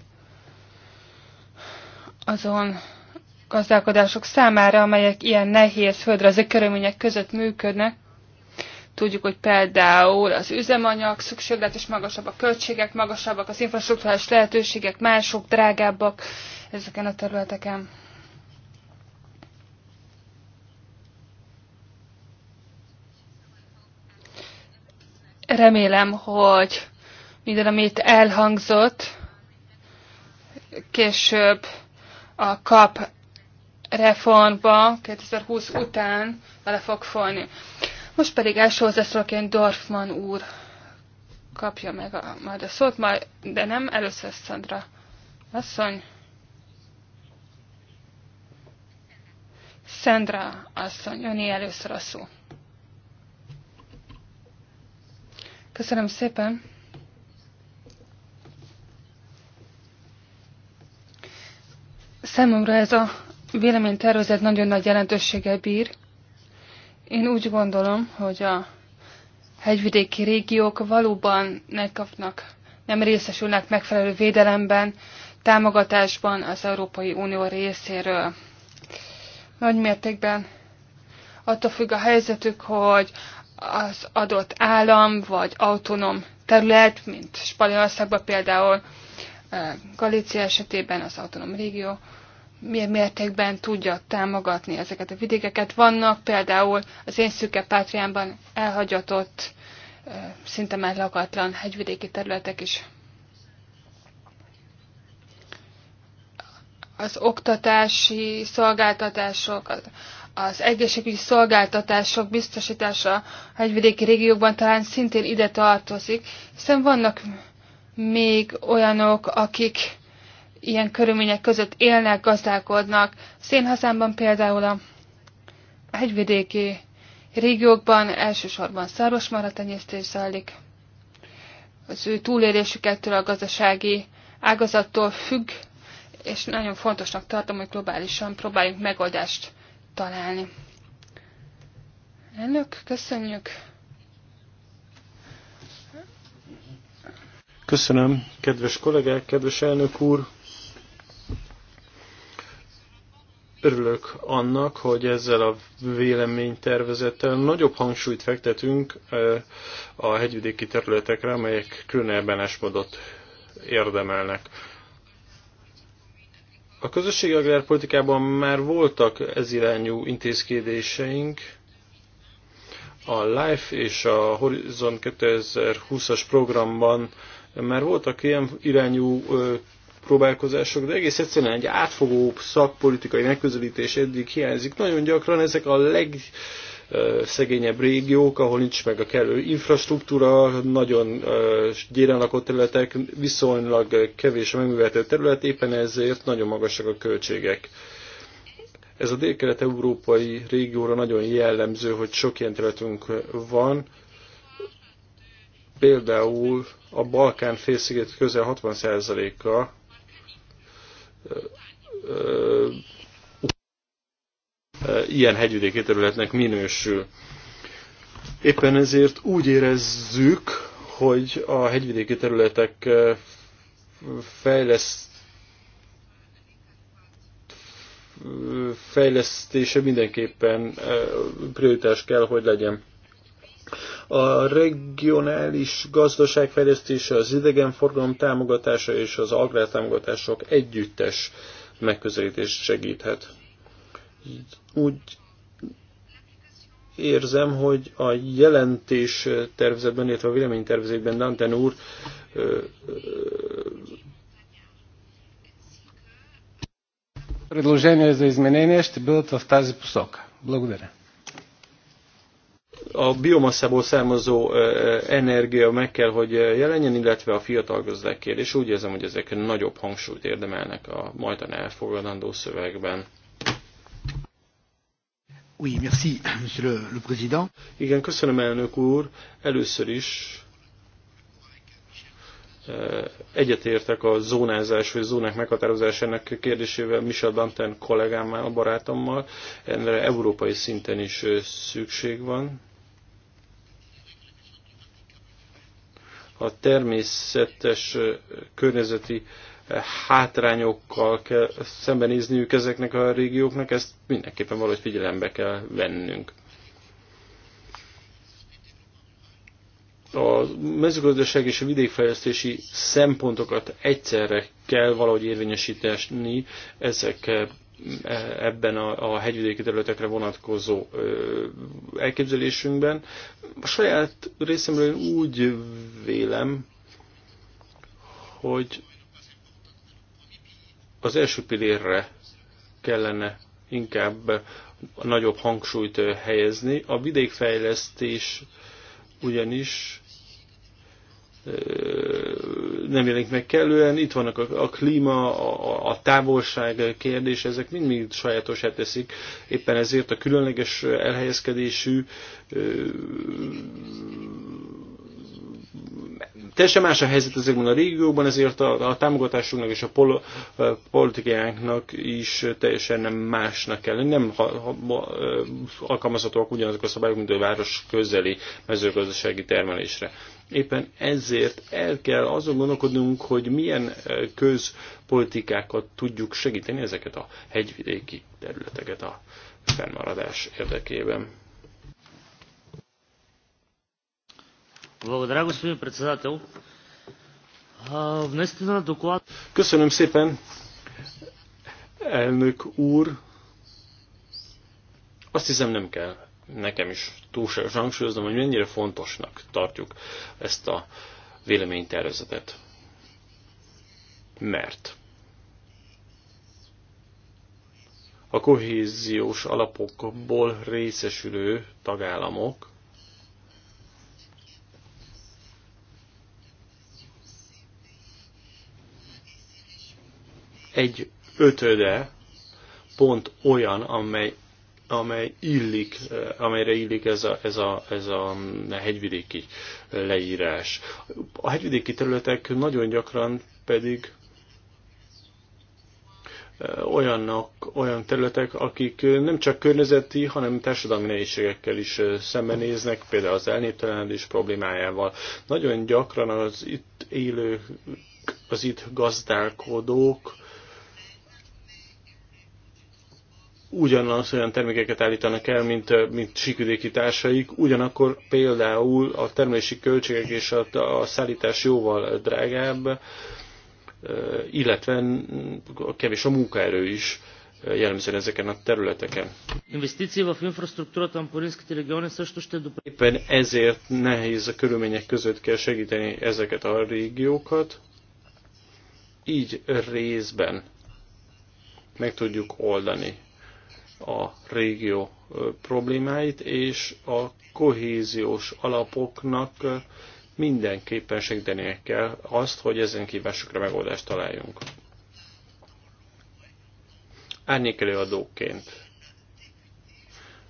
azon gazdálkodások számára, amelyek ilyen nehéz földrajzi körülmények között működnek. Tudjuk, hogy például az üzemanyag szükségletes magasabb a költségek, magasabbak az infrastruktúrális lehetőségek, mások drágábbak ezeken a területeken. Remélem, hogy minden, amit elhangzott, később a kap reformba 2020 után vele fog folni. Most pedig első hozzászólóként Dorfman úr kapja meg a, majd a szót, majd, de nem először Szandra asszony. Szendra asszony, öné először a szó. Köszönöm szépen. Számomra ez a véleménytervezet nagyon nagy jelentőséggel bír. Én úgy gondolom, hogy a hegyvidéki régiók valóban nem kapnak, nem részesülnek megfelelő védelemben, támogatásban az Európai Unió részéről. Nagy mértékben attól függ a helyzetük, hogy az adott állam vagy autonóm terület, mint Spanyolországban például eh, Galícia esetében az autonóm régió, milyen mértékben tudja támogatni ezeket a vidékeket. Vannak például az én szüke pátriámban elhagyatott, szinte már lakatlan hegyvidéki területek is. Az oktatási szolgáltatások, az egészségügyi szolgáltatások biztosítása a hegyvidéki régiókban talán szintén ide tartozik, hiszen vannak még olyanok, akik ilyen körülmények között élnek, gazdálkodnak. Az például a hegyvidéki régiókban elsősorban szarvasmaratenyésztés zajlik. Az ő túlélésük ettől a gazdasági ágazattól függ, és nagyon fontosnak tartom, hogy globálisan próbáljunk megoldást találni. Elnök, köszönjük! Köszönöm, kedves kollégák, kedves elnök úr! Örülök annak, hogy ezzel a véleménytervezettel nagyobb hangsúlyt fektetünk eh, a hegyvidéki területekre, amelyek külön elbánásmódot érdemelnek. A közösségi agrárpolitikában már voltak ez irányú intézkedéseink. A LIFE és a Horizon 2020-as programban már voltak ilyen irányú eh, próbálkozások, de egész egyszerűen egy átfogó szakpolitikai megközelítés eddig hiányzik. Nagyon gyakran ezek a leg szegényebb régiók, ahol nincs meg a kellő infrastruktúra, nagyon gyéren lakott területek, viszonylag kevés a megművelhető terület, éppen ezért nagyon magasak a költségek. Ez a dél-kelet-európai régióra nagyon jellemző, hogy sok ilyen területünk van, például a Balkán félsziget közel 60%-a ilyen hegyvidéki területnek minősül. Éppen ezért úgy érezzük, hogy a hegyvidéki területek fejleszt, fejlesztése mindenképpen prioritás kell, hogy legyen a regionális gazdaságfejlesztése, az idegenforgalom támogatása és az agrártámogatások együttes megközelítést segíthet. Úgy érzem, hogy a jelentés tervezetben, illetve a véleménytervezetben Danten úr ö, предложения за изменения ще бъдат в тази посока. Благодаря a biomasszából származó energia meg kell, hogy jelenjen, illetve a fiatal gazdák kérdés. Úgy érzem, hogy ezek nagyobb hangsúlyt érdemelnek a majdan elfogadandó szövegben. Oui, merci, monsieur le, le président. Igen, köszönöm, elnök úr. Először is egyetértek a zónázás vagy zónák meghatározásának kérdésével Michel Danten kollégámmal, a barátommal. Erre európai szinten is szükség van. a természetes környezeti hátrányokkal kell szembenézniük ezeknek a régióknak, ezt mindenképpen valahogy figyelembe kell vennünk. A mezőgazdaság és a vidékfejlesztési szempontokat egyszerre kell valahogy érvényesíteni, ezek ebben a, a hegyvidéki területekre vonatkozó elképzelésünkben. A saját részemről úgy vélem, hogy az első pillérre kellene inkább nagyobb hangsúlyt helyezni. A vidékfejlesztés ugyanis nem jelenik meg kellően. Itt vannak a, a klíma, a, a távolság kérdés, ezek mind-mind sajátosát teszik. Éppen ezért a különleges elhelyezkedésű Teljesen más a helyzet ezekben a régióban, ezért a, a támogatásunknak és a pol, a is teljesen nem másnak kell Nem ha, ha, alkalmazhatóak ugyanazok a szabályok, mint a város közeli mezőgazdasági termelésre. Éppen ezért el kell azon gondolkodnunk, hogy milyen közpolitikákat tudjuk segíteni ezeket a hegyvidéki területeket a fennmaradás érdekében. Благодаря, господин председател. Внесена доклад... Köszönöm szépen, elnök úr. Azt hiszem nem kell nekem is túlságos hangsúlyoznom, hogy mennyire fontosnak tartjuk ezt a véleménytervezetet. Mert a kohéziós alapokból részesülő tagállamok egy ötöde pont olyan, amely, amely illik, eh, amelyre illik ez a, ez, a, ez a mm, hegyvidéki eh, leírás. A hegyvidéki területek nagyon gyakran pedig eh, olyannak olyan területek, akik nem csak környezeti, hanem társadalmi nehézségekkel is szembenéznek, például az elnéptelenedés problémájával. Nagyon gyakran az itt élők, az itt gazdálkodók ugyanaz olyan termékeket állítanak el, mint, mint sikvidéki társaik, ugyanakkor például a termelési költségek és a, a szállítás jóval drágább, illetve kevés a munkaerő is jellemzően ezeken a területeken. Éppen ezért nehéz a körülmények között kell segíteni ezeket a régiókat, így részben meg tudjuk oldani a régió problémáit, és a kohéziós alapoknak mindenképpen segítenie kell azt, hogy ezen kívásokra megoldást találjunk. Árnyékelőadóként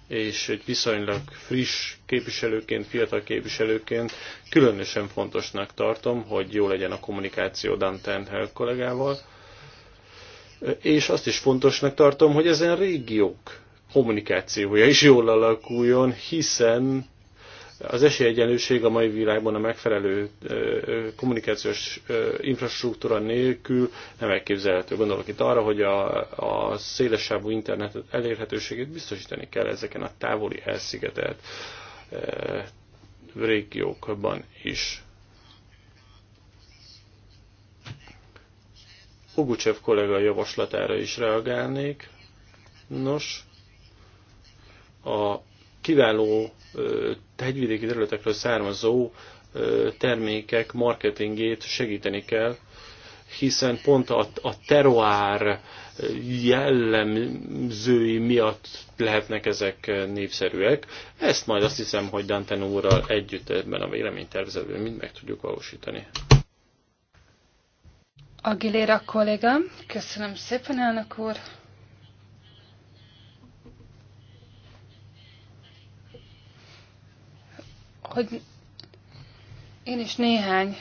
és egy viszonylag friss képviselőként, fiatal képviselőként különösen fontosnak tartom, hogy jó legyen a kommunikáció Dantenhel kollégával, és azt is fontosnak tartom, hogy ezen régiók kommunikációja is jól alakuljon, hiszen az esélyegyenlőség a mai világban a megfelelő kommunikációs infrastruktúra nélkül nem elképzelhető. Gondolok itt arra, hogy a, a szélesebb internet elérhetőségét biztosítani kell ezeken a távoli elszigetelt régiókban is. Hugucsev kollega javaslatára is reagálnék. Nos, a kiváló hegyvidéki területekről származó termékek marketingét segíteni kell, hiszen pont a, a teroár jellemzői miatt lehetnek ezek népszerűek. Ezt majd azt hiszem, hogy Danten úrral együtt ebben a véleménytervezetben mind meg tudjuk valósítani. Aguilera kolléga, köszönöm szépen, elnök úr. Hogy én is néhány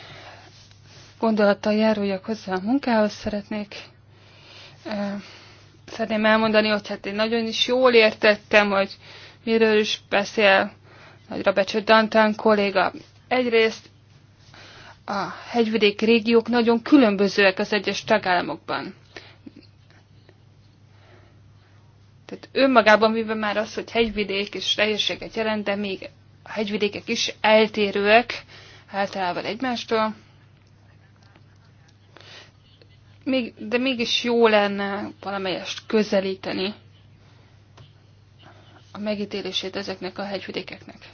gondolattal járuljak hozzá a munkához, szeretnék szeretném elmondani, hogy hát én nagyon is jól értettem, hogy miről is beszél nagyra becsült Dantán kolléga. Egyrészt a hegyvidéki régiók nagyon különbözőek az egyes tagállamokban. Tehát önmagában véve már az, hogy hegyvidék és nehézséget jelent, de még a hegyvidékek is eltérőek általában egymástól. Még, de mégis jó lenne valamelyest közelíteni a megítélését ezeknek a hegyvidékeknek.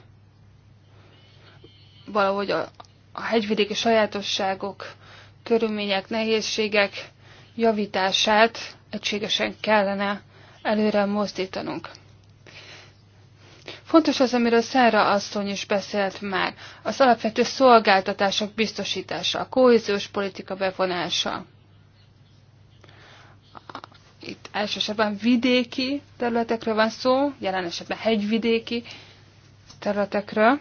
Valahogy a, a hegyvidéki sajátosságok, körülmények, nehézségek javítását egységesen kellene előre mozdítanunk. Fontos az, amiről Szára asszony is beszélt már, az alapvető szolgáltatások biztosítása, a kohéziós politika bevonása. Itt elsősorban vidéki területekről van szó, jelen esetben hegyvidéki területekről,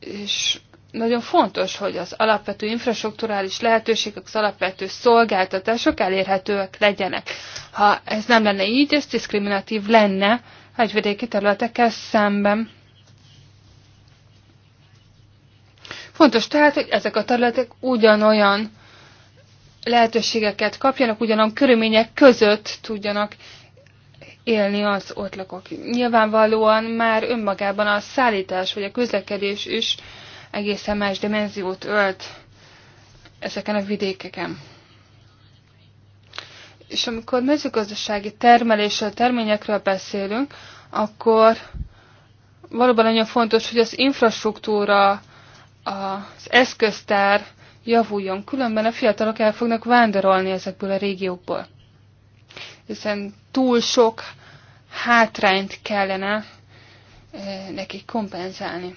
és nagyon fontos, hogy az alapvető infrastruktúrális lehetőségek, az alapvető szolgáltatások elérhetőek legyenek. Ha ez nem lenne így, ez diszkriminatív lenne a hegyvidéki területekkel szemben. Fontos tehát, hogy ezek a területek ugyanolyan lehetőségeket kapjanak, ugyanolyan körülmények között tudjanak élni az ott lakók. Nyilvánvalóan már önmagában a szállítás vagy a közlekedés is egészen más dimenziót ölt ezeken a vidékeken. És amikor mezőgazdasági termelésről, terményekről beszélünk, akkor valóban nagyon fontos, hogy az infrastruktúra, az eszköztár javuljon, különben a fiatalok el fognak vándorolni ezekből a régiókból. Hiszen túl sok hátrányt kellene eh, nekik kompenzálni.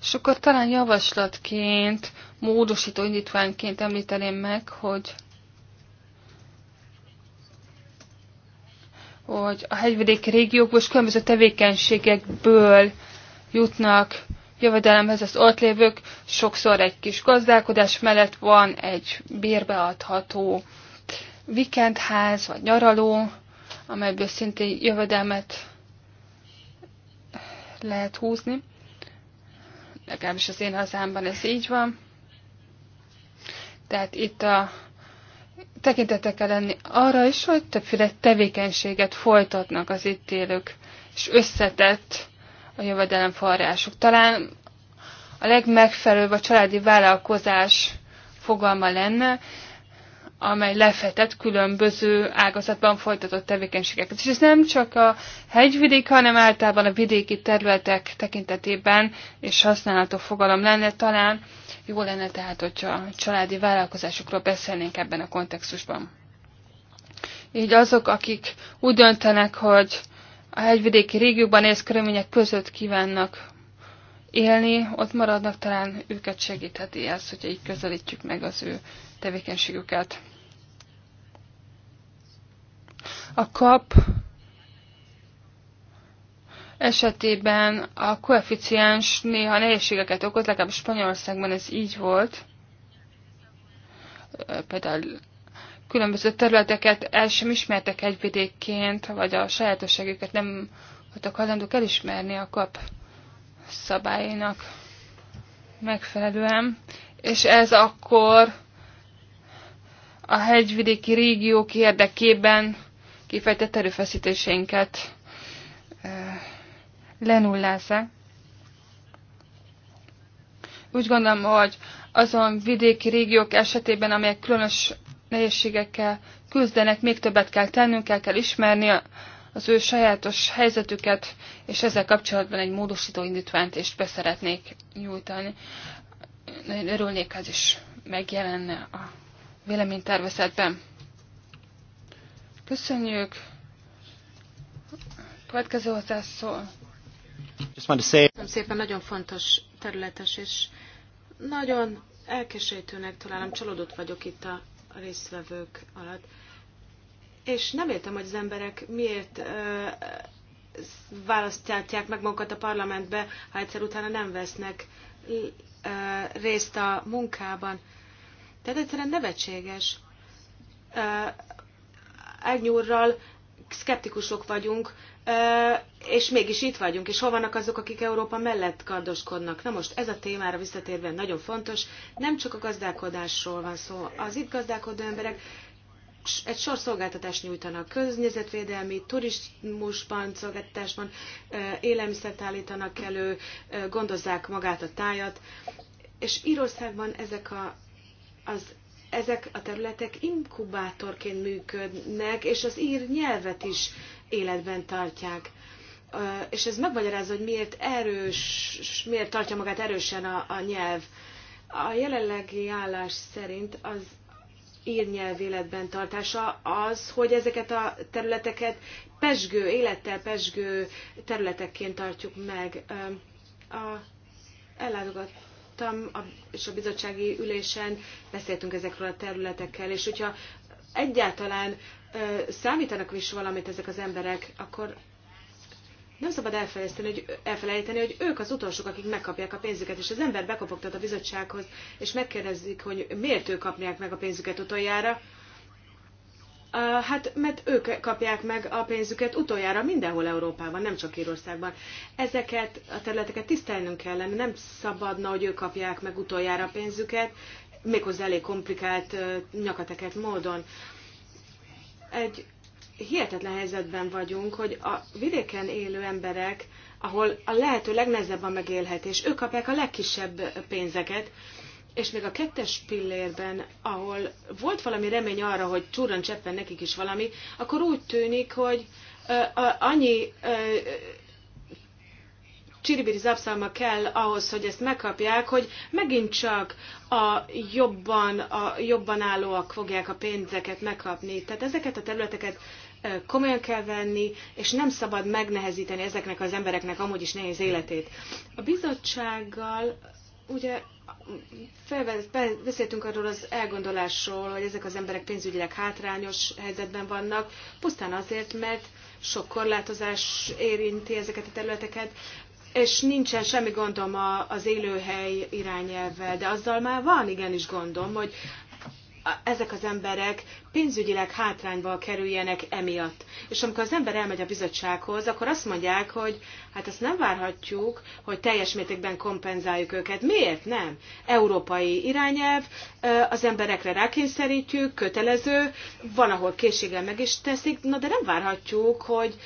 És akkor talán javaslatként, módosító indítványként említeném meg, hogy hogy a hegyvidéki régiókból és különböző tevékenységekből jutnak jövedelemhez az ott lévők, sokszor egy kis gazdálkodás mellett van egy bérbeadható vikendház vagy nyaraló, amelyből szintén jövedelmet lehet húzni legalábbis az én hazámban ez így van. Tehát itt a tekintetek kell lenni arra is, hogy többféle tevékenységet folytatnak az itt élők, és összetett a forrásuk. Talán a legmegfelelőbb a családi vállalkozás fogalma lenne, amely lefetett különböző ágazatban folytatott tevékenységeket. És ez nem csak a hegyvidék, hanem általában a vidéki területek tekintetében és használható fogalom lenne talán. Jó lenne tehát, hogyha a családi vállalkozásokról beszélnénk ebben a kontextusban. Így azok, akik úgy döntenek, hogy a hegyvidéki régióban ész körülmények között kívánnak élni, ott maradnak, talán őket segítheti ez, hogyha így közelítjük meg az ő tevékenységüket. A kap esetében a koeficiens néha nehézségeket okoz, legalább Spanyolországban ez így volt. Például különböző területeket el sem ismertek egyvidékként, vagy a sajátosságokat nem voltak hajlandók elismerni a kap szabályainak megfelelően. És ez akkor a hegyvidéki régiók érdekében kifejtett erőfeszítéseinket lenullázza. Úgy gondolom, hogy azon vidéki régiók esetében, amelyek különös nehézségekkel küzdenek, még többet kell tennünk, el kell ismerni az ő sajátos helyzetüket, és ezzel kapcsolatban egy módosító indítványt is beszeretnék nyújtani. Nagyon örülnék, ez is megjelenne a véleménytervezetben. Köszönjük. Következő hozzászól. Köszönöm szépen, nagyon fontos területes, és nagyon elkesejtőnek találom, csalódott vagyok itt a résztvevők alatt. És nem értem, hogy az emberek miért ö, választják meg magukat a parlamentbe, ha egyszer utána nem vesznek ö, részt a munkában. Tehát egyszerűen nevetséges. Ö, Ágnyúrral szkeptikusok vagyunk, és mégis itt vagyunk, és hol vannak azok, akik Európa mellett kardoskodnak. Na most ez a témára visszatérve nagyon fontos, nem csak a gazdálkodásról van szó. Az itt gazdálkodó emberek egy sor szolgáltatást nyújtanak, környezetvédelmi, turizmusban, szolgáltatásban élelmiszert állítanak elő, gondozzák magát a tájat, és Írországban ezek a, az ezek a területek inkubátorként működnek, és az ír nyelvet is életben tartják. És ez megmagyarázza, hogy miért erős, miért tartja magát erősen a, a nyelv. A jelenlegi állás szerint az ír nyelv életben tartása az, hogy ezeket a területeket pesgő, élettel pesgő területekként tartjuk meg. A ellátogat hallottam, és a bizottsági ülésen beszéltünk ezekről a területekkel, és hogyha egyáltalán számítanak is valamit ezek az emberek, akkor nem szabad elfelejteni hogy, elfelejteni, hogy ők az utolsók, akik megkapják a pénzüket, és az ember bekopogtat a bizottsághoz, és megkérdezik, hogy miért ők kapják meg a pénzüket utoljára, Hát, mert ők kapják meg a pénzüket utoljára mindenhol Európában, nem csak Írországban. Ezeket a területeket tisztelnünk kellene, nem szabadna, hogy ők kapják meg utoljára a pénzüket, méghozzá elég komplikált, nyakateket módon. Egy hihetetlen helyzetben vagyunk, hogy a vidéken élő emberek, ahol a lehető legnehezebb a megélhetés, ők kapják a legkisebb pénzeket, és még a kettes pillérben, ahol volt valami remény arra, hogy csúran cseppen nekik is valami, akkor úgy tűnik, hogy annyi csiribiri zapszalma kell ahhoz, hogy ezt megkapják, hogy megint csak a jobban, a jobban állóak fogják a pénzeket megkapni. Tehát ezeket a területeket komolyan kell venni, és nem szabad megnehezíteni ezeknek az embereknek amúgy is nehéz életét. A bizottsággal ugye beszéltünk arról az elgondolásról, hogy ezek az emberek pénzügyileg hátrányos helyzetben vannak, pusztán azért, mert sok korlátozás érinti ezeket a területeket, és nincsen semmi gondom az élőhely irányelvvel, de azzal már van igenis gondom, hogy ezek az emberek pénzügyileg hátrányba kerüljenek emiatt. És amikor az ember elmegy a bizottsághoz, akkor azt mondják, hogy hát ezt nem várhatjuk, hogy teljes mértékben kompenzáljuk őket. Miért nem? Európai irányelv, az emberekre rákényszerítjük, kötelező, van, ahol készséggel meg is teszik, na de nem várhatjuk, hogy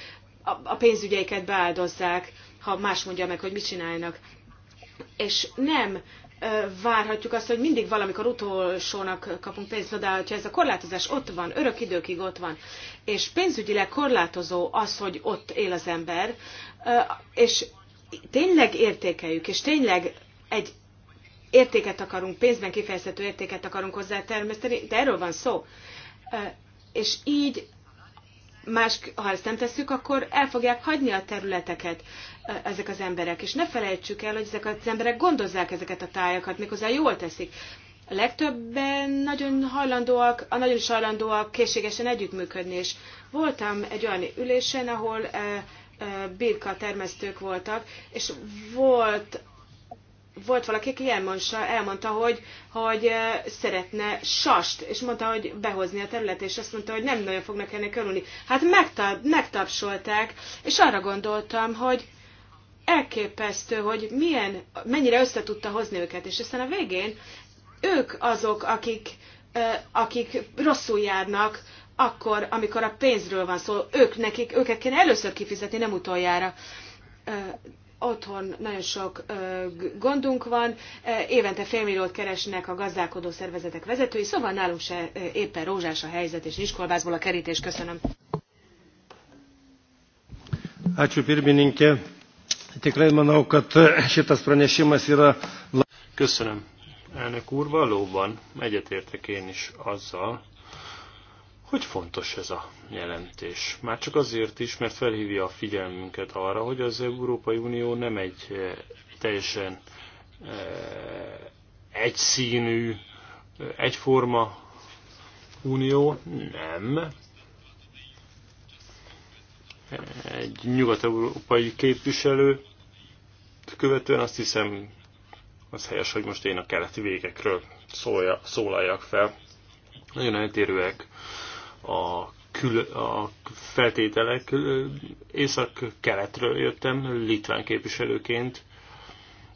a pénzügyeiket beáldozzák, ha más mondja meg, hogy mit csinálnak. És nem várhatjuk azt, hogy mindig valamikor utolsónak kapunk pénzt, de ha ez a korlátozás ott van, örök időkig ott van, és pénzügyileg korlátozó az, hogy ott él az ember, és tényleg értékeljük, és tényleg egy értéket akarunk, pénzben kifejezhető értéket akarunk hozzá termeszteni, de erről van szó. És így más, ha ezt nem tesszük, akkor el fogják hagyni a területeket e, ezek az emberek. És ne felejtsük el, hogy ezek az emberek gondozzák ezeket a tájakat, méghozzá jól teszik. A legtöbben nagyon hajlandóak, a nagyon is hajlandóak készségesen együttműködni, és voltam egy olyan ülésen, ahol e, e, birka termesztők voltak, és volt volt valaki, aki elmondta, elmondta hogy, hogy szeretne sast, és mondta, hogy behozni a terület, és azt mondta, hogy nem nagyon fognak ennek örülni. Hát megtap, megtapsolták, és arra gondoltam, hogy elképesztő, hogy milyen, mennyire tudta hozni őket, és aztán a végén ők azok, akik, akik rosszul járnak, akkor, amikor a pénzről van szó, ők nekik, őket kéne először kifizetni, nem utoljára otthon nagyon sok gondunk van, évente félmilliót keresnek a gazdálkodó szervezetek vezetői, szóval nálunk se éppen rózsás a helyzet, és iskolbázból a kerítés. Köszönöm. Köszönöm. Elnök úr, valóban egyetértek én is azzal, hogy fontos ez a jelentés. Már csak azért is, mert felhívja a figyelmünket arra, hogy az Európai Unió nem egy eh, teljesen eh, egyszínű, eh, egyforma unió, nem. Egy nyugat-európai képviselő követően azt hiszem, az helyes, hogy most én a keleti végekről szólja, szólaljak fel. Nagyon eltérőek a, kül, a feltételek. Észak-keletről jöttem, litván képviselőként.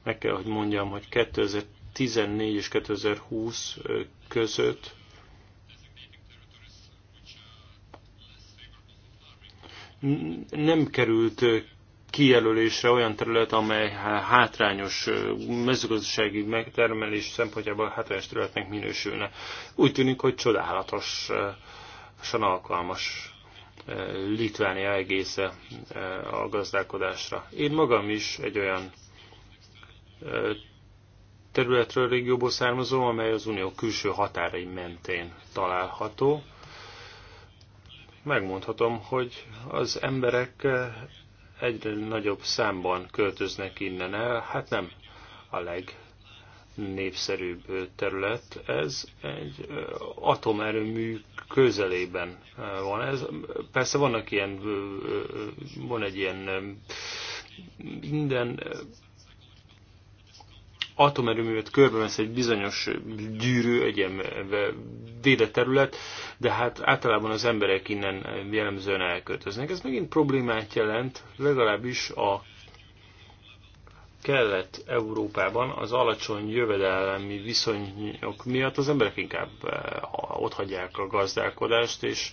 Meg kell, hogy mondjam, hogy 2014 és 2020 között nem került kijelölésre olyan terület, amely hátrányos mezőgazdasági megtermelés szempontjából hátrányos területnek minősülne. Úgy tűnik, hogy csodálatos alkalmas e, Litvánia egésze e, a gazdálkodásra. Én magam is egy olyan e, területről, régióból származom, amely az unió külső határai mentén található. Megmondhatom, hogy az emberek egyre nagyobb számban költöznek innen el, hát nem a leg népszerűbb terület. Ez egy atomerőmű közelében van. Ez, persze vannak ilyen, van egy ilyen minden atomerőművet körbe vesz egy bizonyos gyűrű, egy ilyen védett terület, de hát általában az emberek innen jellemzően elköltöznek. Ez megint problémát jelent, legalábbis a Kelet-Európában az alacsony jövedelmi viszonyok miatt az emberek inkább eh, ott hagyják a gazdálkodást, és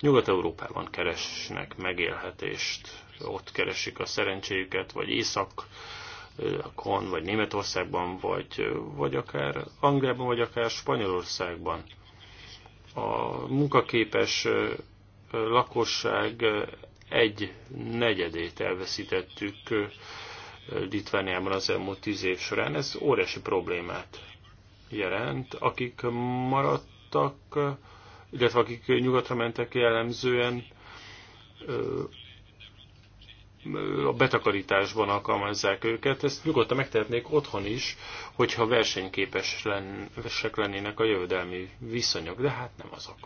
Nyugat-Európában keresnek megélhetést, ott keresik a szerencséjüket, vagy Észak, Kon, vagy Németországban, vagy, vagy akár Angliában, vagy akár Spanyolországban. A munkaképes eh, lakosság eh, egy negyedét elveszítettük Litvániában az elmúlt tíz év során. Ez óriási problémát jelent. Akik maradtak, illetve akik nyugatra mentek jellemzően, a betakarításban alkalmazzák őket, ezt nyugodtan megtehetnék otthon is, hogyha versenyképesek lennének a jövedelmi viszonyok, de hát nem azok.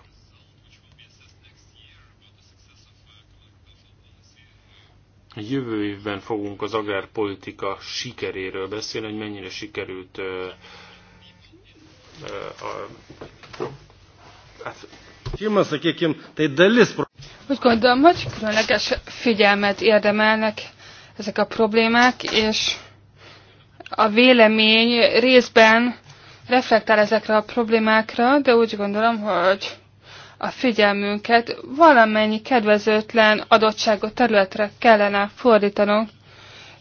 Jövő évben fogunk az agrárpolitika sikeréről beszélni, hogy mennyire sikerült ö, ö, a... Hát- úgy gondolom, hogy különleges figyelmet érdemelnek ezek a problémák, és a vélemény részben reflektál ezekre a problémákra, de úgy gondolom, hogy a figyelmünket, valamennyi kedvezőtlen adottságot területre kellene fordítanunk,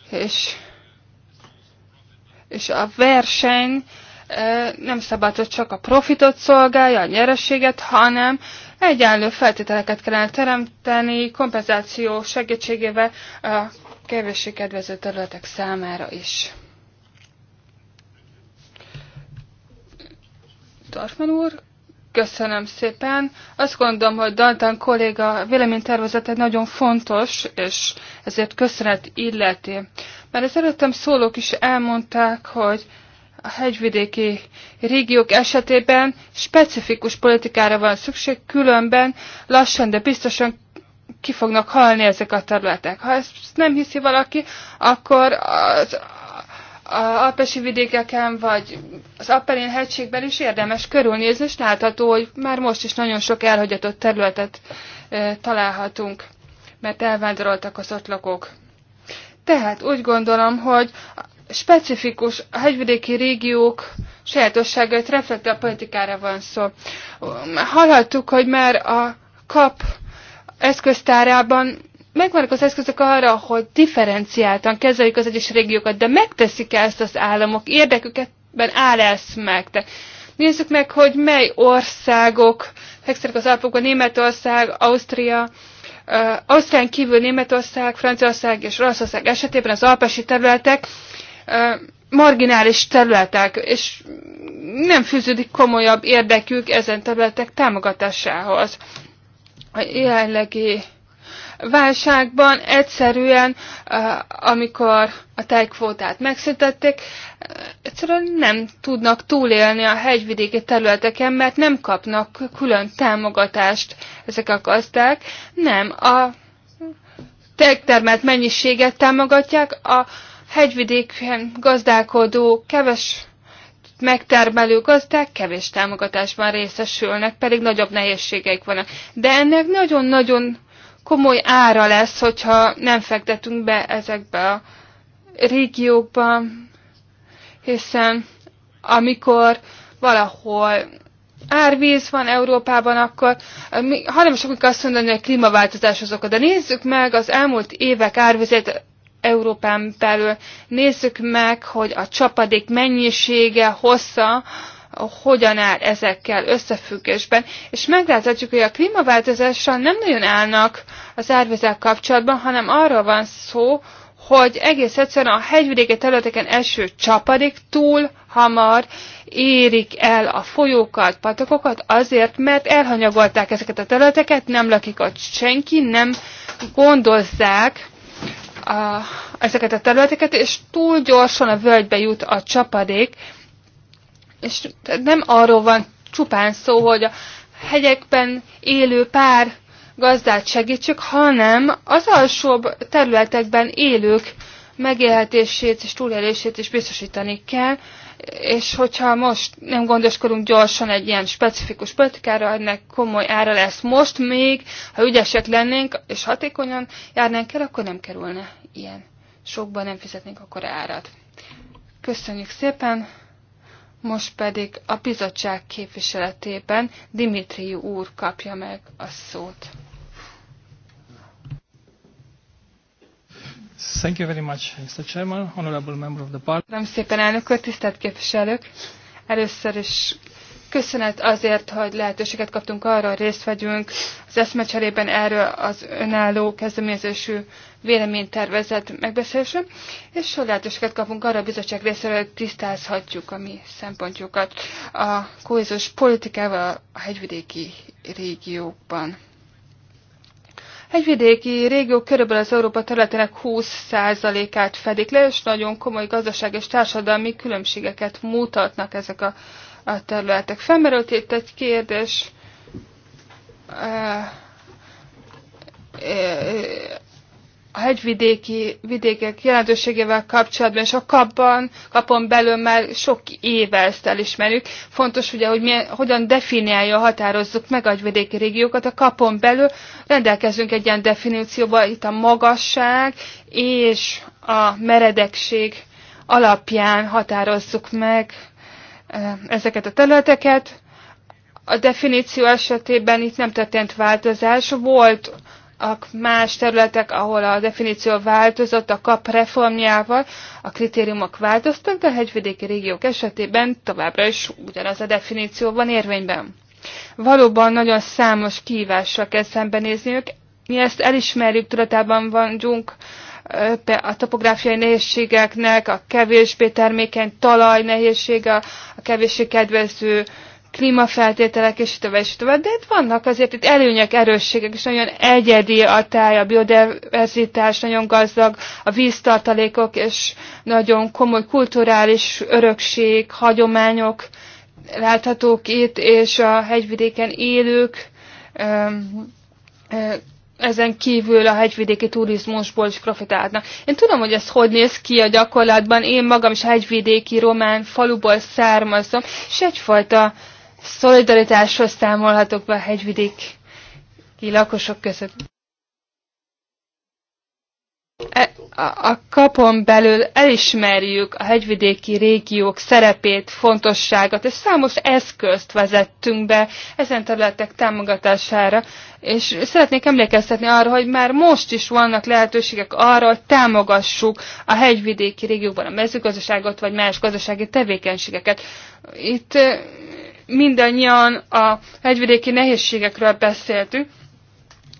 és, és a verseny eh, nem szabad, hogy csak a profitot szolgálja, a nyereséget, hanem egyenlő feltételeket kellene teremteni, kompenzáció segítségével a kevéssé kedvező területek számára is. Tartman úr Köszönöm szépen. Azt gondolom, hogy Dantan kolléga egy nagyon fontos, és ezért köszönet illeti. Mert az előttem szólók is elmondták, hogy a hegyvidéki régiók esetében specifikus politikára van szükség, különben lassan, de biztosan ki fognak halni ezek a területek. Ha ezt nem hiszi valaki, akkor az alpesi vidékeken, vagy az Appelin hegységben is érdemes körülnézni, és látható, hogy már most is nagyon sok elhagyatott területet e, találhatunk, mert elvándoroltak az ott lakók. Tehát úgy gondolom, hogy specifikus a hegyvidéki régiók sajátosságait a politikára van szó. Hallhattuk, hogy már a kap eszköztárában megvannak az eszközök arra, hogy differenciáltan kezeljük az egyes régiókat, de megteszik ezt az államok, érdekükben áll ezt meg. De nézzük meg, hogy mely országok fekszenek az alapokban, Németország, Ausztria, uh, Ausztrián kívül Németország, Franciaország és Olaszország esetében az alpesi területek uh, marginális területek, és nem fűződik komolyabb érdekük ezen területek támogatásához. A jelenlegi válságban egyszerűen, amikor a tejkvótát megszüntették, egyszerűen nem tudnak túlélni a hegyvidéki területeken, mert nem kapnak külön támogatást ezek a gazdák. Nem, a tejtermelt mennyiséget támogatják, a hegyvidéken gazdálkodó keves megtermelő gazdák kevés támogatásban részesülnek, pedig nagyobb nehézségeik vannak. De ennek nagyon-nagyon komoly ára lesz, hogyha nem fektetünk be ezekbe a régiókba, hiszen amikor valahol árvíz van Európában, akkor eh, hanem sokunk azt mondani, hogy a klímaváltozás az oka. De nézzük meg az elmúlt évek árvizét Európán belül. Nézzük meg, hogy a csapadék mennyisége, hossza hogyan áll ezekkel összefüggésben, és megláthatjuk, hogy a klímaváltozással nem nagyon állnak az árvizek kapcsolatban, hanem arról van szó, hogy egész egyszerűen a hegyvidéki területeken eső csapadék túl hamar érik el a folyókat, patakokat, azért, mert elhanyagolták ezeket a területeket, nem lakik ott senki, nem gondozzák a, ezeket a területeket, és túl gyorsan a völgybe jut a csapadék, és nem arról van csupán szó, hogy a hegyekben élő pár gazdát segítsük, hanem az alsóbb területekben élők megélhetését és túlélését is biztosítani kell, és hogyha most nem gondoskodunk gyorsan egy ilyen specifikus politikára, ennek komoly ára lesz most még, ha ügyesek lennénk és hatékonyan járnánk el, akkor nem kerülne ilyen sokban nem fizetnénk akkor árat. Köszönjük szépen! Most pedig a bizottság képviseletében Dimitri úr kapja meg a szót. Thank you very much, Mr. Chairman, honorable member of the parliament. Nem szépen elnök úr, tisztelt képviselők! Először is köszönet azért, hogy lehetőséget kaptunk arra, hogy részt vegyünk az eszmecserében erről az önálló kezdeményezésű véleménytervezet megbeszélése, és sor kapunk arra a bizottság részéről, hogy tisztázhatjuk a mi szempontjukat a kohézós politikával a hegyvidéki régiókban. Hegyvidéki régió körülbelül az Európa területének 20%-át fedik le, és nagyon komoly gazdaság és társadalmi különbségeket mutatnak ezek a, a területek. Felmerült itt egy kérdés, eh, eh, a hegyvidéki vidékek jelentőségével kapcsolatban, és a kapban, kapon belül már sok éve ezt elismerjük. Fontos ugye, hogy milyen, hogyan definiálja, határozzuk meg a hegyvidéki régiókat. A kapon belül rendelkezünk egy ilyen definícióval, itt a magasság és a meredekség alapján határozzuk meg e, ezeket a területeket. A definíció esetében itt nem történt változás, volt a más területek, ahol a definíció változott a kap reformjával, a kritériumok változtak, de a hegyvidéki régiók esetében továbbra is ugyanaz a definíció van érvényben. Valóban nagyon számos kihívással kell szembenézniük, mi ezt elismerjük, tudatában vagyunk a topográfiai nehézségeknek, a kevésbé termékeny talaj nehézsége, a kevésbé kedvező klímafeltételek, és tovább, és tovább, de itt vannak azért itt előnyek, erősségek, és nagyon egyedi a táj, a biodiverzitás nagyon gazdag, a víztartalékok, és nagyon komoly kulturális örökség, hagyományok láthatók itt, és a hegyvidéken élők, ezen kívül a hegyvidéki turizmusból is profitálnak. Én tudom, hogy ez hogy néz ki a gyakorlatban, én magam is hegyvidéki román faluból származom, és egyfajta szolidaritáshoz számolhatok be a hegyvidéki lakosok között. E, a kapon belül elismerjük a hegyvidéki régiók szerepét, fontosságot, és számos eszközt vezettünk be ezen területek támogatására, és szeretnék emlékeztetni arra, hogy már most is vannak lehetőségek arra, hogy támogassuk a hegyvidéki régiókban a mezőgazdaságot, vagy más gazdasági tevékenységeket. Itt mindannyian a hegyvidéki nehézségekről beszéltük,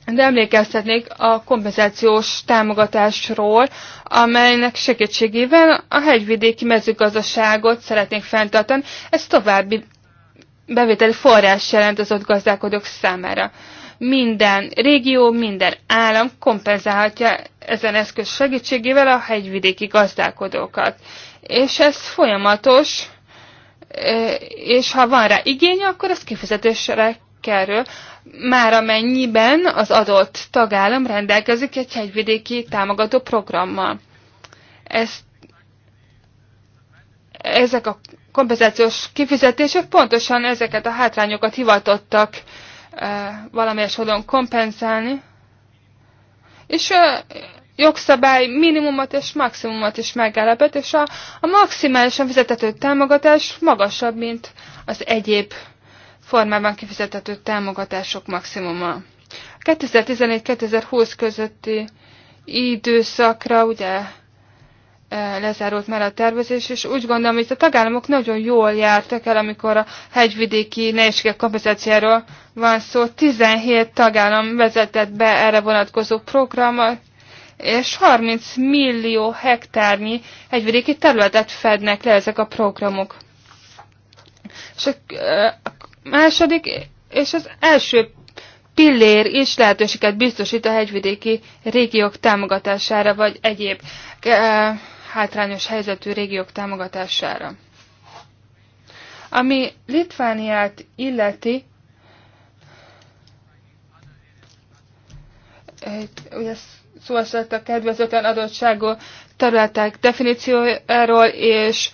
de emlékeztetnék a kompenzációs támogatásról, amelynek segítségével a hegyvidéki mezőgazdaságot szeretnénk fenntartani. Ez további bevételi forrás jelent az ott gazdálkodók számára. Minden régió, minden állam kompenzálhatja ezen eszköz segítségével a hegyvidéki gazdálkodókat. És ez folyamatos, és ha van rá igény, akkor az kifizetésre kerül, már amennyiben az adott tagállam rendelkezik egy hegyvidéki támogató programmal. Ez, ezek a kompenzációs kifizetések pontosan ezeket a hátrányokat hivatottak e, valamelyes módon kompenzálni, és e, jogszabály minimumot és maximumot is megállapít, és a, a maximálisan fizetető támogatás magasabb, mint az egyéb formában kifizetető támogatások maximuma. 2014-2020 közötti időszakra ugye e, lezárult már a tervezés, és úgy gondolom, hogy a tagállamok nagyon jól jártak el, amikor a hegyvidéki nehézségek kompenzációról van szó. 17 tagállam vezetett be erre vonatkozó programot, és 30 millió hektárnyi egyvidéki területet fednek le ezek a programok. És a második és az első pillér is lehetőséget biztosít a hegyvidéki régiók támogatására, vagy egyéb e, hátrányos helyzetű régiók támogatására. Ami Litvániát illeti, ugye szó esett a kedvezőtlen adottságú területek definíciójáról, és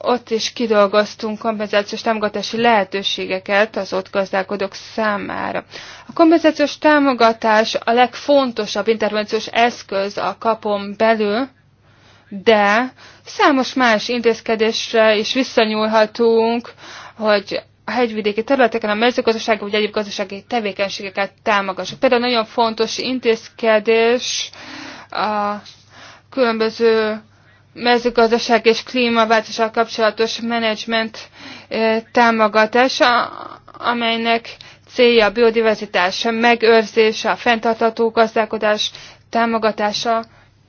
ott is kidolgoztunk kompenzációs támogatási lehetőségeket az ott gazdálkodók számára. A kompenzációs támogatás a legfontosabb intervenciós eszköz a kapon belül, de számos más intézkedésre is visszanyúlhatunk, hogy a hegyvidéki területeken a mezőgazdasági vagy egyéb gazdasági tevékenységeket támogassuk. Például nagyon fontos intézkedés a különböző mezőgazdaság és klímaváltozással kapcsolatos menedzsment eh, támogatása, amelynek célja a biodiverzitás megőrzése, a fenntartható gazdálkodás támogatása,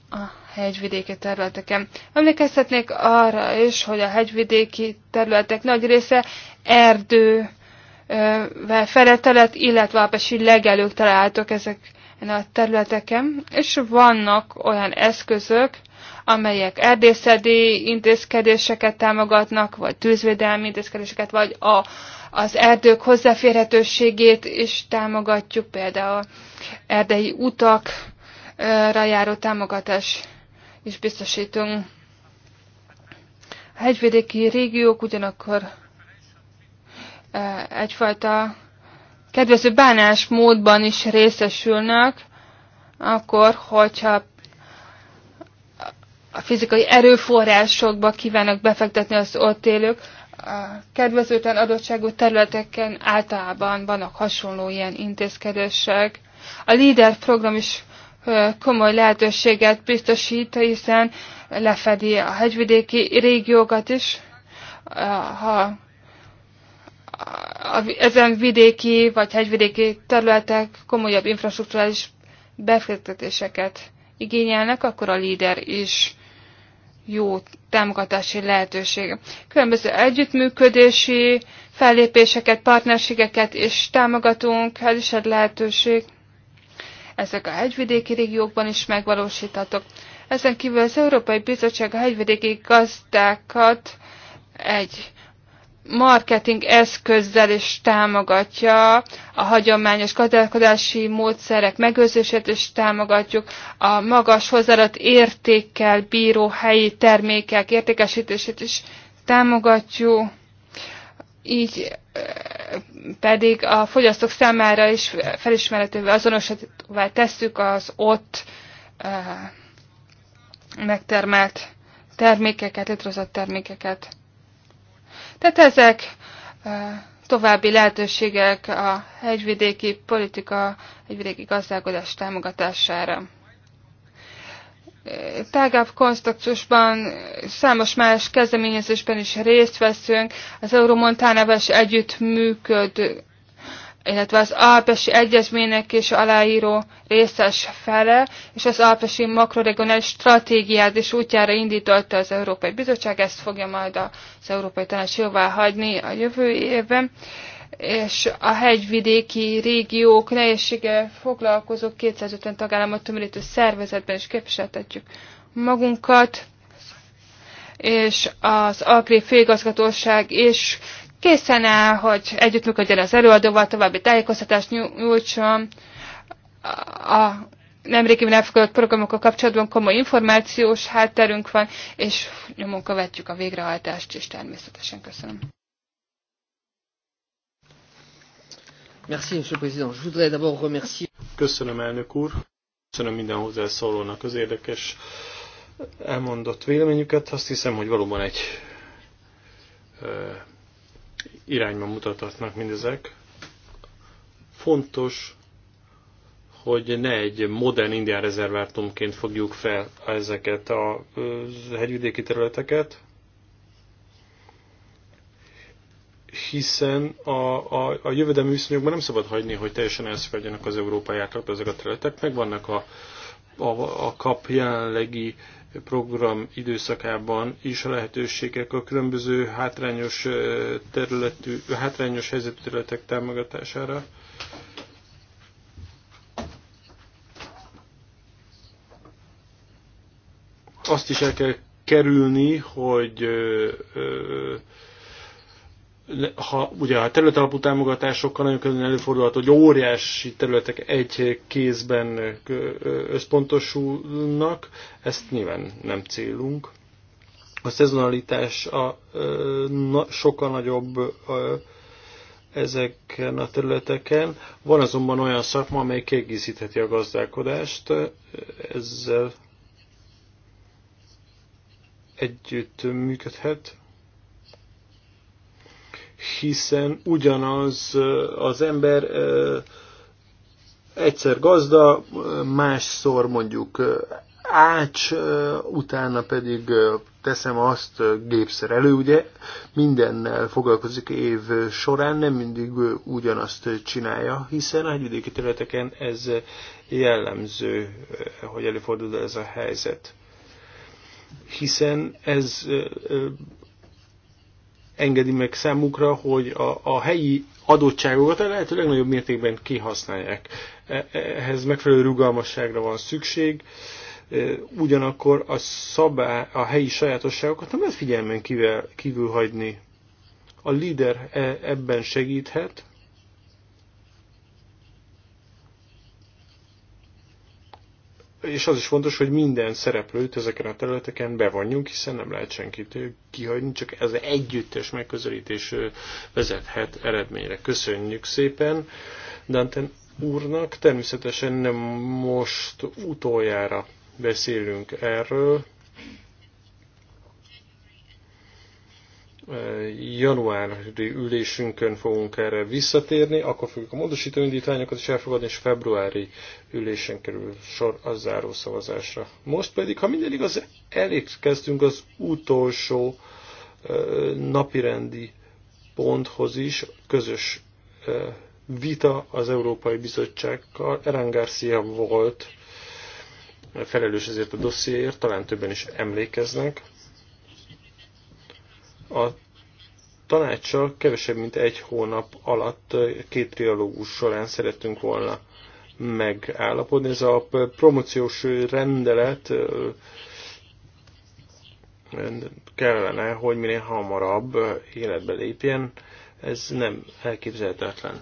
a hegyvidéki területeken. Emlékeztetnék arra is, hogy a hegyvidéki területek nagy része erdő feletelet, illetve alpesi legelők találtak ezeken a területeken, és vannak olyan eszközök, amelyek erdészeti intézkedéseket támogatnak, vagy tűzvédelmi intézkedéseket, vagy a, az erdők hozzáférhetőségét is támogatjuk, például erdei utakra járó támogatás is biztosítunk. A hegyvidéki régiók ugyanakkor e, egyfajta kedvező bánásmódban is részesülnek, akkor, hogyha a fizikai erőforrásokba kívánnak befektetni az ott élők, a kedvezőtlen adottságú területeken általában vannak hasonló ilyen intézkedések. A LEADER program is komoly lehetőséget biztosít, hiszen lefedi a hegyvidéki régiókat is. Ha ezen vidéki vagy hegyvidéki területek komolyabb infrastruktúrális befektetéseket igényelnek, akkor a líder is jó támogatási lehetőség. Különböző együttműködési fellépéseket, partnerségeket is támogatunk, ez is egy lehetőség ezek a hegyvidéki régiókban is megvalósíthatók. Ezen kívül az Európai Bizottság a hegyvidéki gazdákat egy marketing eszközzel is támogatja a hagyományos gazdálkodási módszerek megőrzését is támogatjuk, a magas hozzáadott értékkel bíró helyi termékek értékesítését is támogatjuk így pedig a fogyasztók számára is felismerhetővé, azonosítóvá tesszük az ott megtermelt termékeket, létrehozott termékeket. Tehát ezek további lehetőségek a hegyvidéki politika, hegyvidéki gazdálkodás támogatására tágább konstruktusban, számos más kezdeményezésben is részt veszünk, az Euromontánával is együttműköd, illetve az Alpesi Egyezmények és aláíró részes fele, és az Alpesi makroregionális stratégiát is útjára indította az Európai Bizottság, ezt fogja majd az Európai Tanács jóvá hagyni a jövő évben és a hegyvidéki régiók nehézsége foglalkozó 250 tagállamot tömörítő szervezetben is képviseltetjük magunkat, és az Agri Félgazgatóság is készen áll, hogy együttműködjön az előadóval, további tájékoztatást nyújtson. A nemrégiben elfogadott programokkal kapcsolatban komoly információs hátterünk van, és nyomon követjük a végrehajtást is természetesen. Köszönöm. Köszönöm, elnök úr. Köszönöm minden hozzászólónak az érdekes elmondott véleményüket. Azt hiszem, hogy valóban egy irányba mutathatnak mindezek. Fontos, hogy ne egy modern indián rezervátumként fogjuk fel ezeket a hegyvidéki területeket, hiszen a, a, a jövedelmi viszonyokban nem szabad hagyni, hogy teljesen elszakadjanak az európai átlagtól ezek a területek, meg vannak a, a, a kap jelenlegi program időszakában is a lehetőségek a különböző hátrányos, területű, hátrányos helyzetű területek támogatására. Azt is el kell kerülni, hogy ö, ö, ha ugye a területalapú támogatásokkal nagyon könnyen előfordulhat, hogy óriási területek egy kézben összpontosulnak, ezt nyilván nem célunk. A szezonalitás a, a sokkal nagyobb a, ezeken a területeken. Van azonban olyan szakma, amely kiegészítheti a gazdálkodást, ezzel együtt működhet hiszen ugyanaz az ember egyszer gazda, másszor mondjuk ács, utána pedig teszem azt gépszerelő, ugye mindennel foglalkozik év során, nem mindig ugyanazt csinálja, hiszen a hegyvidéki területeken ez jellemző, hogy előfordul ez a helyzet. Hiszen ez engedi meg számukra, hogy a, a helyi adottságokat a lehető legnagyobb mértékben kihasználják. E, ehhez megfelelő rugalmasságra van szükség, e, ugyanakkor a, szabá, a helyi sajátosságokat nem lehet figyelmen kívül, kívül hagyni. A líder e, ebben segíthet, és az is fontos, hogy minden szereplőt ezeken a területeken bevonjunk, hiszen nem lehet senkit kihagyni, csak ez együttes megközelítés vezethet eredményre. Köszönjük szépen Danten úrnak. Természetesen nem most utoljára beszélünk erről. januári ülésünkön fogunk erre visszatérni, akkor fogjuk a módosító indítványokat is elfogadni, és februári ülésen kerül sor a záró szavazásra. Most pedig, ha minden igaz, elérkeztünk az utolsó napirendi ponthoz is, közös vita az Európai Bizottsággal. Eren Garcia volt felelős ezért a dossziéért, talán többen is emlékeznek. A tanácssal kevesebb, mint egy hónap alatt két trialógus során szerettünk volna megállapodni. Ez a promóciós rendelet kellene, hogy minél hamarabb életbe lépjen. Ez nem elképzelhetetlen.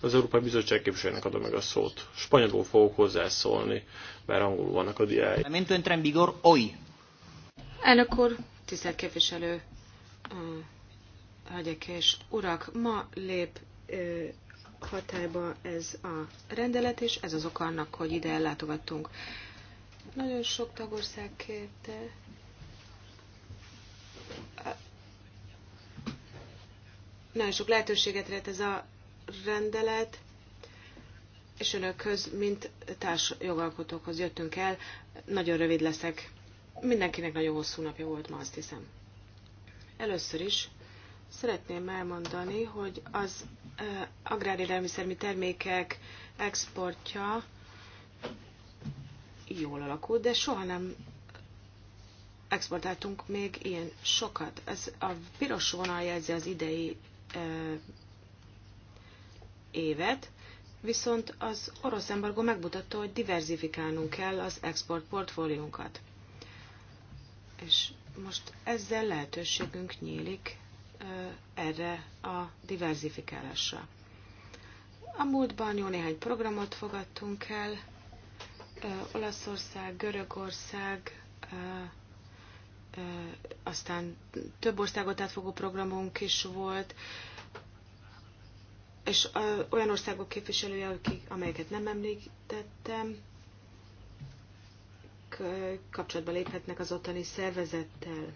Az Európai Bizottság képviselőnek adom meg a szót. Spanyolul fogok hozzászólni, mert angolul vannak a diáj. entra en vigor hoy. Elnök úr, Tisztelt képviselő, hölgyek és urak, ma lép hatályba ez a rendelet, és ez az oka annak, hogy ide ellátogattunk. Nagyon sok tagország kérte. Nagyon sok lehetőséget rejt ez a rendelet, és önökhöz, mint társjogalkotókhoz jöttünk el. Nagyon rövid leszek. Mindenkinek nagyon hosszú napja volt ma, azt hiszem. Először is szeretném elmondani, hogy az agrárélelmiszermi termékek exportja jól alakult, de soha nem exportáltunk még ilyen sokat. Ez a piros vonal jelzi az idei évet, viszont az orosz embargó megmutatta, hogy diverzifikálnunk kell az export és most ezzel lehetőségünk nyílik erre a diverzifikálásra. A múltban jó néhány programot fogadtunk el, Olaszország, Görögország, aztán több országot átfogó programunk is volt, és olyan országok képviselője, akik, amelyeket nem említettem, kapcsolatba léphetnek az ottani szervezettel.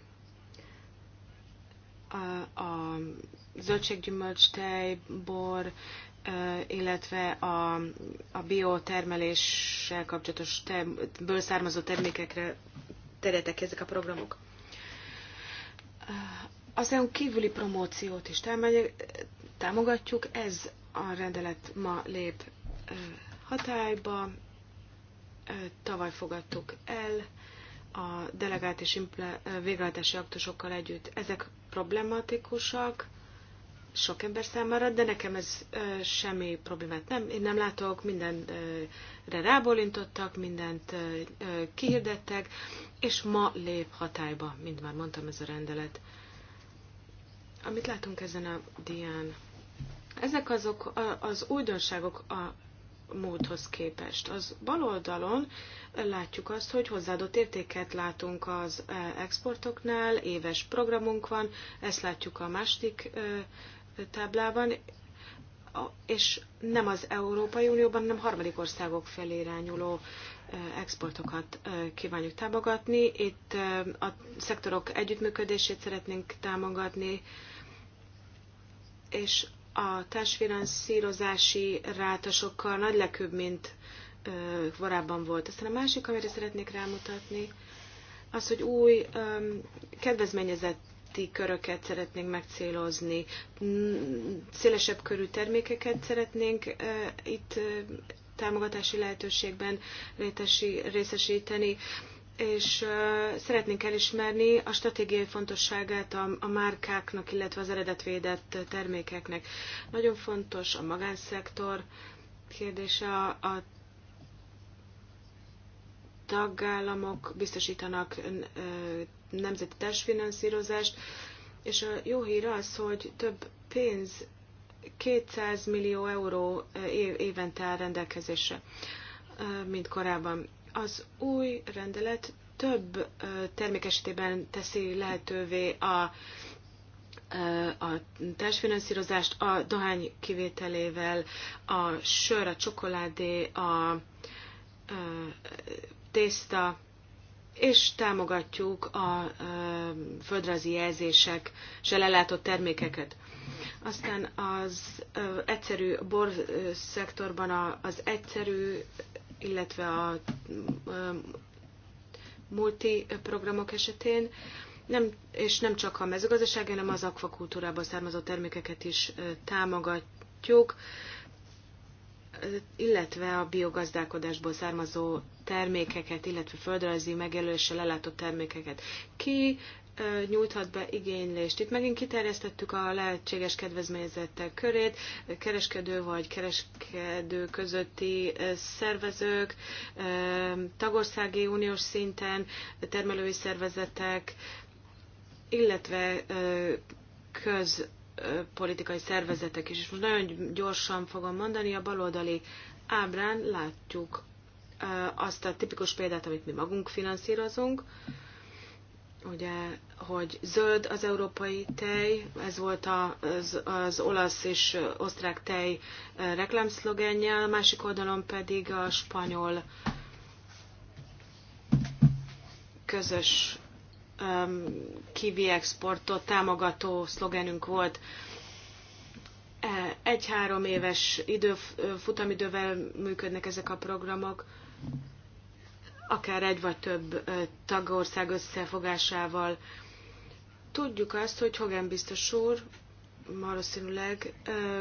A, a zöldséggyümölcs, tej, bor, illetve a, a biotermeléssel kapcsolatos te, ből származó termékekre terjedtek ezek a programok. Az EU kívüli promóciót is támogatjuk, ez a rendelet ma lép hatályba, tavaly fogadtuk el a delegált és végrehajtási aktusokkal együtt. Ezek problematikusak sok ember számára, de nekem ez ö, semmi problémát nem. Én nem látok, mindenre rábólintottak, mindent ö, kihirdettek, és ma lép hatályba, mint már mondtam, ez a rendelet. Amit látunk ezen a dián. Ezek azok az újdonságok, módhoz képest. Az bal oldalon látjuk azt, hogy hozzáadott értéket látunk az e, exportoknál, éves programunk van, ezt látjuk a második e, táblában, és nem az Európai Unióban, hanem harmadik országok felé irányuló e, exportokat kívánjuk támogatni. Itt a szektorok együttműködését szeretnénk támogatni, és a társfinanszírozási ráta sokkal nagy lekőbb, mint korábban volt. Aztán a másik, amire szeretnék rámutatni, az, hogy új um, kedvezményezeti köröket szeretnénk megcélozni, szélesebb körű termékeket szeretnénk uh, itt uh, támogatási lehetőségben rétesi, részesíteni, és szeretnénk elismerni a stratégiai fontosságát a, a márkáknak, illetve az eredetvédett termékeknek. Nagyon fontos a magánszektor kérdése, a, a tagállamok biztosítanak nemzeti testfinanszírozást, és a jó hír az, hogy több pénz 200 millió euró évente áll rendelkezésre, mint korábban. Az új rendelet több termék esetében teszi lehetővé a, a társfinanszírozást a dohány kivételével, a sör, a csokoládé, a, a tészta, és támogatjuk a földrajzi jelzések és ellátott termékeket. Aztán az egyszerű bor szektorban az egyszerű illetve a multi programok esetén, nem, és nem csak a mezőgazdaság, hanem az akvakultúrában származó termékeket is támogatjuk, illetve a biogazdálkodásból származó termékeket, illetve földrajzi megjelöléssel ellátott termékeket. Ki nyújthat be igénylést. Itt megint kiterjesztettük a lehetséges kedvezményezettek körét, kereskedő vagy kereskedő közötti szervezők, tagországi uniós szinten, termelői szervezetek, illetve közpolitikai szervezetek is. És most nagyon gyorsan fogom mondani, a baloldali ábrán látjuk azt a tipikus példát, amit mi magunk finanszírozunk, ugye, hogy zöld az európai tej, ez volt az, az olasz és osztrák tej reklámszlogenje, a másik oldalon pedig a spanyol közös um, kivi exportot támogató szlogenünk volt. E, egy-három éves idő, futamidővel működnek ezek a programok akár egy vagy több tagország összefogásával. Tudjuk azt, hogy Hogan biztos úr valószínűleg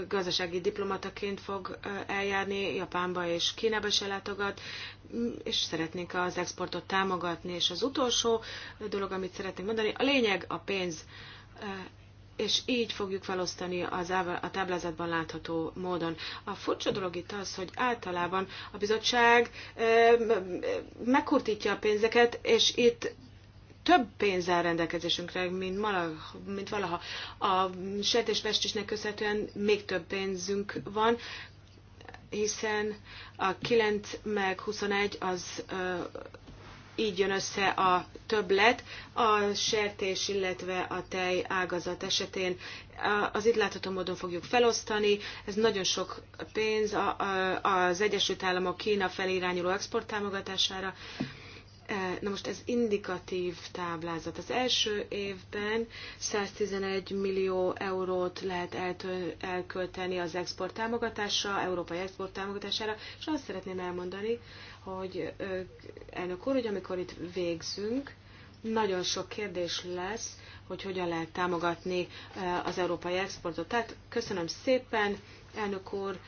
gazdasági diplomataként fog eljárni, Japánba és Kínába se látogat, és szeretnénk az exportot támogatni. És az utolsó dolog, amit szeretnénk mondani, a lényeg a pénz és így fogjuk felosztani az a táblázatban látható módon. A furcsa dolog itt az, hogy általában a bizottság megkurtítja a pénzeket, és itt több pénzzel rendelkezésünkre, mint, malaha, mint valaha. A sejtésvestésnek köszönhetően még több pénzünk van, hiszen a 9 meg 21 az így jön össze a többlet a sertés, illetve a tej ágazat esetén. Az itt látható módon fogjuk felosztani, ez nagyon sok pénz az Egyesült Államok Kína felé irányuló export támogatására. E, na most ez indikatív táblázat. Az első évben 111 millió eurót lehet elkölteni az export támogatásra, európai export támogatására, és azt szeretném elmondani, hogy elnök úr, hogy amikor itt végzünk, nagyon sok kérdés lesz, hogy hogyan lehet támogatni az európai exportot. Tehát köszönöm szépen, elnök úr,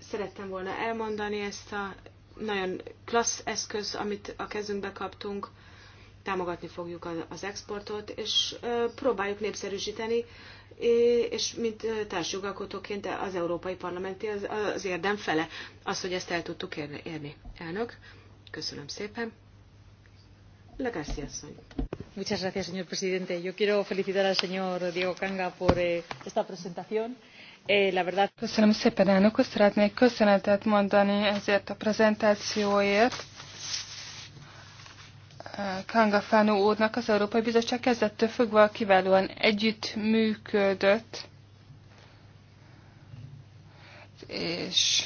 szerettem volna elmondani ezt a nagyon klassz eszköz, amit a kezünkbe kaptunk, támogatni fogjuk az exportot, és próbáljuk népszerűsíteni és mint társjogalkotóként az Európai Parlamenti az, az érdem fele, az, hogy ezt el tudtuk érni. Elnök, köszönöm szépen. La García asszony. Muchas gracias, señor presidente. Yo quiero felicitar al señor Diego Canga por eh, esta presentación. Eh, la verdad... Köszönöm szépen, elnök. Szeretnék köszönetet mondani ezért a prezentációért Kangafánó úrnak az Európai Bizottság kezdettől fogva kiválóan együttműködött, és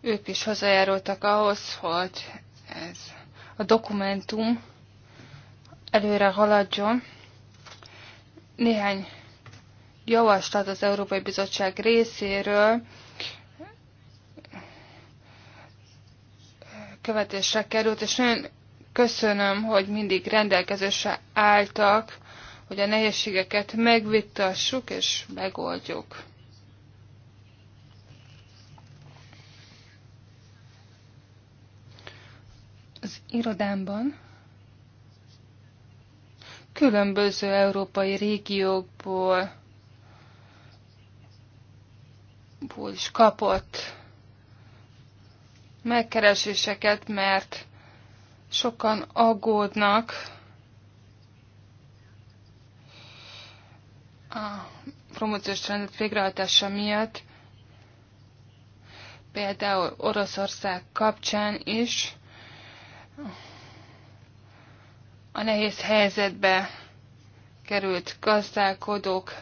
ők is hozzájárultak ahhoz, hogy ez a dokumentum előre haladjon. Néhány javaslat az Európai Bizottság részéről követésre került, és nagyon köszönöm, hogy mindig rendelkezésre álltak, hogy a nehézségeket megvittassuk és megoldjuk. Az irodámban különböző európai régiókból is kapott megkereséseket, mert sokan aggódnak a promóciós rendet végrehajtása miatt, például Oroszország kapcsán is a nehéz helyzetbe került gazdálkodók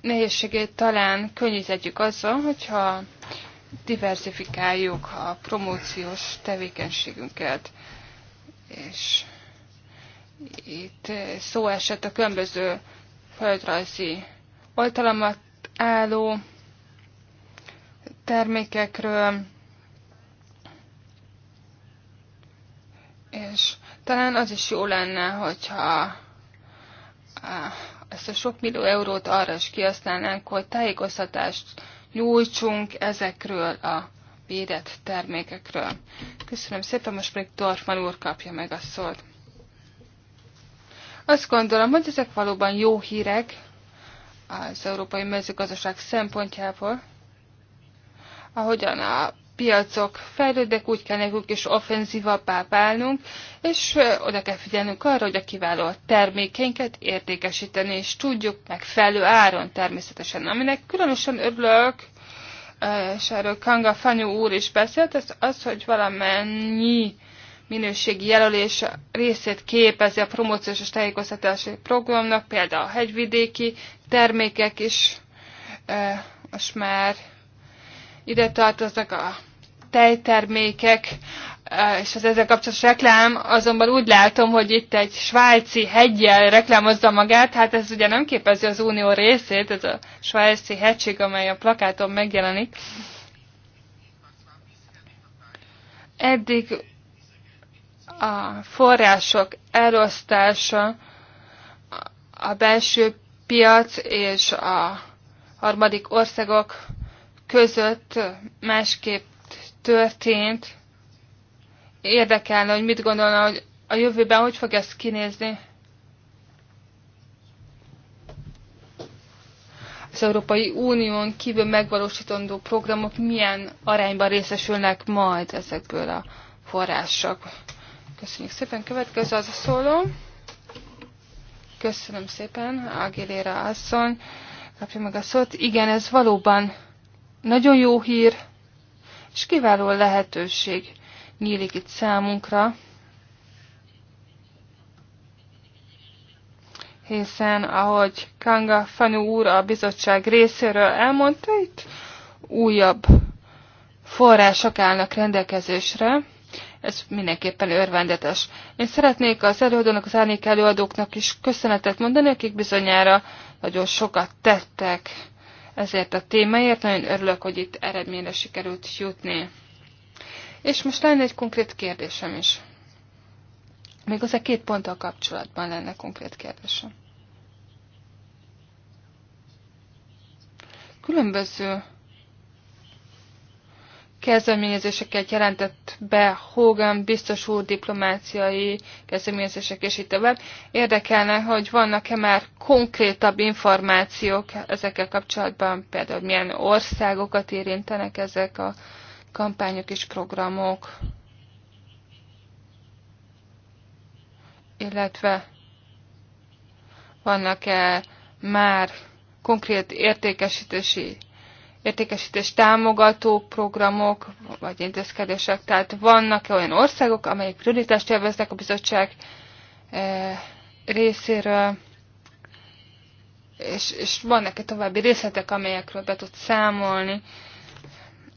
nehézségét talán könnyíthetjük azzal, hogyha diversifikáljuk a promóciós tevékenységünket. És itt szó esett a különböző földrajzi oltalamat álló termékekről, és talán az is jó lenne, hogyha ezt a sok millió eurót arra is kihasználnánk, hogy tájékoztatást nyújtsunk ezekről a védett termékekről. Köszönöm szépen, most pedig Dorfman úr kapja meg a szót. Azt gondolom, hogy ezek valóban jó hírek az európai mezőgazdaság szempontjából, ahogyan a piacok fejlődnek, úgy kell nekünk is offenzívabbá válnunk, és oda kell figyelnünk arra, hogy a kiváló termékeinket értékesíteni is tudjuk, megfelelő áron természetesen. Aminek különösen örülök, és erről Kanga Fanyu úr is beszélt, ez az, hogy valamennyi minőségi jelölés részét képezi a promóciós és tájékoztatási programnak, például a hegyvidéki termékek is most már ide tartoznak a tejtermékek, e, és az ezzel kapcsolatos reklám, azonban úgy látom, hogy itt egy svájci hegyjel reklámozza magát, hát ez ugye nem képezi az unió részét, ez a svájci hegység, amely a plakáton megjelenik. Eddig a források elosztása, a belső piac és a harmadik országok között másképp történt. Érdekelne, hogy mit gondolna, hogy a jövőben hogy fog ez kinézni. Az Európai Unión kívül megvalósítandó programok milyen arányban részesülnek majd ezekből a források. Köszönjük szépen. Következő az a szóló. Köszönöm szépen, Agilera asszony. Kapja meg a szót. Igen, ez valóban nagyon jó hír, és kiváló lehetőség nyílik itt számunkra, hiszen ahogy Kanga Fanyú úr a bizottság részéről elmondta, itt újabb források állnak rendelkezésre. Ez mindenképpen örvendetes. Én szeretnék az előadónak, az árnyék előadóknak is köszönetet mondani, akik bizonyára nagyon sokat tettek ezért a témáért. Nagyon örülök, hogy itt eredményre sikerült jutni. És most lenne egy konkrét kérdésem is. Még az a két ponttal kapcsolatban lenne konkrét kérdésem. Különböző kezdeményezéseket jelentett be Hogan biztos úr diplomáciai kezdeményezések és így tovább. Érdekelne, hogy vannak-e már konkrétabb információk ezekkel kapcsolatban, például milyen országokat érintenek ezek a kampányok és programok, illetve vannak-e már konkrét értékesítési értékesítés támogató programok vagy intézkedések. Tehát vannak-e olyan országok, amelyek prioritást élveznek a bizottság eh, részéről, és, és vannak-e további részletek, amelyekről be tud számolni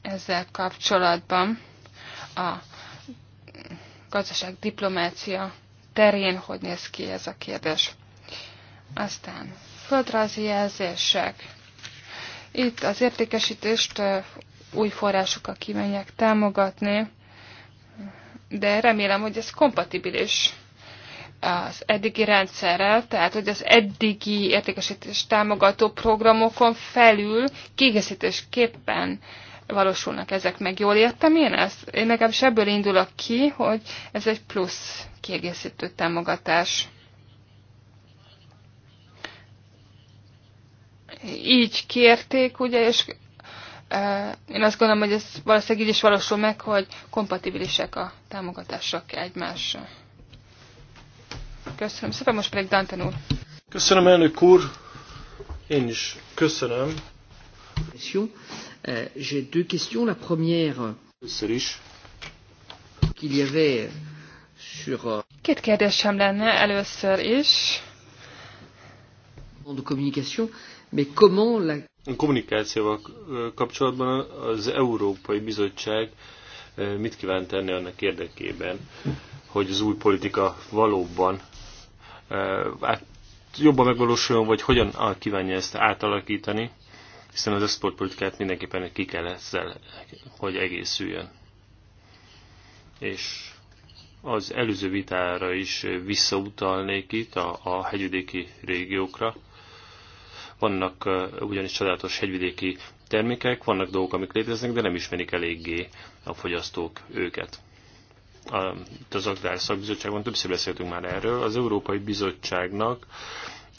ezzel kapcsolatban a gazdaság diplomácia terén, hogy néz ki ez a kérdés. Aztán földrajzi jelzések itt az értékesítést új forrásokkal kívánják támogatni, de remélem, hogy ez kompatibilis az eddigi rendszerrel, tehát hogy az eddigi értékesítés támogató programokon felül kiegészítésképpen valósulnak ezek meg. Jól értem én ezt? Én legalábbis ebből indulok ki, hogy ez egy plusz kiegészítő támogatás. így kérték, ugye, és e, én azt gondolom, hogy ez valószínűleg így is valósul meg, hogy kompatibilisek a támogatások egymással. Köszönöm szépen, most pedig Danten úr. Köszönöm, elnök úr. Én is köszönöm. J'ai deux questions. La première. is. Qu'il y avait sur. Euh, Két kérdésem lenne először is. De communication Mais comment la... A kommunikációval kapcsolatban az Európai Bizottság eh, mit kíván tenni annak érdekében, hogy az új politika valóban eh, jobban megvalósuljon, vagy hogyan kívánja ezt átalakítani, hiszen az exportpolitikát mindenképpen ki kell ezzel, hogy egészüljön. És az előző vitára is visszautalnék itt a, a hegyvidéki régiókra. Vannak ugyanis csodálatos hegyvidéki termékek, vannak dolgok, amik léteznek, de nem ismerik eléggé a fogyasztók őket. A, az Agrár Szakbizottságban többször beszéltünk már erről. Az Európai Bizottságnak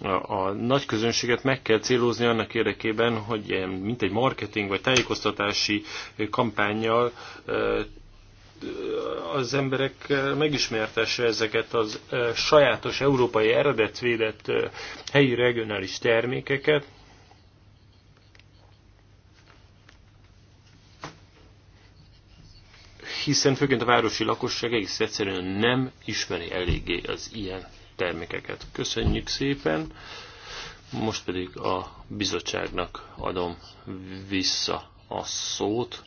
a, a nagy közönséget meg kell célozni annak érdekében, hogy mint egy marketing vagy tájékoztatási kampányjal az emberek eh, megismertesse ezeket az eh, sajátos európai eredetvédett eh, helyi regionális termékeket, hiszen főként a városi lakosság egész egyszerűen nem ismeri eléggé az ilyen termékeket. Köszönjük szépen, most pedig a bizottságnak adom vissza a szót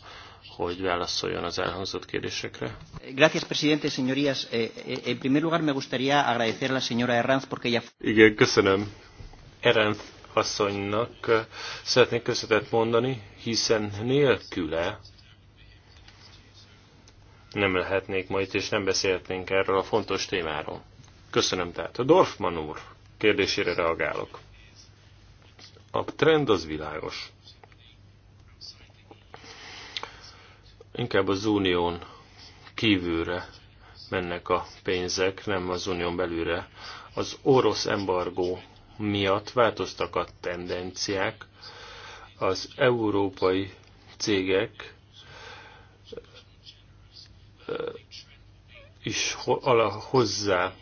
hogy válaszoljon az elhangzott kérdésekre. Gracias, presidente, señorías. Eh, eh, en primer lugar me gustaría agradecer a la señora Herranz porque ella... Igen, köszönöm. Herranz asszonynak szeretnék köszönetet mondani, hiszen nélküle nem lehetnék ma itt, és nem beszélhetnénk erről a fontos témáról. Köszönöm tehát. A Dorfman úr kérdésére reagálok. A trend az világos. Inkább az unión kívülre mennek a pénzek, nem az unión belülre. Az orosz embargó miatt változtak a tendenciák. Az európai cégek is hozzá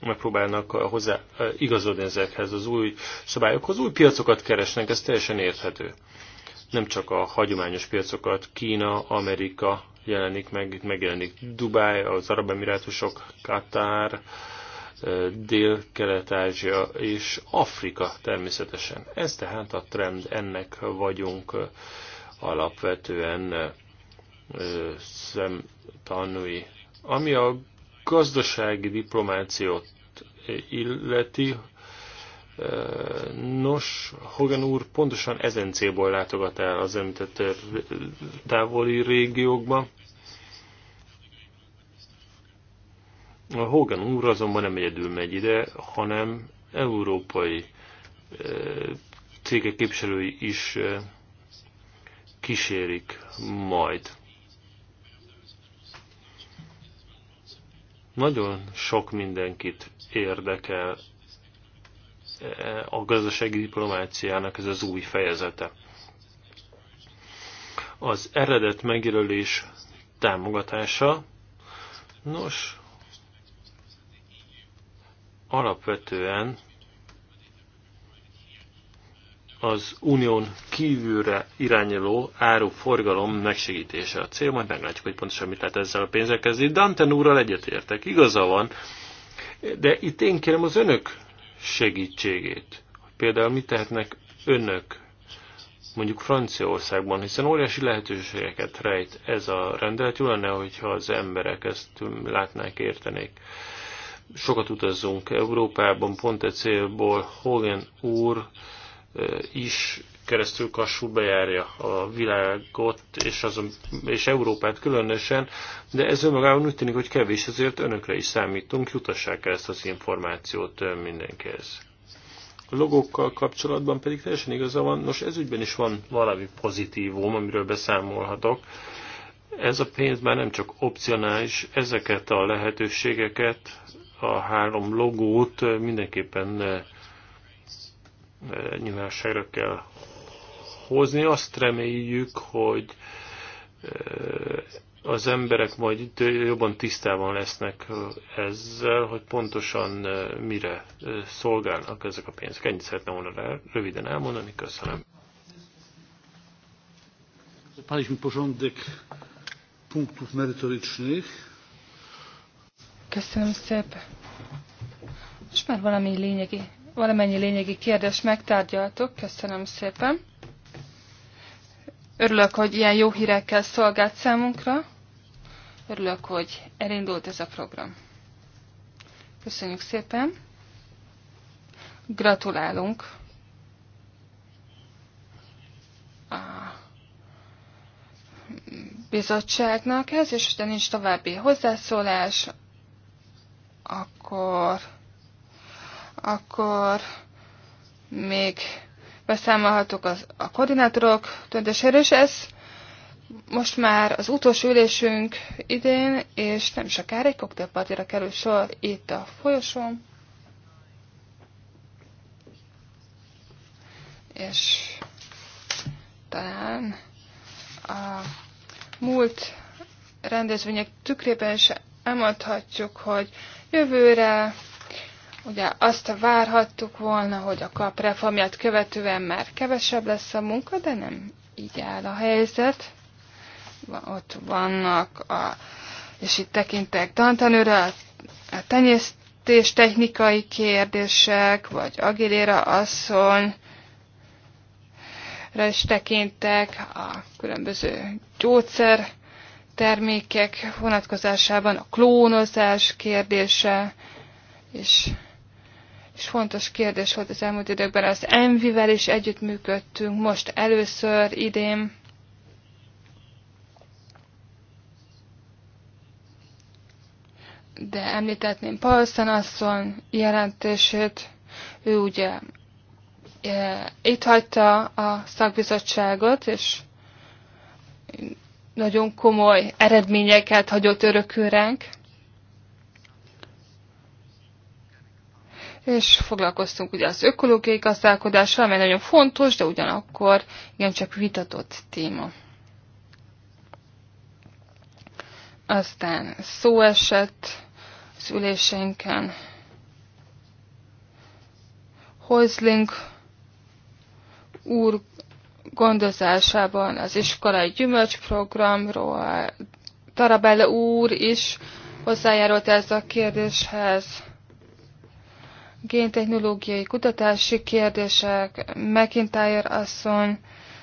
megpróbálnak hozzá igazodni ezekhez az új szabályokhoz, új piacokat keresnek, ez teljesen érthető nem csak a hagyományos piacokat, Kína, Amerika jelenik meg, itt megjelenik Dubáj, az Arab Emirátusok, Katár, Dél-Kelet-Ázsia és Afrika természetesen. Ez tehát a trend, ennek vagyunk alapvetően szemtanúi. Ami a gazdasági diplomációt illeti, Nos, Hogan úr pontosan ezen célból látogat el az említett távoli régiókba. A Hogan úr azonban nem egyedül megy ide, hanem európai eh, cégek képviselői is eh, kísérik majd. Nagyon sok mindenkit érdekel a gazdasági diplomáciának ez az új fejezete. Az eredet megjelölés támogatása, nos, alapvetően az unión kívülre irányuló áruforgalom megsegítése a cél, majd meglátjuk, hogy pontosan mit lehet ezzel a pénzzel kezdeni. Danten úrral egyetértek, igaza van, de itt én kérem az önök segítségét. Például mit tehetnek önök mondjuk Franciaországban, hiszen óriási lehetőségeket rejt ez a rendelet. Jó lenne, hogyha az emberek ezt látnák, értenék. Sokat utazzunk Európában, pont e célból Hogan úr eh, is keresztül Kassú bejárja a világot és, az, és Európát különösen, de ez önmagában úgy tűnik, hogy kevés, ezért önökre is számítunk, jutassák el ezt az információt mindenkihez. A logókkal kapcsolatban pedig teljesen igaza van, ez ezügyben is van valami pozitívum, amiről beszámolhatok. Ez a pénz már nem csak opcionális, ezeket a lehetőségeket, a három logót mindenképpen nyilvánosságra kell hozni. Azt reméljük, hogy az emberek majd jobban tisztában lesznek ezzel, hogy pontosan mire szolgálnak ezek a pénzek. Ennyit szeretném volna rá, röviden elmondani. Köszönöm. Paliśmy porządek punktów merytorycznych. Köszönöm szépen. Most már valami lényegi, valamennyi lényegi kérdést megtárgyaltok. Köszönöm szépen. Örülök, hogy ilyen jó hírekkel szolgált számunkra. Örülök, hogy elindult ez a program. Köszönjük szépen. Gratulálunk. A bizottságnak ez, és hogyha nincs további hozzászólás, akkor, akkor még beszámolhatok az, a koordinátorok döntéséről, és ez most már az utolsó ülésünk idén, és nem sokára egy koktélpartira kerül sor itt a folyosón. És talán a múlt rendezvények tükrében is elmondhatjuk, hogy jövőre Ugye azt várhattuk volna, hogy a kapreformját követően már kevesebb lesz a munka, de nem így áll a helyzet. Ott vannak, a, és itt tekintek tantanőre, a, a tenyésztés technikai kérdések, vagy Agiléra asszony, is tekintek a különböző gyógyszer termékek vonatkozásában a klónozás kérdése, és és fontos kérdés volt az elmúlt időkben. Az Envivel is együttműködtünk, most először idén. De említetném Paulson asszony jelentését. Ő ugye e, itt hagyta a szakbizottságot, és nagyon komoly eredményeket hagyott örökül ránk. és foglalkoztunk ugye az ökológiai gazdálkodással, amely nagyon fontos, de ugyanakkor igencsak vitatott téma. Aztán szó esett az üléseinken Hozling úr gondozásában az iskolai gyümölcsprogramról, Tarabella úr is hozzájárult ez a kérdéshez géntechnológiai kutatási kérdések, McIntyre asszony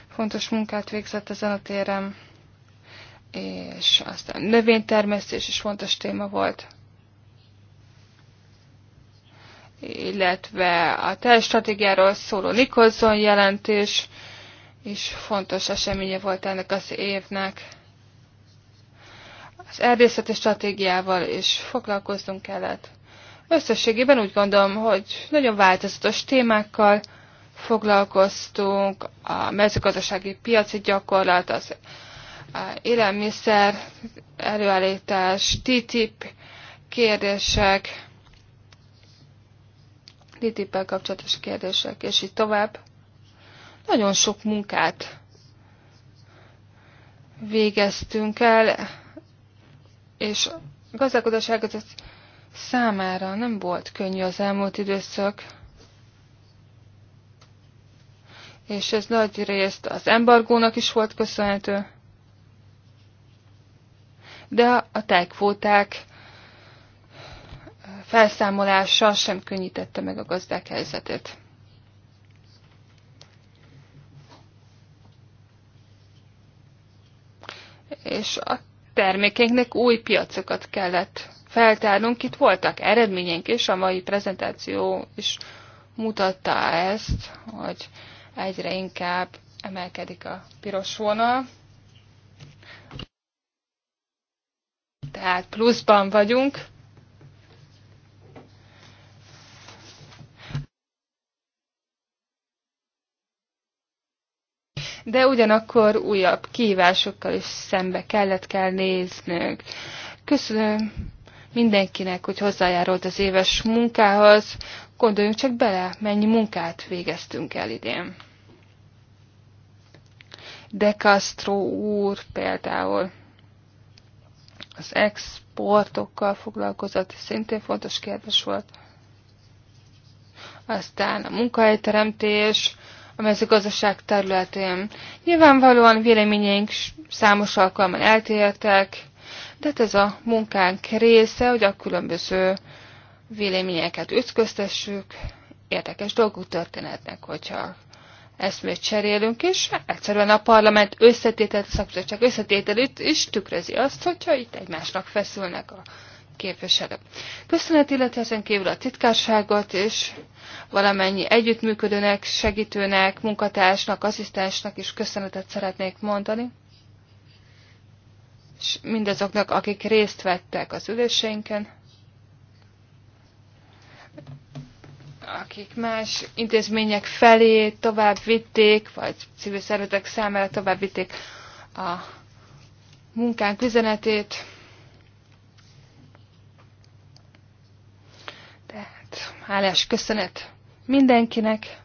fontos munkát végzett ezen a téren, és aztán növénytermesztés is fontos téma volt illetve a stratégiáról szóló Nikolson jelentés is fontos eseménye volt ennek az évnek. Az erdészeti stratégiával is foglalkoznunk kellett. Összességében úgy gondolom, hogy nagyon változatos témákkal foglalkoztunk, a mezőgazdasági piaci gyakorlat, az élelmiszer előállítás, TTIP kérdések, ttip kapcsolatos kérdések, és így tovább. Nagyon sok munkát végeztünk el, és a gazdálkodás számára nem volt könnyű az elmúlt időszak, és ez nagy részt az embargónak is volt köszönhető, de a tejkvóták felszámolása sem könnyítette meg a gazdák helyzetét. És a termékeinknek új piacokat kellett feltárnunk. Itt voltak eredményénk, és a mai prezentáció is mutatta ezt, hogy egyre inkább emelkedik a piros vonal. Tehát pluszban vagyunk. de ugyanakkor újabb kívásokkal is szembe kellett kell néznünk. Köszönöm mindenkinek, hogy hozzájárult az éves munkához. Gondoljunk csak bele, mennyi munkát végeztünk el idén. De Castro úr például az exportokkal foglalkozott, szintén fontos kérdés volt. Aztán a munkahelyteremtés, a mezőgazdaság területén. Nyilvánvalóan véleményeink számos alkalommal eltértek, tehát ez a munkánk része, hogy a különböző véleményeket ütköztessük, érdekes dolgok történhetnek, hogyha eszmét cserélünk, és egyszerűen a parlament összetételt, a szakbizottság összetételét is tükrözi azt, hogyha itt egymásnak feszülnek a képviselők. Köszönet illetve ezen kívül a titkárságot, és valamennyi együttműködőnek, segítőnek, munkatársnak, asszisztensnek is köszönetet szeretnék mondani és mindazoknak, akik részt vettek az üléseinken, akik más intézmények felé tovább vitték, vagy civil szervezetek számára tovább vitték a munkánk üzenetét. Tehát hálás köszönet mindenkinek,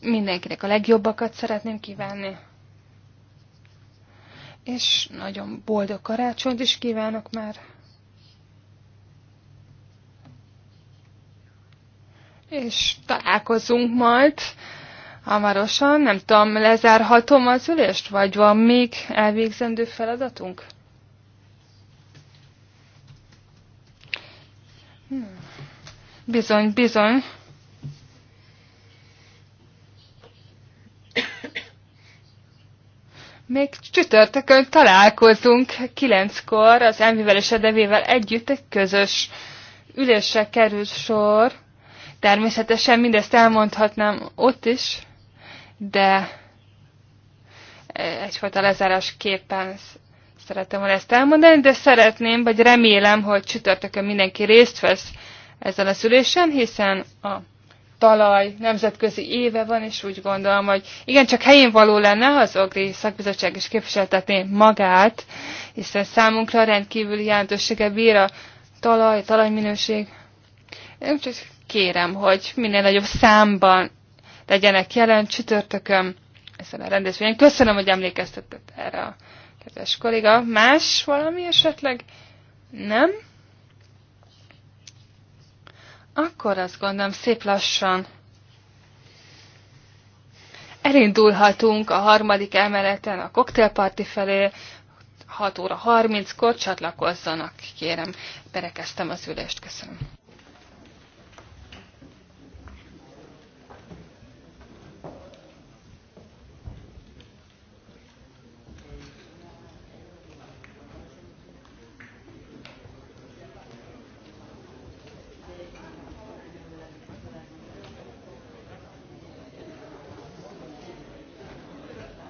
mindenkinek a legjobbakat szeretném kívánni és nagyon boldog karácsonyt is kívánok már. És találkozunk majd hamarosan. Nem tudom, lezárhatom az ülést, vagy van még elvégzendő feladatunk? Hmm. Bizony, bizony. Még csütörtökön találkozunk kilenckor az Envivel és Edevével együtt egy közös ülésre kerül sor. Természetesen mindezt elmondhatnám ott is, de eh, egyfajta lezárásképpen szeretem volna ezt elmondani, de szeretném, vagy remélem, hogy csütörtökön mindenki részt vesz ezen a szülésen, hiszen a talaj nemzetközi éve van, és úgy gondolom, hogy igen, csak helyén való lenne, ha az Ogri Szakbizottság is képviseltetné magát, hiszen számunkra rendkívüli jelentősége bír a talaj, talajminőség. Én csak kérem, hogy minél nagyobb számban legyenek jelen csütörtökön ezen a rendezvényen. Köszönöm, hogy emlékeztetett erre a kedves kolléga. Más valami esetleg? Nem? akkor azt gondolom szép lassan elindulhatunk a harmadik emeleten a koktélparti felé, 6 óra 30-kor csatlakozzanak, kérem. Berekeztem az ülést, köszönöm.